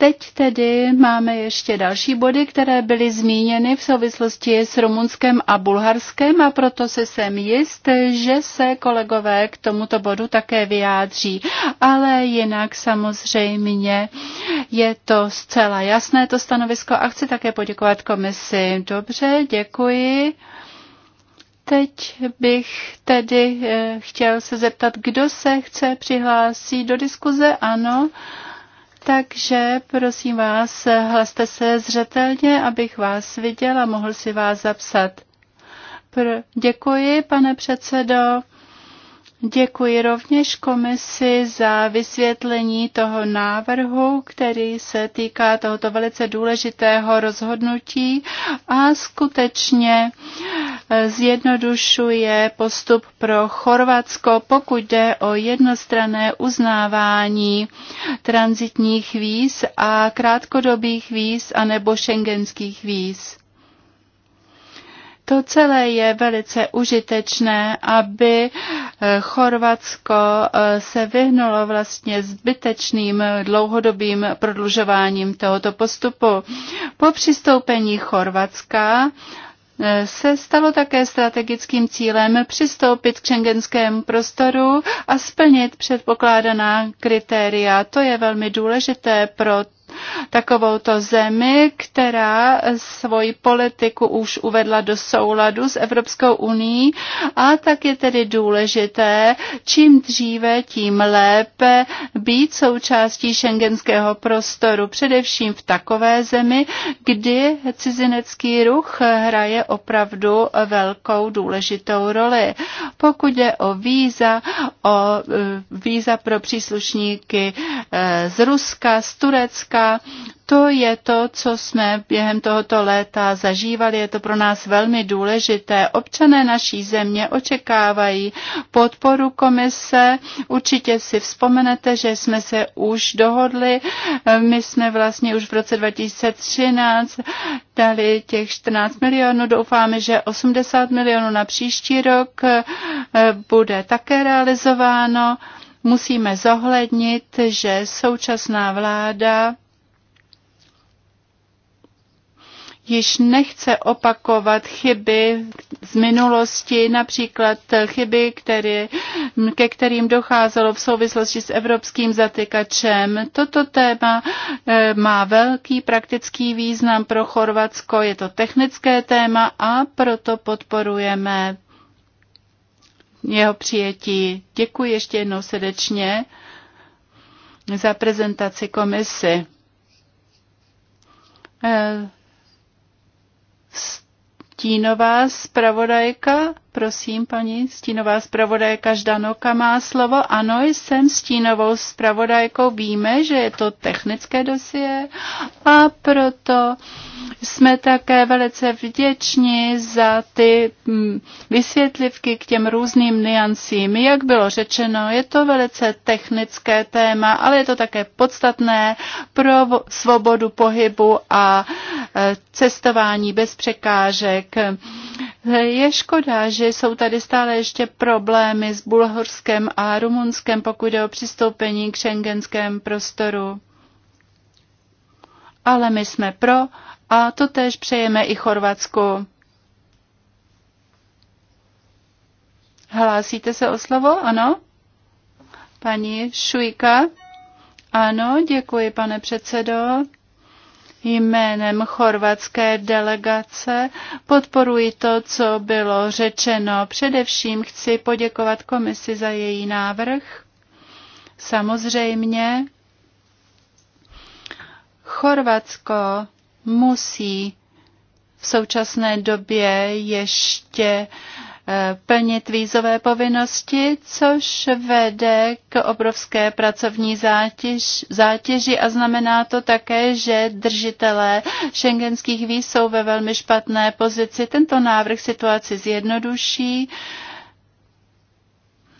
Teď tedy máme ještě další body, které byly zmíněny v souvislosti s Rumunskem a Bulharskem a proto se jsem jist, že se kolegové k tomuto bodu také vyjádří. Ale jinak samozřejmě je to zcela jasné, to stanovisko a chci také poděkovat komisi. Dobře, děkuji teď bych tedy eh, chtěl se zeptat, kdo se chce přihlásit do diskuze. Ano, takže prosím vás, hlaste se zřetelně, abych vás viděl a mohl si vás zapsat. Pr- děkuji, pane předsedo. Děkuji rovněž komisi za vysvětlení toho návrhu, který se týká tohoto velice důležitého rozhodnutí a skutečně eh, zjednodušuje postup pro Chorvatsko, pokud jde o jednostrané uznávání transitních víz a krátkodobých víz anebo šengenských víz. To celé je velice užitečné, aby eh, Chorvatsko eh, se vyhnulo vlastně zbytečným dlouhodobým prodlužováním tohoto postupu. Po přistoupení Chorvatska eh, se stalo také strategickým cílem přistoupit k šengenskému prostoru a splnit předpokládaná kritéria. To je velmi důležité pro takovouto zemi, která svoji politiku už uvedla do souladu s Evropskou uní a tak je tedy důležité, čím dříve, tím lépe být součástí šengenského prostoru, především v takové zemi, kdy cizinecký ruch hraje opravdu velkou důležitou roli. Pokud je o víza, o e, víza pro příslušníky e, z Ruska, z Turecka, politika. To je to, co jsme během tohoto léta zažívali. Je to pro nás velmi důležité. Občané naší země očekávají podporu komise. Určitě si vzpomenete, že jsme se už dohodli. My jsme vlastně už v roce 2013 dali těch 14 milionů. Doufáme, že 80 milionů na příští rok eh, bude také realizováno. Musíme zohlednit, že současná vláda již nechce opakovat chyby z minulosti, například chyby, které, ke kterým docházelo v souvislosti s evropským zatykačem. Toto téma eh, má velký praktický význam pro Chorvatsko, je to technické téma a proto podporujeme jeho přijetí. Děkuji ještě jednou srdečně za prezentaci komisi. Eh, stínová zpravodajka Prosím, paní stínová zpravodajka Ždanoka má slovo. Ano, jsem stínovou zpravodajkou. Víme, že je to technické dosie a proto jsme také velice vděční za ty mm, vysvětlivky k těm různým niancím. Jak bylo řečeno, je to velice technické téma, ale je to také podstatné pro svobodu pohybu a e, cestování bez překážek. Je škoda, že že jsou tady stále ještě problémy s Bulhorskem a Rumunskem, pokud jde o přistoupení k šengenském prostoru. Ale my jsme pro a to tež přejeme i Chorvatsku. Hlásíte se o slovo? Ano? Paní Šujka? Ano, děkuji, pane předsedo jménem chorvatské delegace. Podporuji to, co bylo řečeno. Především chci poděkovat komisi za její návrh. Samozřejmě Chorvatsko musí v současné době ještě uh, Eh, plnit vízové povinnosti, což vede k obrovské pracovní zátěž, zátěži a znamená to také, že držitelé šengenských víz jsou ve velmi špatné pozici. Tento návrh situaci zjednoduší.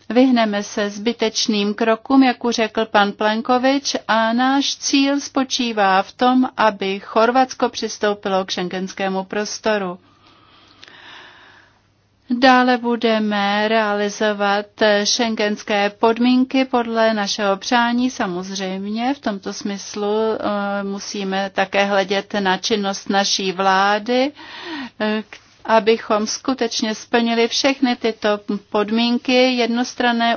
Vyhneme se zbytečným krokům, jak už řekl pan Plenkovič, a náš cíl spočívá v tom, aby Chorvatsko přistoupilo k šengenskému prostoru. Dále budeme realizovat šengenské podmínky podle našeho přání. Samozřejmě v tomto smyslu eh, musíme také hledět na činnost naší vlády, eh, abychom skutečně splnili všechny tyto podmínky. Jednostranné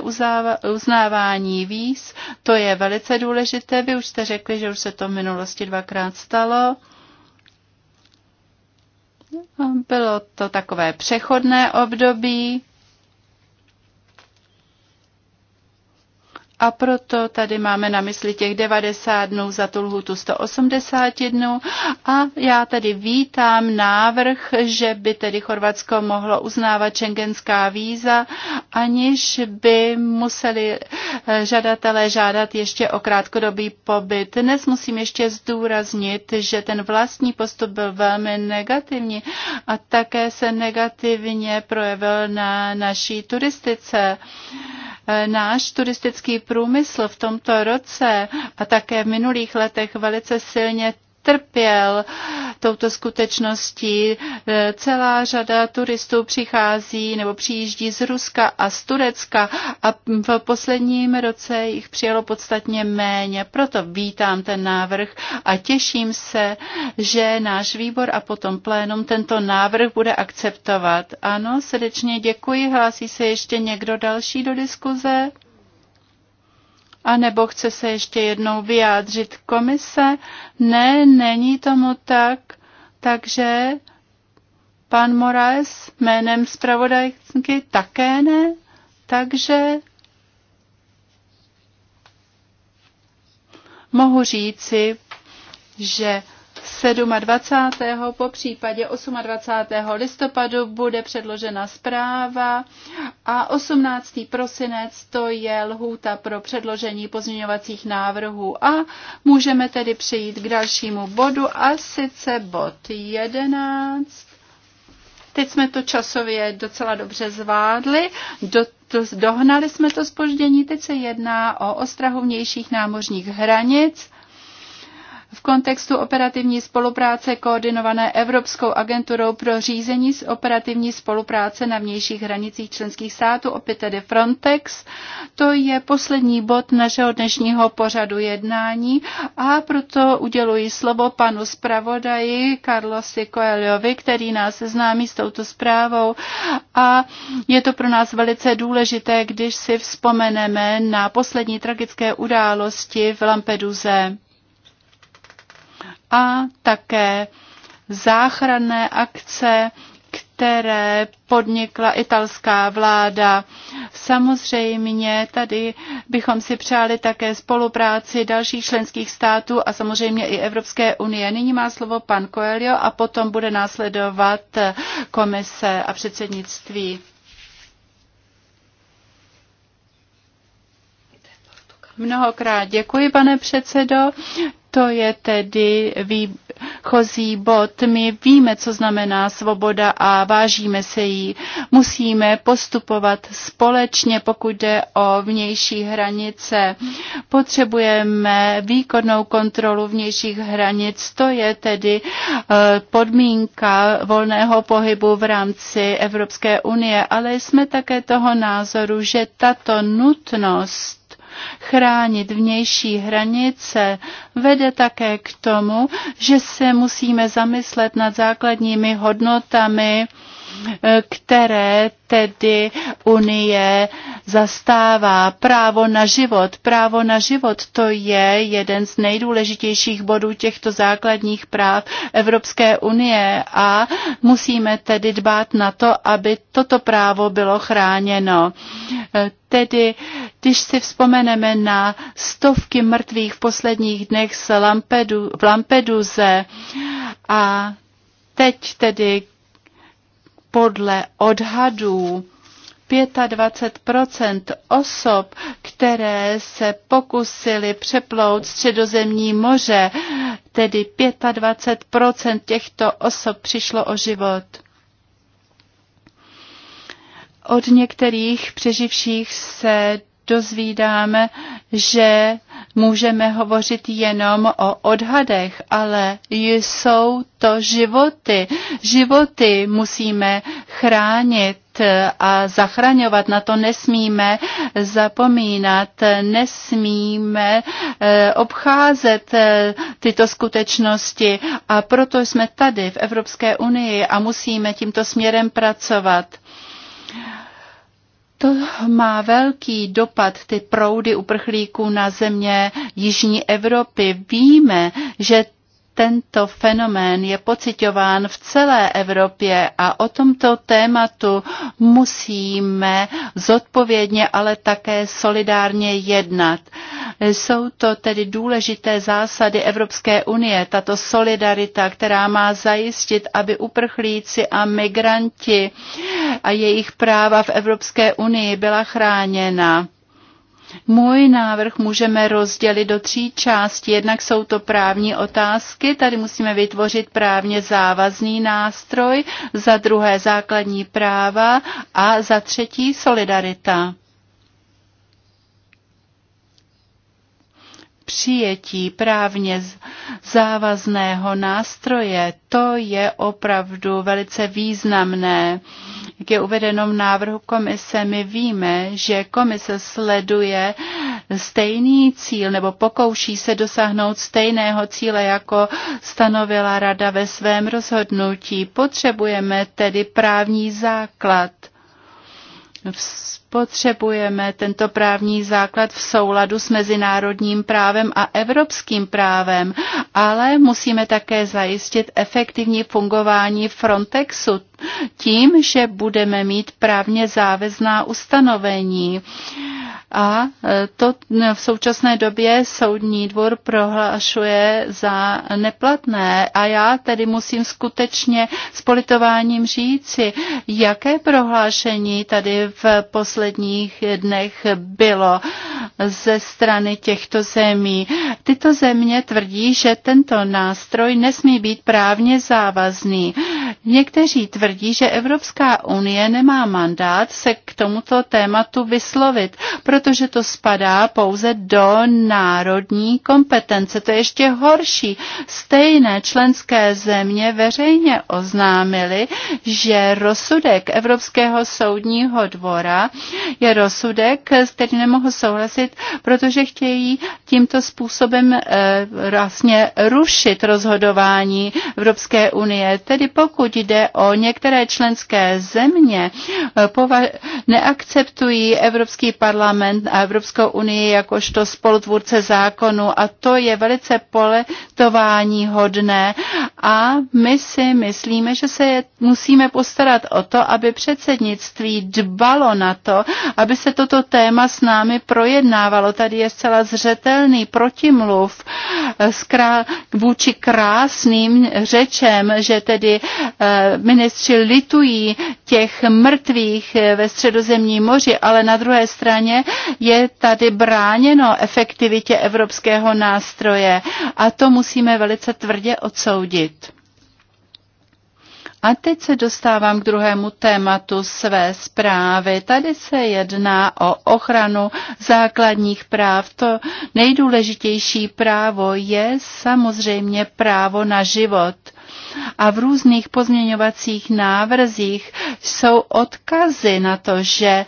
uznávání víz, to je velice důležité. Vy už jste řekli, že už se to v minulosti dvakrát stalo. Bylo to takové přechodné období, a proto tady máme na mysli těch 90 dnů za tu lhutu 180 dnů a já tady vítám návrh, že by tedy Chorvatsko mohlo uznávat šengenská víza, aniž by museli eh, žadatelé žádat ještě o krátkodobý pobyt. Dnes musím ještě zdůraznit, že ten vlastní postup byl velmi negativní a také se negativně projevil na naší turistice. Eh, náš turistický průmysl v tomto roce a také v minulých letech velice silně trpěl touto skutečností. Eh, celá řada turistů přichází nebo přijíždí z Ruska a z Turecka a v posledním roce jich přijelo podstatně méně. Proto vítám ten návrh a těším se, že náš výbor a potom plénum tento návrh bude akceptovat. Ano, srdečně děkuji. Hlásí se ještě někdo další do diskuze? A nebo chce se ještě jednou vyjádřit komise? Ne, není tomu tak. Takže pan Moraes jménem zpravodajky také ne. Takže mohu říci, že 27. po případě 28. listopadu bude předložena zpráva a 18. prosinec to je lhůta pro předložení pozměňovacích návrhů a můžeme tedy přejít k dalšímu bodu a sice bod 11. Teď jsme to časově docela dobře zvládli, do, dohnali jsme to spoždění, teď se jedná o ostrahu vnějších námořních hranic v kontextu operativní spolupráce koordinované Evropskou agenturou pro řízení z operativní spolupráce na vnějších hranicích členských států, opět tedy Frontex. To je poslední bod našeho dnešního pořadu jednání a proto uděluji slovo panu zpravodaji Carlosi Coelhovi, který nás seznámí s touto zprávou a je to pro nás velice důležité, když si vzpomeneme na poslední tragické události v Lampeduze a také záchranné akce, které podnikla italská vláda. Samozřejmě tady bychom si přáli také spolupráci dalších členských států a samozřejmě i Evropské unie. Nyní má slovo pan Coelho a potom bude následovat komise a předsednictví. Mnohokrát děkuji, pane předsedo. To je tedy výchozí bod. My víme, co znamená svoboda a vážíme se jí. Musíme postupovat společně, pokud jde o vnější hranice. Potřebujeme výkonnou kontrolu vnějších hranic. To je tedy eh, podmínka volného pohybu v rámci Evropské unie, ale jsme také toho názoru, že tato nutnost chránit vnější hranice, vede také k tomu, že se musíme zamyslet nad základními hodnotami, které tedy Unie zastává. Právo na život. Právo na život to je jeden z nejdůležitějších bodů těchto základních práv Evropské unie a musíme tedy dbát na to, aby toto právo bylo chráněno. Tedy, když si vzpomeneme na stovky mrtvých v posledních dnech z Lampedu, v Lampeduze a teď tedy, podle odhadů 25 osob, které se pokusili přeplout středozemní moře, tedy 25 těchto osob přišlo o život. Od některých přeživších se dozvídáme, že můžeme hovořit jenom o odhadech, ale jsou to životy. Životy musíme chránit a zachraňovat. Na to nesmíme zapomínat, nesmíme eh, obcházet eh, tyto skutečnosti a proto jsme tady v Evropské unii a musíme tímto směrem pracovat. To má velký dopad, ty proudy uprchlíků na země Jižní Evropy. Víme, že tento fenomén je pocitován v celé Evropě a o tomto tématu musíme zodpovědně, ale také solidárně jednat. Jsou to tedy důležité zásady Evropské unie, tato solidarita, která má zajistit, aby uprchlíci a migranti a jejich práva v Evropské unii byla chráněna můj návrh můžeme rozdělit do tří částí. Jednak jsou to právní otázky, tady musíme vytvořit právně závazný nástroj, za druhé základní práva a za třetí solidarita. přijetí právně závazného nástroje, to je opravdu velice významné. Jak je uvedeno v návrhu komise, my víme, že komise sleduje stejný cíl nebo pokouší se dosáhnout stejného cíle, jako stanovila rada ve svém rozhodnutí. Potřebujeme tedy právní základ potřebujeme tento právní základ v souladu s mezinárodním právem a evropským právem, ale musíme také zajistit efektivní fungování Frontexu tím, že budeme mít právně závazná ustanovení. A e, to e, v současné době soudní dvor prohlašuje za neplatné. A já tedy musím skutečně s politováním říci, jaké prohlášení tady v posledních dnech bylo ze strany těchto zemí. Tyto země tvrdí, že tento nástroj nesmí být právně závazný. Někteří tvrdí, že Evropská unie nemá mandát se k tomuto tématu vyslovit, protože to spadá pouze do národní kompetence. To je ještě horší. Stejné členské země veřejně oznámily, že rozsudek Evropského soudního dvora je rozsudek, s kterým nemohou souhlasit, protože chtějí tímto způsobem e, vlastně rušit rozhodování Evropské unie. Tedy pokud pokud jde o některé členské země, eh, neakceptují Evropský parlament a Evropskou unii jakožto spolutvůrce zákonu a to je velice poletování hodné a my si myslíme, že se je, musíme postarat o to, aby předsednictví dbalo na to, aby se toto téma s námi projednávalo. Tady je zcela zřetelný protimluv eh, vůči krásným řečem, že tedy eh, Eh, ministři litují těch mrtvých eh, ve středozemním moři, ale na druhé straně je tady bráněno efektivitě evropského nástroje a to musíme velice tvrdě odsoudit. A teď se dostávám k druhému tématu své zprávy. Tady se jedná o ochranu základních práv. To nejdůležitější právo je samozřejmě právo na život a v různých pozměňovacích návrzích jsou odkazy na to, že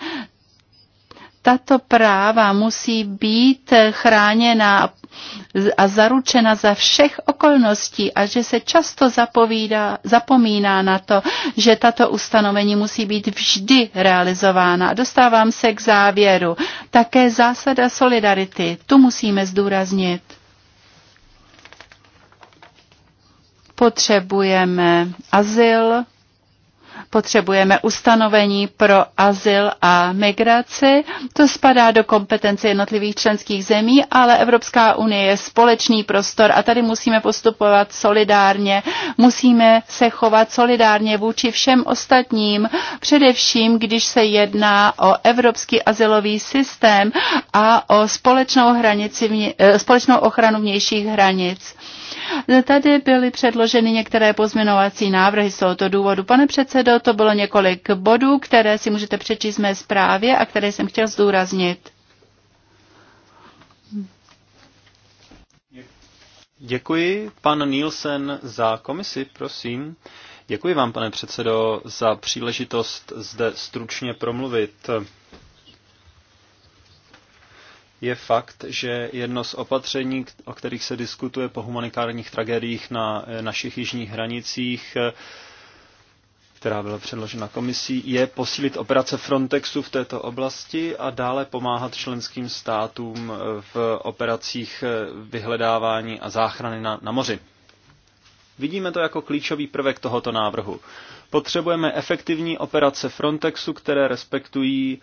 tato práva musí být chráněna a zaručena za všech okolností a že se často zapovídá, zapomíná na to, že tato ustanovení musí být vždy realizována. Dostávám se k závěru. Také zásada solidarity. Tu musíme zdůraznit. Potřebujeme azyl, potřebujeme ustanovení pro azyl a migraci. To spadá do kompetence jednotlivých členských zemí, ale Evropská unie je společný prostor a tady musíme postupovat solidárně. Musíme se chovat solidárně vůči všem ostatním, především když se jedná o evropský azylový systém a o společnou, hranici, eh, společnou ochranu vnějších hranic. Tady byly předloženy některé pozměnovací návrhy z tohoto důvodu. Pane předsedo, to bylo několik bodů, které si můžete přečíst v mé zprávě a které jsem chtěl zdůraznit. Děkuji, pan Nielsen, za komisi, prosím. Děkuji vám, pane předsedo, za příležitost zde stručně promluvit je fakt, že jedno z opatření, o kterých se diskutuje po humanitárních tragédiích na eh, našich jižních hranicích, eh, která byla předložena komisí, je posílit operace Frontexu v této oblasti a dále pomáhat členským státům eh, v operacích vyhledávání a záchrany na, na moři. Vidíme to jako klíčový prvek tohoto návrhu. Potřebujeme efektivní operace Frontexu, které respektují uh,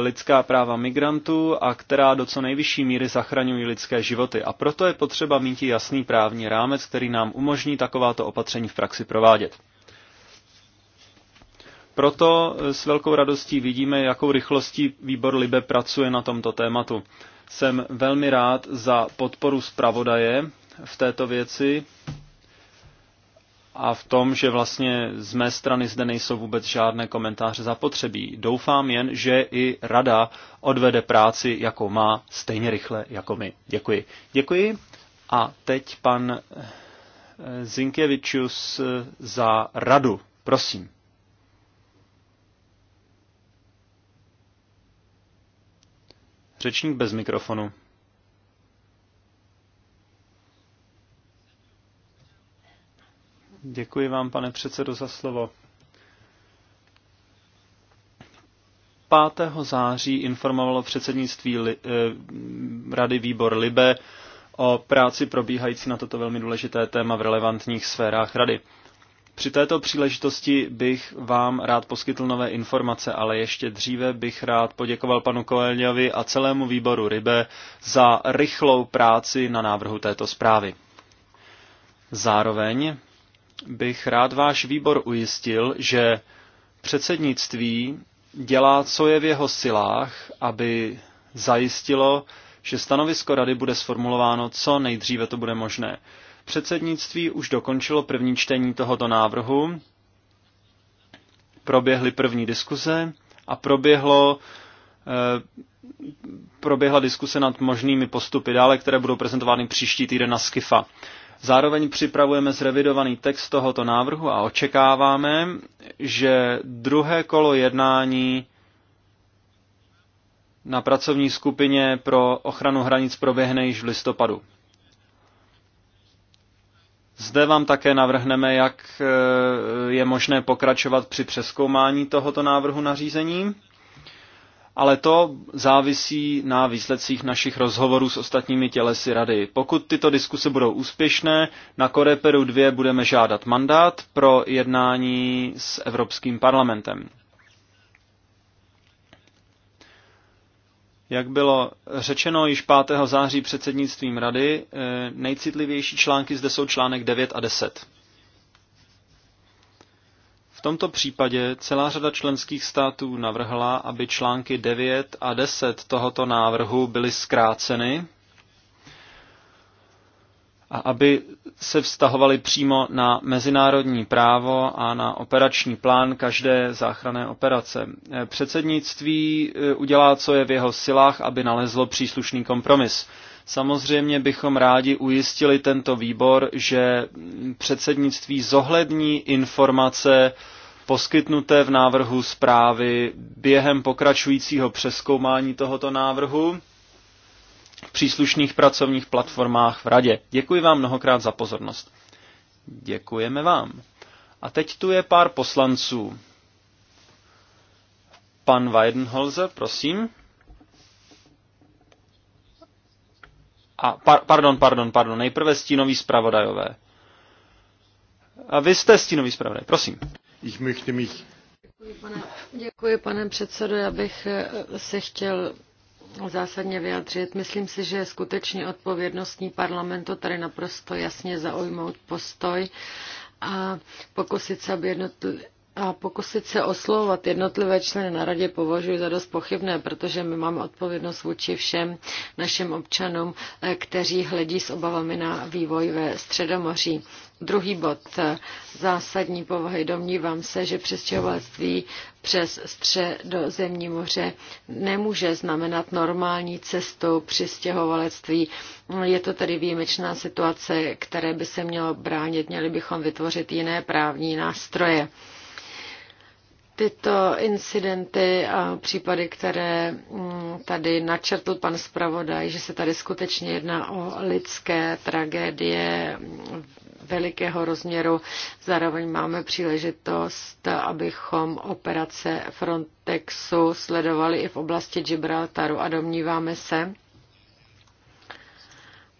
lidská práva migrantů a která do co nejvyšší míry zachraňují lidské životy. A proto je potřeba mít jasný právní rámec, který nám umožní takováto opatření v praxi provádět. Proto s velkou radostí vidíme, jakou rychlostí výbor Libe pracuje na tomto tématu. Jsem velmi rád za podporu zpravodaje v této věci a v tom, že vlastně z mé strany zde nejsou vůbec žádné komentáře zapotřebí. Doufám jen, že i rada odvede práci, jako má, stejně rychle jako my. Děkuji. Děkuji. A teď pan eh, Zinkevičus eh, za radu. Prosím. Řečník bez mikrofonu. Děkuji vám, pane předsedo, za slovo. 5. září informovalo předsednictví eh, Rady výbor Libe o práci probíhající na toto velmi důležité téma v relevantních sférách Rady. Při této příležitosti bych vám rád poskytl nové informace, ale ještě dříve bych rád poděkoval panu Koelňovi a celému výboru Rybe za rychlou práci na návrhu této zprávy. Zároveň bych rád váš výbor ujistil, že předsednictví dělá, co je v jeho silách, aby zajistilo, že stanovisko rady bude sformulováno co nejdříve to bude možné. Předsednictví už dokončilo první čtení tohoto návrhu, proběhly první diskuze a proběhlo, eh, proběhla diskuse nad možnými postupy dále, které budou prezentovány příští týden na Skifa. Zároveň připravujeme zrevidovaný text tohoto návrhu a očekáváme, že druhé kolo jednání na pracovní skupině pro ochranu hranic proběhne již v listopadu. Zde vám také navrhneme, jak eh, je možné pokračovat při přeskoumání tohoto návrhu nařízení ale to závisí na výsledcích našich rozhovorů s ostatními tělesy rady. Pokud tyto diskuse budou úspěšné, na Koreperu 2 budeme žádat mandát pro jednání s Evropským parlamentem. Jak bylo řečeno již 5. září předsednictvím rady, eh, nejcitlivější články zde jsou článek 9 a 10. V tomto případě celá řada členských států navrhla, aby články 9 a 10 tohoto návrhu byly zkráceny a aby se vztahovaly přímo na mezinárodní právo a na operační plán každé záchranné operace. Předsednictví eh, udělá, co je v jeho silách, aby nalezlo příslušný kompromis. Samozřejmě bychom rádi ujistili tento výbor, že předsednictví zohlední informace poskytnuté v návrhu zprávy během pokračujícího přeskoumání tohoto návrhu v příslušných pracovních platformách v Radě. Děkuji vám mnohokrát za pozornost. Děkujeme vám. A teď tu je pár poslanců. Pan Weidenholzer, prosím. A par, pardon, pardon, pardon, nejprve stínoví zpravodajové. A vy jste stínový zpravodaj, prosím. Ich möchte mich. Děkuji, pane, děkuji, pane předsedo. Já bych eh, se chtěl zásadně vyjádřit. Myslím si, že je skutečně odpovědnostní parlamentu tady naprosto jasně zaujmout postoj a pokusit se, aby jednotlivé a pokusit se oslovovat jednotlivé členy na radě považuji za dost pochybné, protože my máme odpovědnost vůči všem našim občanům, eh, kteří hledí s obavami na vývoj ve Středomoří. Druhý bod eh, zásadní povahy. Domnívám se, že přestěhovalství přes středozemní moře nemůže znamenat normální cestu přistěhovalectví. Je to tedy výjimečná situace, které by se mělo bránit. Měli bychom vytvořit jiné právní nástroje tyto incidenty a případy, které mm, tady načrtl pan zpravodaj, že se tady skutečně jedná o lidské tragédie velikého rozměru. Zároveň máme příležitost, abychom operace Frontexu sledovali i v oblasti Gibraltaru a domníváme se,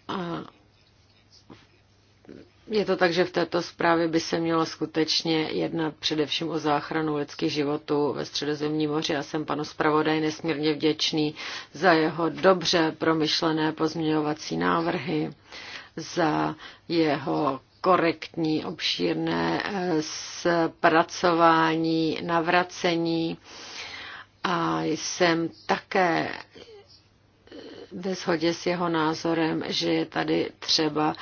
a je to tak, že v této zprávě by se mělo skutečně jednat především o záchranu lidských životů ve Středozemním moři. Já jsem panu zpravodaj nesmírně vděčný za jeho dobře promyšlené pozměňovací návrhy, za jeho korektní, obšírné eh, zpracování, navracení. A jsem také ve shodě s jeho názorem, že je tady třeba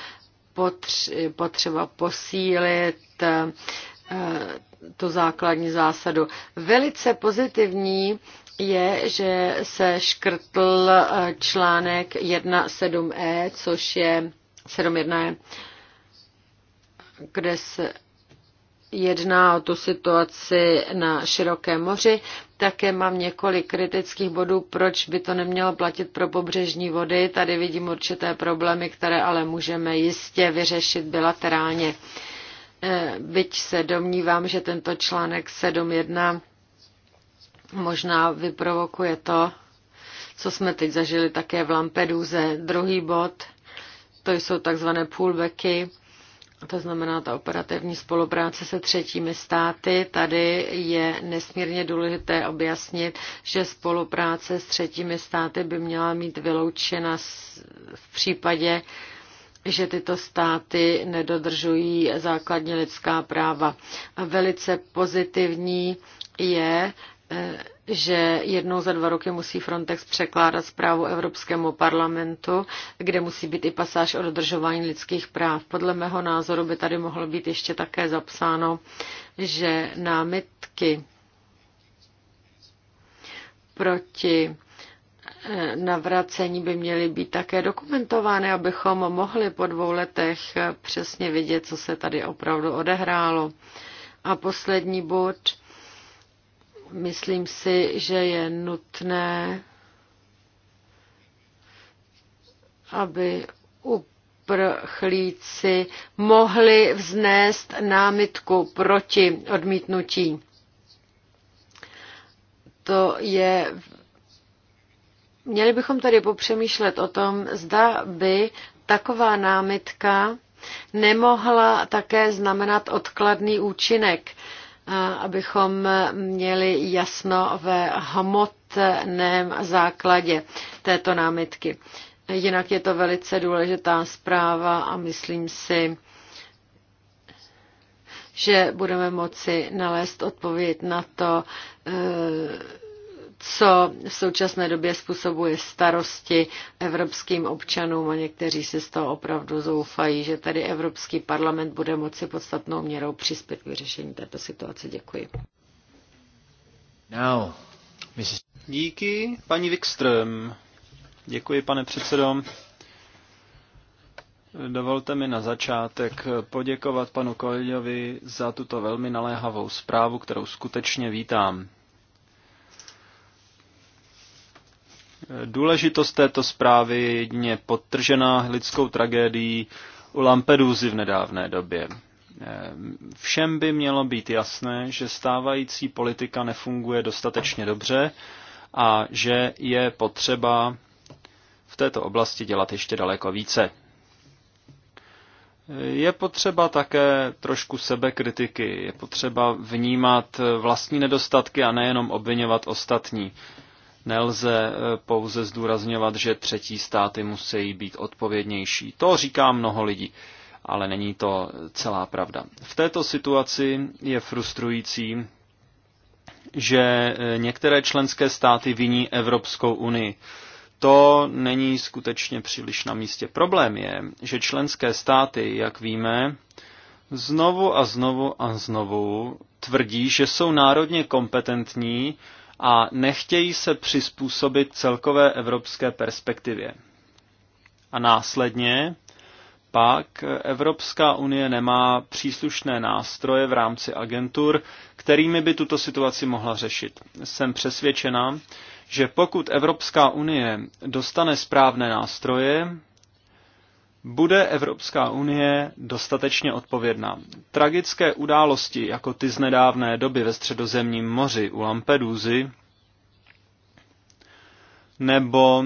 potřeba posílit eh, tu základní zásadu. Velice pozitivní je, že se škrtl eh, článek 1.7e, což je 7.1e, kde se jedná o tu situaci na širokém moři. Také mám několik kritických bodů, proč by to nemělo platit pro pobřežní vody. Tady vidím určité problémy, které ale můžeme jistě vyřešit bilaterálně. Eh, byť se domnívám, že tento článek 7.1 možná vyprovokuje to, co jsme teď zažili také v Lampeduze. Druhý bod, to jsou takzvané pullbacky to znamená ta operativní spolupráce se třetími státy. Tady je nesmírně důležité objasnit, že spolupráce s třetími státy by měla mít vyloučena v případě, že tyto státy nedodržují základní lidská práva. A velice pozitivní je eh, že jednou za dva roky musí Frontex překládat zprávu Evropskému parlamentu, kde musí být i pasáž o dodržování lidských práv. Podle mého názoru by tady mohlo být ještě také zapsáno, že námitky proti eh, navracení by měly být také dokumentovány, abychom mohli po dvou letech přesně vidět, co se tady opravdu odehrálo. A poslední bod Myslím si, že je nutné, aby uprchlíci mohli vznést námitku proti odmítnutí. To je Měli bychom tady popřemýšlet o tom, zda by taková námitka nemohla také znamenat odkladný účinek, abychom měli jasno ve hmotném základě této námitky. Jinak je to velice důležitá zpráva a myslím si, že budeme moci nalézt odpověď na to, eh, co v současné době způsobuje starosti evropským občanům a někteří se z toho opravdu zoufají, že tady Evropský parlament bude moci podstatnou měrou přispět k vyřešení této situace. Děkuji. Now, Mrs. Díky, paní Wikström. Děkuji, pane předsedo. Dovolte mi na začátek poděkovat panu Koelňovi za tuto velmi naléhavou zprávu, kterou skutečně vítám. Důležitost této zprávy je jedině podtržená lidskou tragédií u Lampedusy v nedávné době. Všem by mělo být jasné, že stávající politika nefunguje dostatečně dobře a že je potřeba v této oblasti dělat ještě daleko více. Je potřeba také trošku sebekritiky, je potřeba vnímat vlastní nedostatky a nejenom obvinovat ostatní. Nelze eh, pouze zdůrazňovat, že třetí státy musí být odpovědnější. To říká mnoho lidí, ale není to celá pravda. V této situaci je frustrující, že eh, některé členské státy viní Evropskou unii. To není skutečně příliš na místě. Problém je, že členské státy, jak víme, znovu a znovu a znovu tvrdí, že jsou národně kompetentní a nechtějí se přizpůsobit celkové evropské perspektivě. A následně pak Evropská unie nemá příslušné nástroje v rámci agentur, kterými by tuto situaci mohla řešit. Jsem přesvědčena, že pokud Evropská unie dostane správné nástroje, bude Evropská unie dostatečně odpovědná? Tragické události, jako ty z nedávné doby ve středozemním moři u Lampedusy, nebo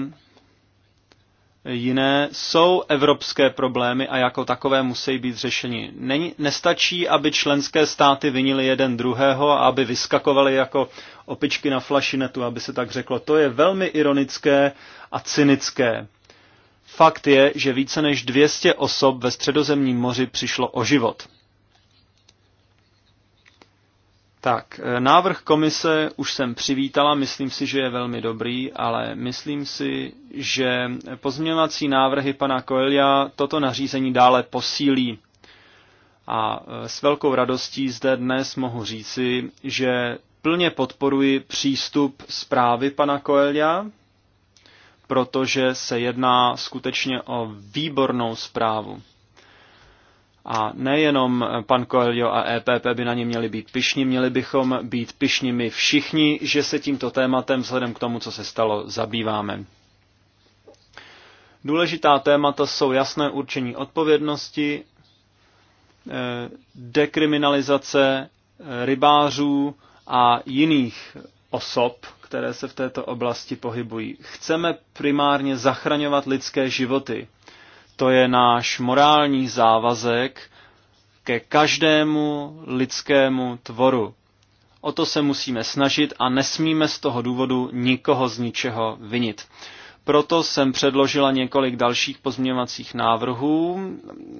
jiné jsou evropské problémy a jako takové musí být řešeni. Není, nestačí, aby členské státy vinili jeden druhého a aby vyskakovali jako opičky na flašinetu, aby se tak řeklo. To je velmi ironické a cynické. Fakt je, že více než 200 osob ve středozemním moři přišlo o život. Tak, e, návrh komise už jsem přivítala, myslím si, že je velmi dobrý, ale myslím si, že pozměňovací návrhy pana Koelia toto nařízení dále posílí. A e, s velkou radostí zde dnes mohu říci, že plně podporuji přístup zprávy pana Koelia, protože se jedná skutečně o výbornou zprávu. A nejenom pan Coelho a EPP by na ně měli být pišní, měli bychom být pišní my všichni, že se tímto tématem vzhledem k tomu, co se stalo, zabýváme. Důležitá témata jsou jasné určení odpovědnosti, eh, dekriminalizace rybářů a jiných osob, které se v této oblasti pohybují. Chceme primárně zachraňovat lidské životy. To je náš morální závazek ke každému lidskému tvoru. O to se musíme snažit a nesmíme z toho důvodu nikoho z ničeho vinit. Proto jsem předložila několik dalších pozměňovacích návrhů,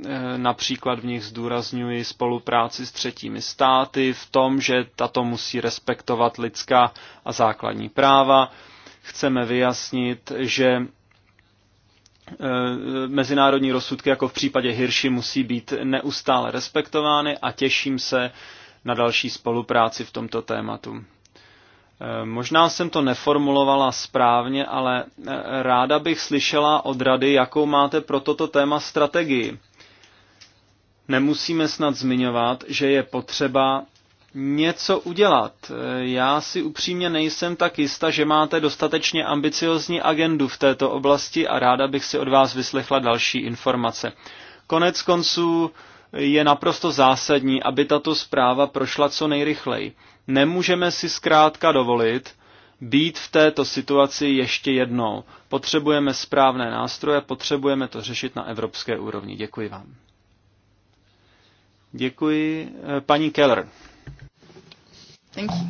e, například v nich zdůrazňuji spolupráci s třetími státy v tom, že tato musí respektovat lidská a základní práva. Chceme vyjasnit, že e, mezinárodní rozsudky, jako v případě Hirši, musí být neustále respektovány a těším se na další spolupráci v tomto tématu. Eh, možná jsem to neformulovala správně, ale eh, ráda bych slyšela od rady, jakou máte pro toto téma strategii. Nemusíme snad zmiňovat, že je potřeba něco udělat. Eh, já si upřímně nejsem tak jista, že máte dostatečně ambiciozní agendu v této oblasti a ráda bych si od vás vyslechla další informace. Konec konců je naprosto zásadní, aby tato zpráva prošla co nejrychleji. Nemůžeme si zkrátka dovolit být v této situaci ještě jednou. Potřebujeme správné nástroje, potřebujeme to řešit na evropské úrovni. Děkuji vám. Děkuji. Eh, paní Keller. Thank you.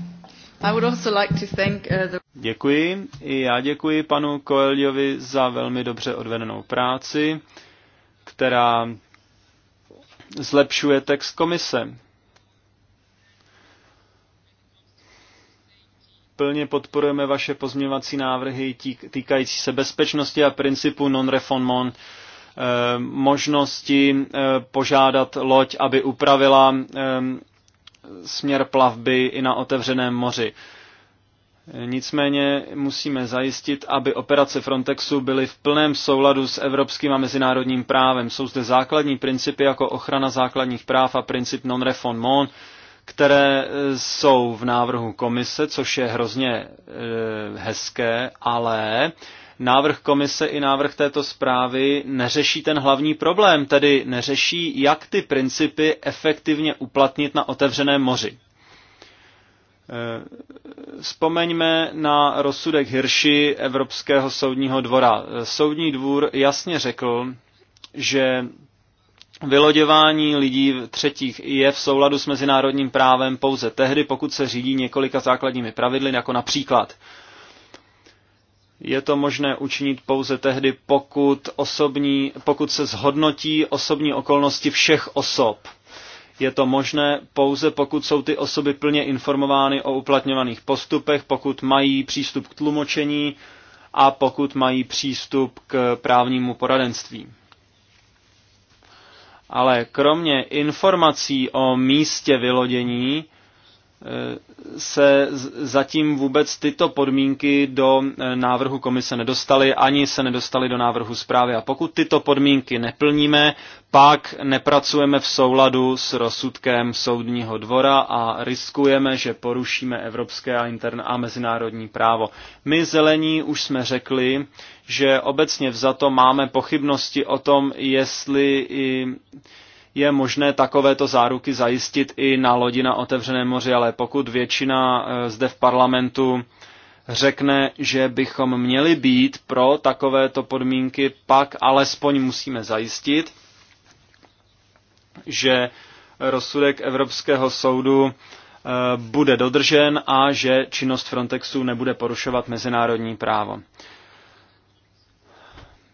I would also like to thank, eh, the... Děkuji. I já děkuji panu Koeljovi za velmi dobře odvedenou práci, která zlepšuje text komise. plně podporujeme vaše pozměňovací návrhy týkající se bezpečnosti a principu non-refoulement, eh, možnosti eh, požádat loď, aby upravila eh, směr plavby i na otevřeném moři. Nicméně musíme zajistit, aby operace Frontexu byly v plném souladu s evropským a mezinárodním právem. Jsou zde základní principy jako ochrana základních práv a princip non-refoulement, které eh, jsou v návrhu komise, což je hrozně eh, hezké, ale návrh komise i návrh této zprávy neřeší ten hlavní problém, tedy neřeší, jak ty principy efektivně uplatnit na otevřeném moři. Eh, vzpomeňme na rozsudek Hirši Evropského soudního dvora. Soudní dvůr jasně řekl, že Vyloděvání lidí v třetích je v souladu s mezinárodním právem pouze tehdy, pokud se řídí několika základními pravidly, jako například je to možné učinit pouze tehdy, pokud, osobní, pokud se zhodnotí osobní okolnosti všech osob. Je to možné pouze, pokud jsou ty osoby plně informovány o uplatňovaných postupech, pokud mají přístup k tlumočení a pokud mají přístup k právnímu poradenství ale kromě informací o místě vylodění se zatím vůbec tyto podmínky do eh, návrhu komise nedostaly, ani se nedostaly do návrhu zprávy. A pokud tyto podmínky neplníme, pak nepracujeme v souladu s rozsudkem soudního dvora a riskujeme, že porušíme evropské a, intern a mezinárodní právo. My zelení už jsme řekli, že obecně vzato máme pochybnosti o tom, jestli i je možné takovéto záruky zajistit i na lodi na otevřeném moři, ale pokud většina eh, zde v parlamentu řekne, že bychom měli být pro takovéto podmínky, pak alespoň musíme zajistit, že rozsudek Evropského soudu eh, bude dodržen a že činnost Frontexu nebude porušovat mezinárodní právo.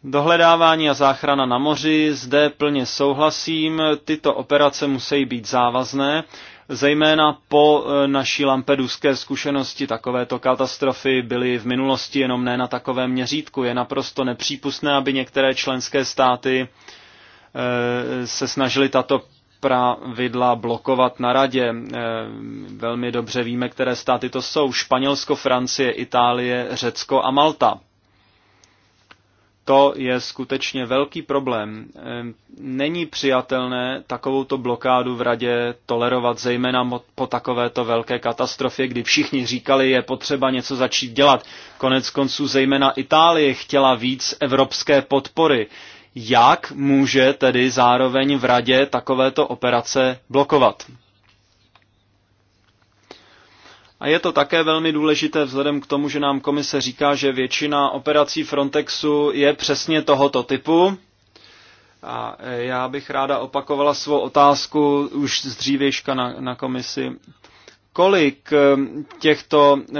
Dohledávání a záchrana na moři, zde plně souhlasím, tyto operace musí být závazné, zejména po e, naší lampeduské zkušenosti takovéto katastrofy byly v minulosti jenom ne na takovém měřítku. Je naprosto nepřípustné, aby některé členské státy e, se snažily tato pravidla blokovat na radě. E, velmi dobře víme, které státy to jsou. Španělsko, Francie, Itálie, Řecko a Malta to je skutečně velký problém. Není přijatelné takovouto blokádu v radě tolerovat, zejména po takovéto velké katastrofě, kdy všichni říkali, je potřeba něco začít dělat. Konec konců zejména Itálie chtěla víc evropské podpory. Jak může tedy zároveň v radě takovéto operace blokovat? A je to také velmi důležité vzhledem k tomu, že nám komise říká, že většina operací Frontexu je přesně tohoto typu. A e, já bych ráda opakovala svou otázku už z dřívějška na, na komisi. Kolik e, těchto, e,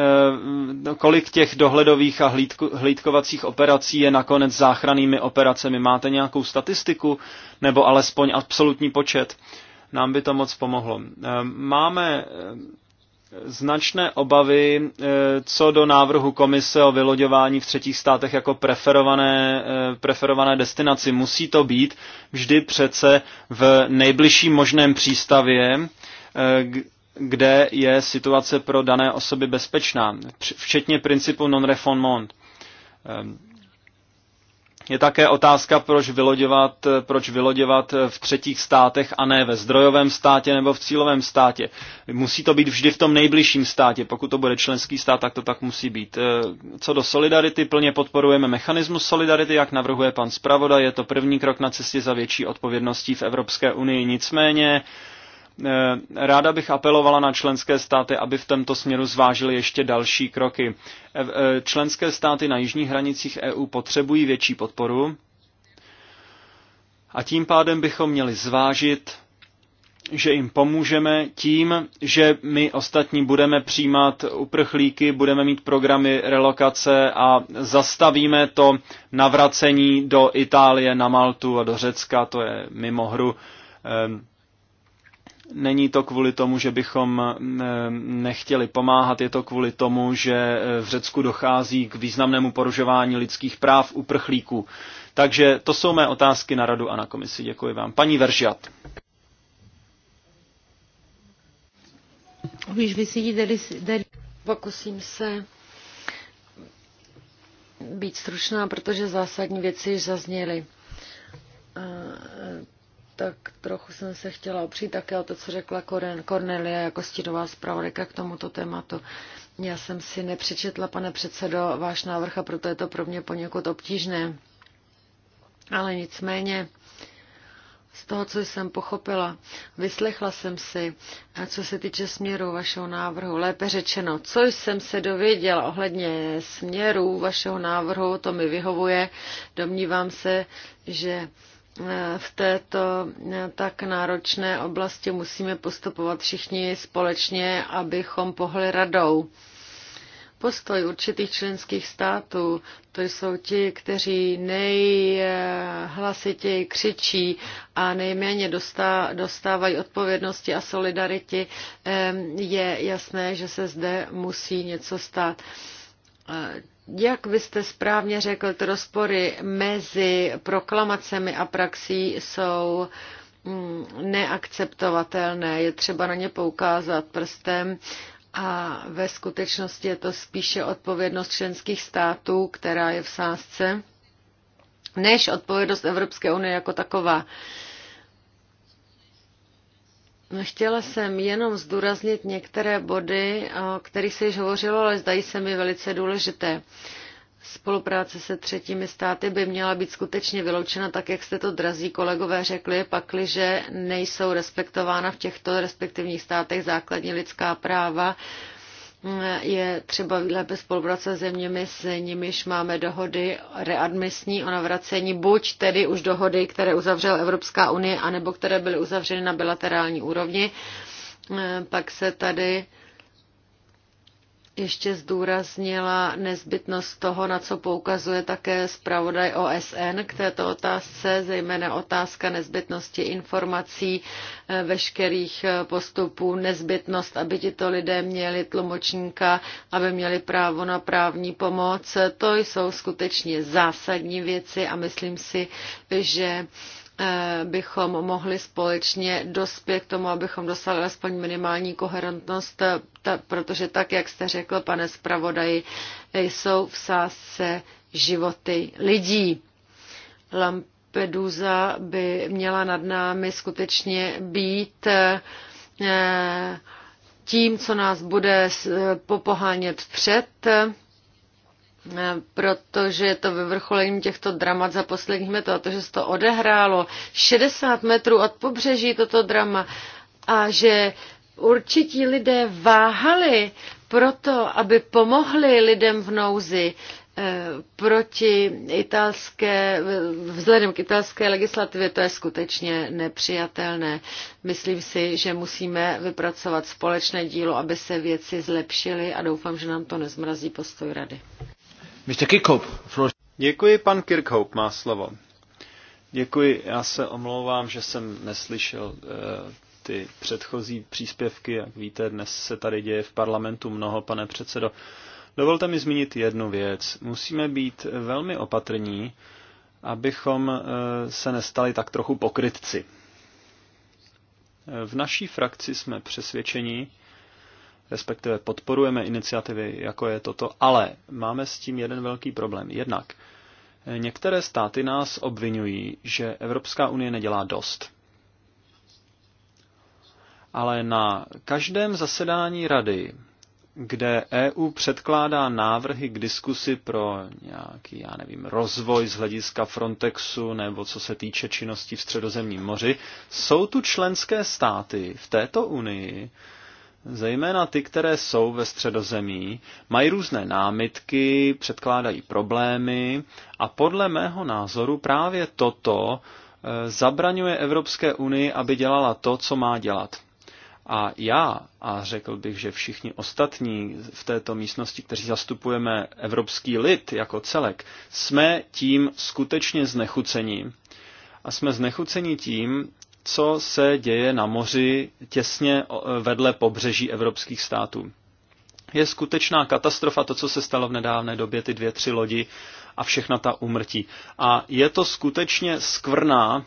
no, kolik těch dohledových a hlídko, hlídkovacích operací je nakonec záchrannými operacemi? Máte nějakou statistiku nebo alespoň absolutní počet? Nám by to moc pomohlo. Máme značné obavy eh, co do návrhu komise o vyloďování v třetích státech jako preferované, eh, preferované destinaci. Musí to být vždy přece v nejbližším možném přístavě, eh, kde je situace pro dané osoby bezpečná, včetně principu non-refoulement ehm, je také otázka, proč vyloděvat, proč vyloděvat v třetích státech a ne ve zdrojovém státě nebo v cílovém státě. Musí to být vždy v tom nejbližším státě. Pokud to bude členský stát, tak to tak musí být. Eh, co do solidarity, plně podporujeme mechanismus solidarity, jak navrhuje pan zpravodaj. Je to první krok na cestě za větší odpovědností v Evropské unii. Nicméně, Eh, ráda bych apelovala na členské státy, aby v tomto směru zvážili ještě další kroky. Eh, eh, členské státy na jižních hranicích EU potřebují větší podporu a tím pádem bychom měli zvážit, že jim pomůžeme tím, že my ostatní budeme přijímat uprchlíky, budeme mít programy relokace a zastavíme to navracení do Itálie, na Maltu a do Řecka, to je mimo hru. Ehm, Není to kvůli tomu, že bychom eh, nechtěli pomáhat, je to kvůli tomu, že eh, v Řecku dochází k významnému porušování lidských práv uprchlíků. Takže to jsou mé otázky na radu a na komisi. Děkuji vám. Paní Veržiat. Pokusím se být stručná, protože zásadní věci již zazněly eh, tak trochu jsem se chtěla opřít také o to, co řekla Cornelia jako stínová zpravodajka k tomuto tématu. Já jsem si nepřečetla, pane předsedo, váš návrh a proto je to pro mě poněkud obtížné. Ale nicméně, z toho, co jsem pochopila, vyslechla jsem si, co se týče směru vašeho návrhu, lépe řečeno, co jsem se dověděla ohledně směru vašeho návrhu, to mi vyhovuje. Domnívám se, že v této eh, tak náročné oblasti musíme postupovat všichni společně, abychom pohli radou. Postoj určitých členských států, to jsou ti, kteří nejhlasitěji křičí a nejméně dostávají odpovědnosti a solidarity, eh, je jasné, že se zde musí něco stát eh, jak vy jste správně řekl, ty rozpory mezi proklamacemi a praxí jsou mm, neakceptovatelné. Je třeba na ně poukázat prstem a ve skutečnosti je to spíše odpovědnost členských států, která je v sázce, než odpovědnost Evropské unie jako taková. Uh, Chtěla jsem jenom zdůraznit některé body, o kterých se již hovořilo, ale zdají se mi velice důležité. Spolupráce se třetími státy by měla být skutečně vyloučena, tak jak jste to drazí kolegové řekli, pakliže nejsou respektována v těchto respektivních státech základní lidská práva, je třeba lépe spolupracovat s zeměmi, s nimiž máme dohody readmisní o navracení, buď tedy už dohody, které uzavřela Evropská unie, anebo které byly uzavřeny na bilaterální úrovni. Eh, pak se tady ještě zdůraznila nezbytnost toho, na co poukazuje také zpravodaj OSN k této otázce, zejména otázka nezbytnosti informací eh, veškerých eh, postupů, nezbytnost, aby tito lidé měli tlumočníka, aby měli právo na právní pomoc. To jsou skutečně zásadní věci a myslím si, že Eh, bychom mohli společně dospět k tomu, abychom dosáhli aspoň minimální koherentnost, eh, protože tak, jak jste řekl, pane zpravodaji, jsou v sásce životy lidí. Lampedusa by měla nad námi skutečně být eh, tím, co nás bude popohánět vpřed, Eh, protože je to vyvrcholením těchto dramat za posledních metrů a to, že se to odehrálo 60 metrů od pobřeží toto drama a že určití lidé váhali proto, aby pomohli lidem v nouzi eh, proti italské, vzhledem k italské legislativě, to je skutečně nepřijatelné. Myslím si, že musíme vypracovat společné dílo, aby se věci zlepšily a doufám, že nám to nezmrazí postoj rady. Děkuji, pan Kirkhope má slovo. Děkuji, já se omlouvám, že jsem neslyšel eh, ty předchozí příspěvky. Jak víte, dnes se tady děje v parlamentu mnoho, pane předsedo. Dovolte mi zmínit jednu věc. Musíme být velmi opatrní, abychom eh, se nestali tak trochu pokrytci. Eh, v naší frakci jsme přesvědčeni, respektive podporujeme iniciativy, jako je toto, ale máme s tím jeden velký problém. Jednak eh, některé státy nás obvinují, že Evropská unie nedělá dost. Ale na každém zasedání rady, kde EU předkládá návrhy k diskusi pro nějaký, já nevím, rozvoj z hlediska Frontexu nebo co se týče činnosti v Středozemním moři, jsou tu členské státy v této unii, zejména ty, které jsou ve středozemí, mají různé námitky, předkládají problémy a podle mého názoru právě toto eh, zabraňuje Evropské unii, aby dělala to, co má dělat. A já, a řekl bych, že všichni ostatní v této místnosti, kteří zastupujeme evropský lid jako celek, jsme tím skutečně znechuceni. A jsme znechuceni tím, co se děje na moři těsně vedle pobřeží evropských států. Je skutečná katastrofa to, co se stalo v nedávné době, ty dvě, tři lodi a všechna ta umrtí. A je to skutečně skvrná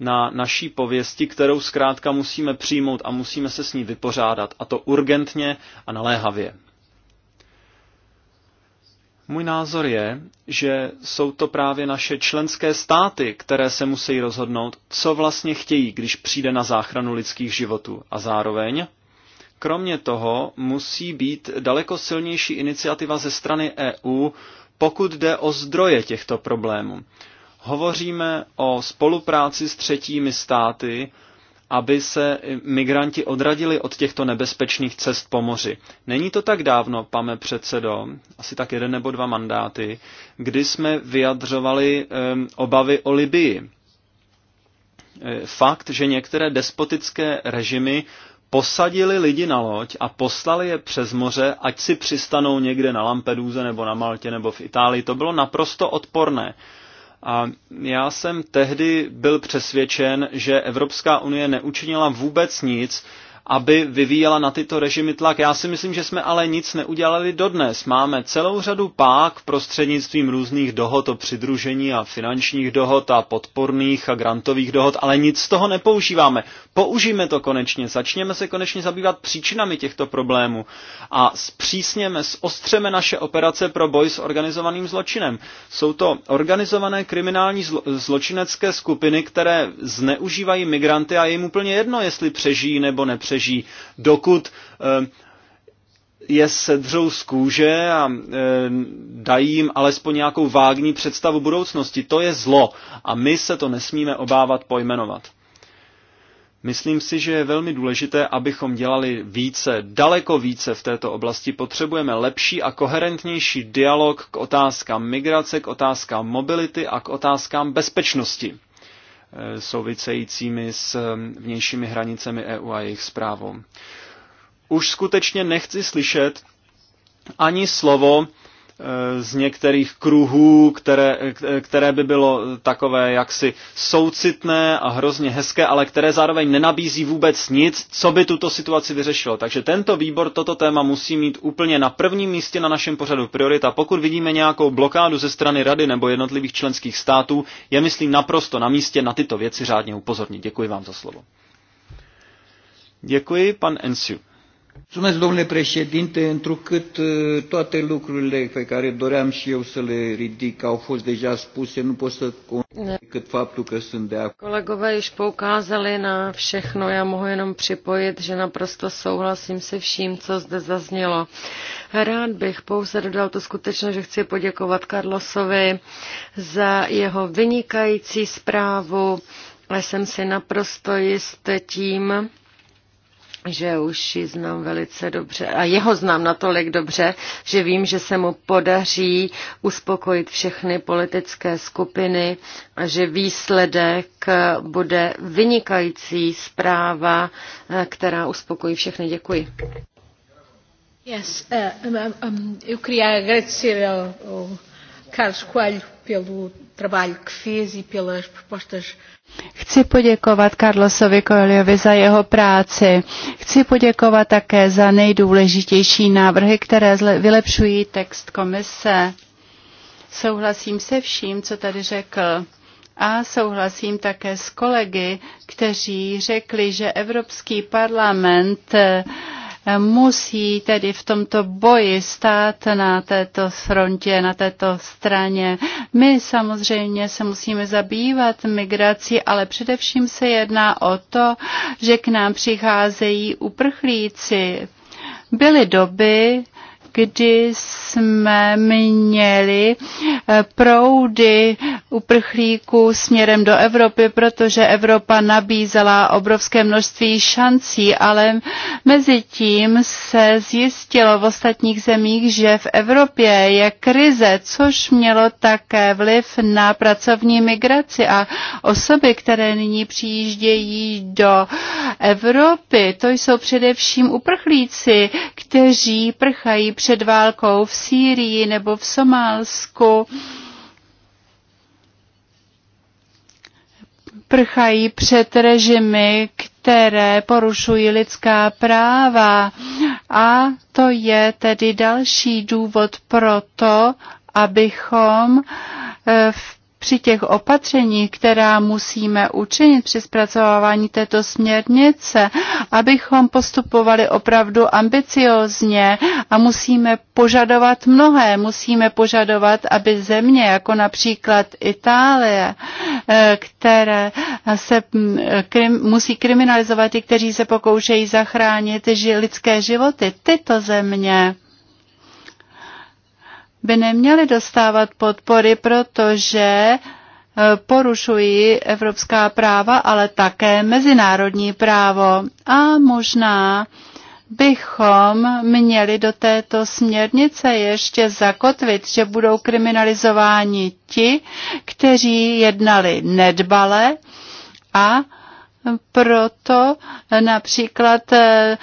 na naší pověsti, kterou zkrátka musíme přijmout a musíme se s ní vypořádat. A to urgentně a naléhavě. Můj názor je, že jsou to právě naše členské státy, které se musí rozhodnout, co vlastně chtějí, když přijde na záchranu lidských životů. A zároveň, kromě toho, musí být daleko silnější iniciativa ze strany EU, pokud jde o zdroje těchto problémů. Hovoříme o spolupráci s třetími státy, aby se migranti odradili od těchto nebezpečných cest po moři. Není to tak dávno, pane předsedo, asi tak jeden nebo dva mandáty, kdy jsme vyjadřovali um, obavy o Libii. E, fakt, že některé despotické režimy posadili lidi na loď a poslali je přes moře, ať si přistanou někde na Lampeduze nebo na Maltě nebo v Itálii, to bylo naprosto odporné. A já jsem tehdy byl přesvědčen, že Evropská unie neučinila vůbec nic, aby vyvíjela na tyto režimy tlak. Já si myslím, že jsme ale nic neudělali dodnes. Máme celou řadu pák prostřednictvím různých dohod o přidružení a finančních dohod a podporných a grantových dohod, ale nic z toho nepoužíváme. Použijme to konečně, začněme se konečně zabývat příčinami těchto problémů a zpřísněme, zostřeme naše operace pro boj s organizovaným zločinem. Jsou to organizované kriminální zlo- zločinecké skupiny, které zneužívají migranty a je jim úplně jedno, jestli přežijí nebo nepřežijí pobřeží, dokud eh, je sedřou z kůže a eh, dají jim alespoň nějakou vágní představu budoucnosti. To je zlo a my se to nesmíme obávat pojmenovat. Myslím si, že je velmi důležité, abychom dělali více, daleko více v této oblasti. Potřebujeme lepší a koherentnější dialog k otázkám migrace, k otázkám mobility a k otázkám bezpečnosti. Eh, souvisejícími s eh, vnějšími hranicemi EU a jejich zprávou. Už skutečně nechci slyšet ani slovo z některých kruhů, které, které by bylo takové jaksi soucitné a hrozně hezké, ale které zároveň nenabízí vůbec nic, co by tuto situaci vyřešilo. Takže tento výbor toto téma musí mít úplně na prvním místě na našem pořadu priorita. Pokud vidíme nějakou blokádu ze strany rady nebo jednotlivých členských států, je myslím naprosto na místě na tyto věci řádně upozornit. Děkuji vám za slovo. Děkuji, pan Ensiu. Mulțumesc, domnule președinte, întrucât uh, toate lucrurile pe care doream și eu să le ridic au fost deja spuse, nu pot să cât faptul că sunt de acord. Colegové již poukázali na všechno, já mohu jenom připojit, že naprosto souhlasím se vším, co zde zaznělo. Rád bych pouze dodal to skutečnost, že chci poděkovat Carlosovi za jeho vynikající zprávu, ale jsem si naprosto jist tím, že už ji znám velice dobře a jeho znám natolik dobře, že vím, že se mu podaří uspokojit všechny politické skupiny a že výsledek bude vynikající zpráva, eh, která uspokojí všechny. Děkuji. Yes, uh, um, um, eu um, queria agradecer ao, ao Carlos Coelho pelo trabalho que fez e pelas propostas. Chci poděkovat Carlosovi Coelhovi za jeho práci. Chci poděkovat také za nejdůležitější návrhy, které vylepšují text komise. Souhlasím se vším, co tady řekl. A souhlasím také s kolegy, kteří řekli, že Evropský parlament eh, musí tedy v tomto boji stát na této frontě, na této straně. My samozřejmě se musíme zabývat migrací, ale především se jedná o to, že k nám přicházejí uprchlíci. Byly doby, kdy jsme měli eh, proudy uprchlíků směrem do Evropy, protože Evropa nabízela obrovské množství šancí, ale mezi tím se zjistilo v ostatních zemích, že v Evropě je krize, což mělo také vliv na pracovní migraci a osoby, které nyní přijíždějí do Evropy, to jsou především uprchlíci, kteří prchají před válkou v Sýrii nebo v Somálsku. Prchají před režimy, které porušují lidská práva. A to je tedy další důvod pro to, abychom eh, v při těch opatřeních, která musíme učinit při zpracovávání této směrnice, abychom postupovali opravdu ambiciozně a musíme požadovat mnohé. Musíme požadovat, aby země, jako například Itálie, eh, které se mm, krim, musí kriminalizovat ti, kteří se pokoušejí zachránit lidské životy, tyto země by neměly dostávat podpory, protože e, porušují evropská práva, ale také mezinárodní právo. A možná bychom měli do této směrnice ještě zakotvit, že budou kriminalizováni ti, kteří jednali nedbale a proto například e,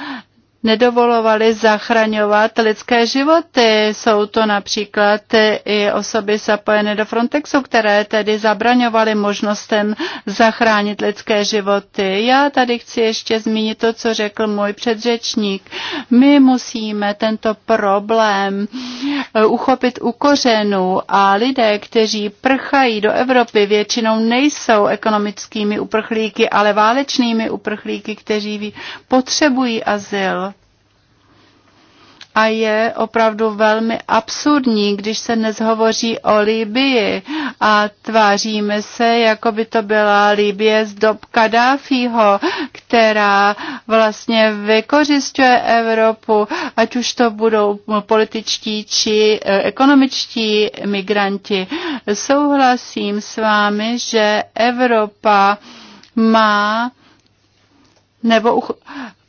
nedovolovali zachraňovat lidské životy. Jsou to například i osoby zapojené do Frontexu, které tedy zabraňovaly možnostem zachránit lidské životy. Já tady chci ještě zmínit to, co řekl můj předřečník. My musíme tento problém eh, uchopit u kořenů a lidé, kteří prchají do Evropy, většinou nejsou ekonomickými uprchlíky, ale válečnými uprchlíky, kteří potřebují azyl a je opravdu velmi absurdní, když se dnes hovoří o Libii a tváříme se, jako by to byla Libie z dob Kadáfího, která vlastně vykořišťuje Evropu, ať už to budou političtí či eh, ekonomičtí migranti. Souhlasím s vámi, že Evropa má nebo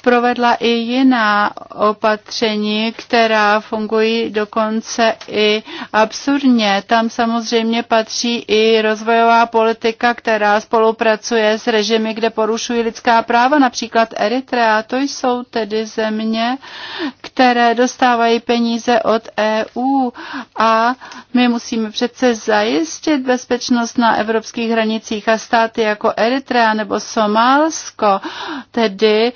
provedla i jiná opatření, která fungují dokonce i absurdně. Tam samozřejmě patří i rozvojová politika, která spolupracuje s režimy, kde porušují lidská práva, například Eritrea. To jsou tedy země, které dostávají peníze od EU a my musíme přece zajistit bezpečnost na evropských hranicích a státy jako Eritrea nebo Somálsko, tedy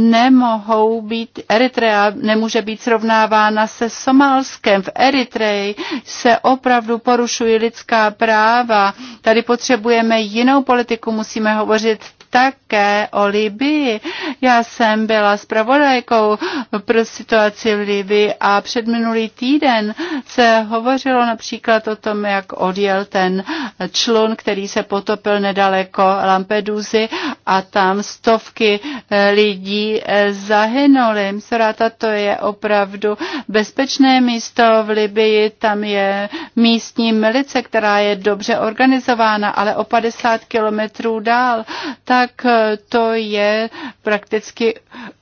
nemohou být, Eritrea nemůže být srovnávána se Somálskem. V Eritreji se opravdu porušují lidská práva. Tady potřebujeme jinou politiku, musíme hovořit v také o Libii. Já jsem byla zpravodajkou pro situaci v Libii a před minulý týden se hovořilo například o tom, jak odjel ten člun, který se potopil nedaleko Lampeduzy a tam stovky eh, lidí eh, zahynuly. Msorata to je opravdu bezpečné místo v Libii, tam je místní milice, která je dobře organizována, ale o 50 kilometrů dál. Ta tak eh, to je prakticky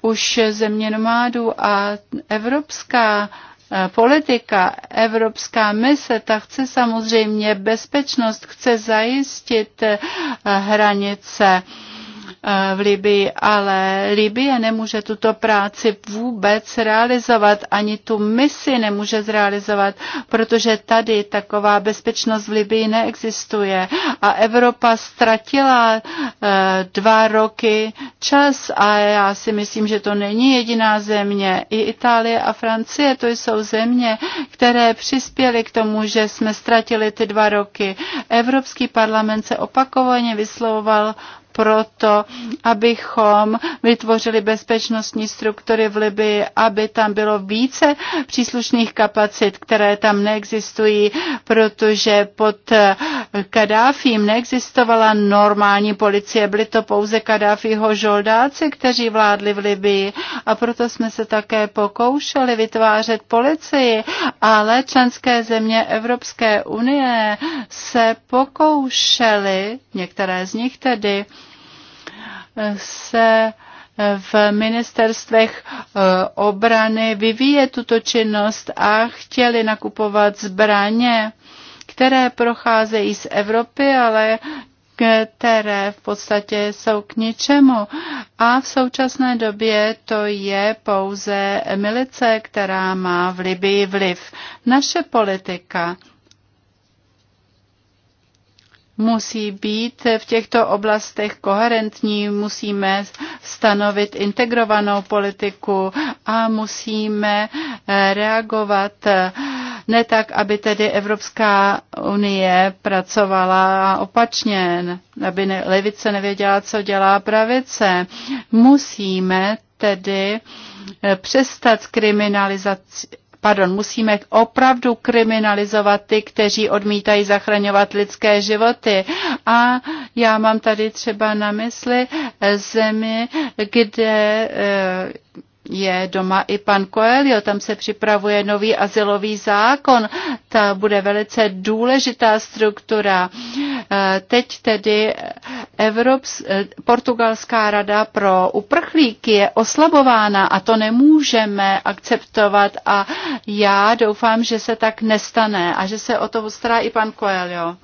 už země nomádů a evropská eh, politika, evropská mise, ta chce samozřejmě bezpečnost, chce zajistit eh, hranice v Libii, ale Libie nemůže tuto práci vůbec realizovat, ani tu misi nemůže zrealizovat, protože tady taková bezpečnost v Libii neexistuje a Evropa ztratila e, dva roky čas a já si myslím, že to není jediná země. I Itálie a Francie to jsou země, které přispěly k tomu, že jsme ztratili ty dva roky. Evropský parlament se opakovaně vyslovoval proto, abychom vytvořili bezpečnostní struktury v Libii, aby tam bylo více příslušných kapacit, které tam neexistují, protože pod eh, Kadáfím neexistovala normální policie, byly to pouze Kadáfího žoldáci, kteří vládli v Libii a proto jsme se také pokoušeli vytvářet policii, ale členské země Evropské unie se pokoušely, některé z nich tedy, se v ministerstvech eh, obrany vyvíje tuto činnost a chtěli nakupovat zbraně, které procházejí z Evropy, ale které v podstatě jsou k ničemu. A v současné době to je pouze milice, která má v Libii vliv. Naše politika musí být v těchto oblastech koherentní, musíme stanovit integrovanou politiku a musíme eh, reagovat eh, ne tak, aby tedy Evropská unie pracovala opačně, aby ne, levice nevěděla, co dělá pravice. Musíme tedy eh, přestat s kriminalizací pardon, musíme opravdu kriminalizovat ty, kteří odmítají zachraňovat lidské životy. A já mám tady třeba na mysli zemi, kde eh, je doma i pan Coelho, tam se připravuje nový asilový zákon, ta bude velice důležitá struktura. Eh, teď tedy Evrops, eh, Portugalská rada pro uprchlíky je oslabována a to nemůžeme akceptovat a já doufám, že se tak nestane a že se o to postará i pan Coelho.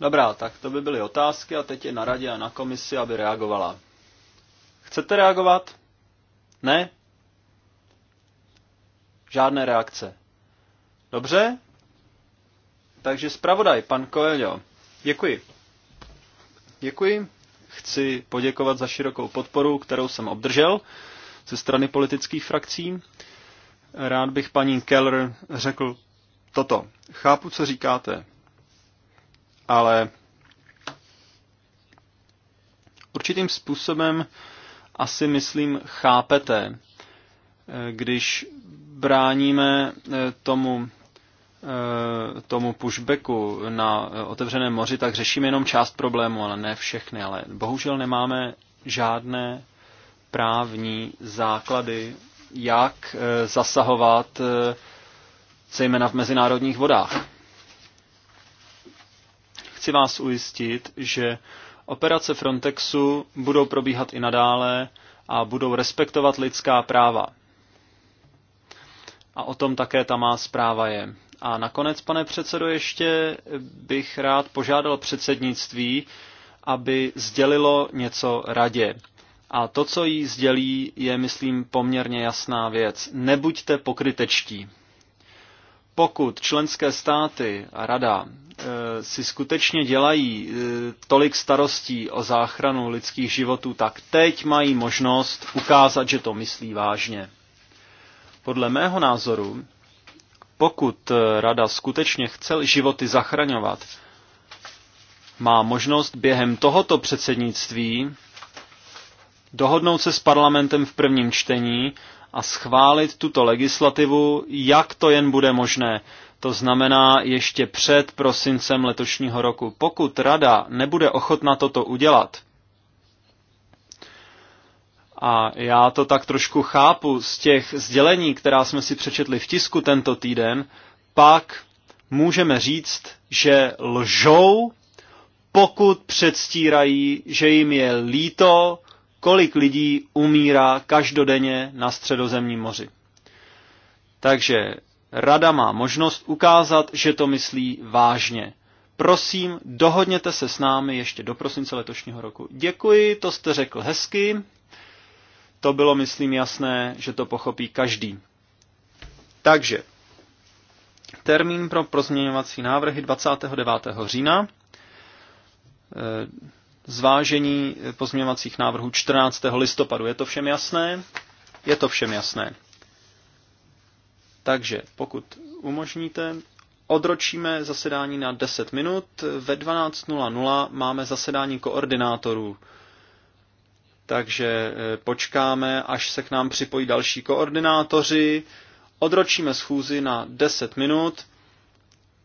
Dobrá, tak to by byly otázky a teď je na radě a na komisi, aby reagovala. Chcete reagovat? Ne? Žádné reakce. Dobře? Takže zpravodaj, pan Coelho. Děkuji. Děkuji. Chci poděkovat za širokou podporu, kterou jsem obdržel ze strany politických frakcí. Rád bych paní Keller řekl toto. Chápu, co říkáte, ale určitým způsobem asi, myslím, chápete, eh, když bráníme eh, tomu, eh, tomu pushbacku na otevřeném moři, tak řešíme jenom část problému, ale ne všechny. Ale bohužel nemáme žádné právní základy, jak zasahovat zejména v mezinárodních vodách. Chci vás ujistit, že Operace Frontexu budou probíhat i nadále a budou respektovat lidská práva. A o tom také ta má zpráva je. A nakonec, pane předsedo, ještě bych rád požádal předsednictví, aby sdělilo něco radě. A to, co jí sdělí, je, myslím, poměrně jasná věc. Nebuďte pokrytečtí pokud členské státy a rada e, si skutečně dělají e, tolik starostí o záchranu lidských životů, tak teď mají možnost ukázat, že to myslí vážně. Podle mého názoru, pokud rada skutečně chce životy zachraňovat, má možnost během tohoto předsednictví dohodnout se s parlamentem v prvním čtení a schválit tuto legislativu, jak to jen bude možné. To znamená ještě před prosincem letošního roku. Pokud rada nebude ochotna toto udělat, a já to tak trošku chápu z těch sdělení, která jsme si přečetli v tisku tento týden, pak můžeme říct, že lžou, pokud předstírají, že jim je líto kolik lidí umírá každodenně na středozemním moři. Takže rada má možnost ukázat, že to myslí vážně. Prosím, dohodněte se s námi ještě do prosince letošního roku. Děkuji, to jste řekl hezky. To bylo, myslím, jasné, že to pochopí každý. Takže termín pro prozměňovací návrhy 29. října. Eh, zvážení pozměňovacích návrhů 14. listopadu. Je to všem jasné? Je to všem jasné. Takže pokud umožníte, odročíme zasedání na 10 minut. Ve 12.00 máme zasedání koordinátorů. Takže eh, počkáme, až se k nám připojí další koordinátoři. Odročíme schůzi na 10 minut.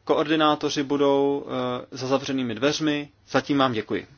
Koordinátoři budou eh, za zavřenými dveřmi. Zatím vám děkuji.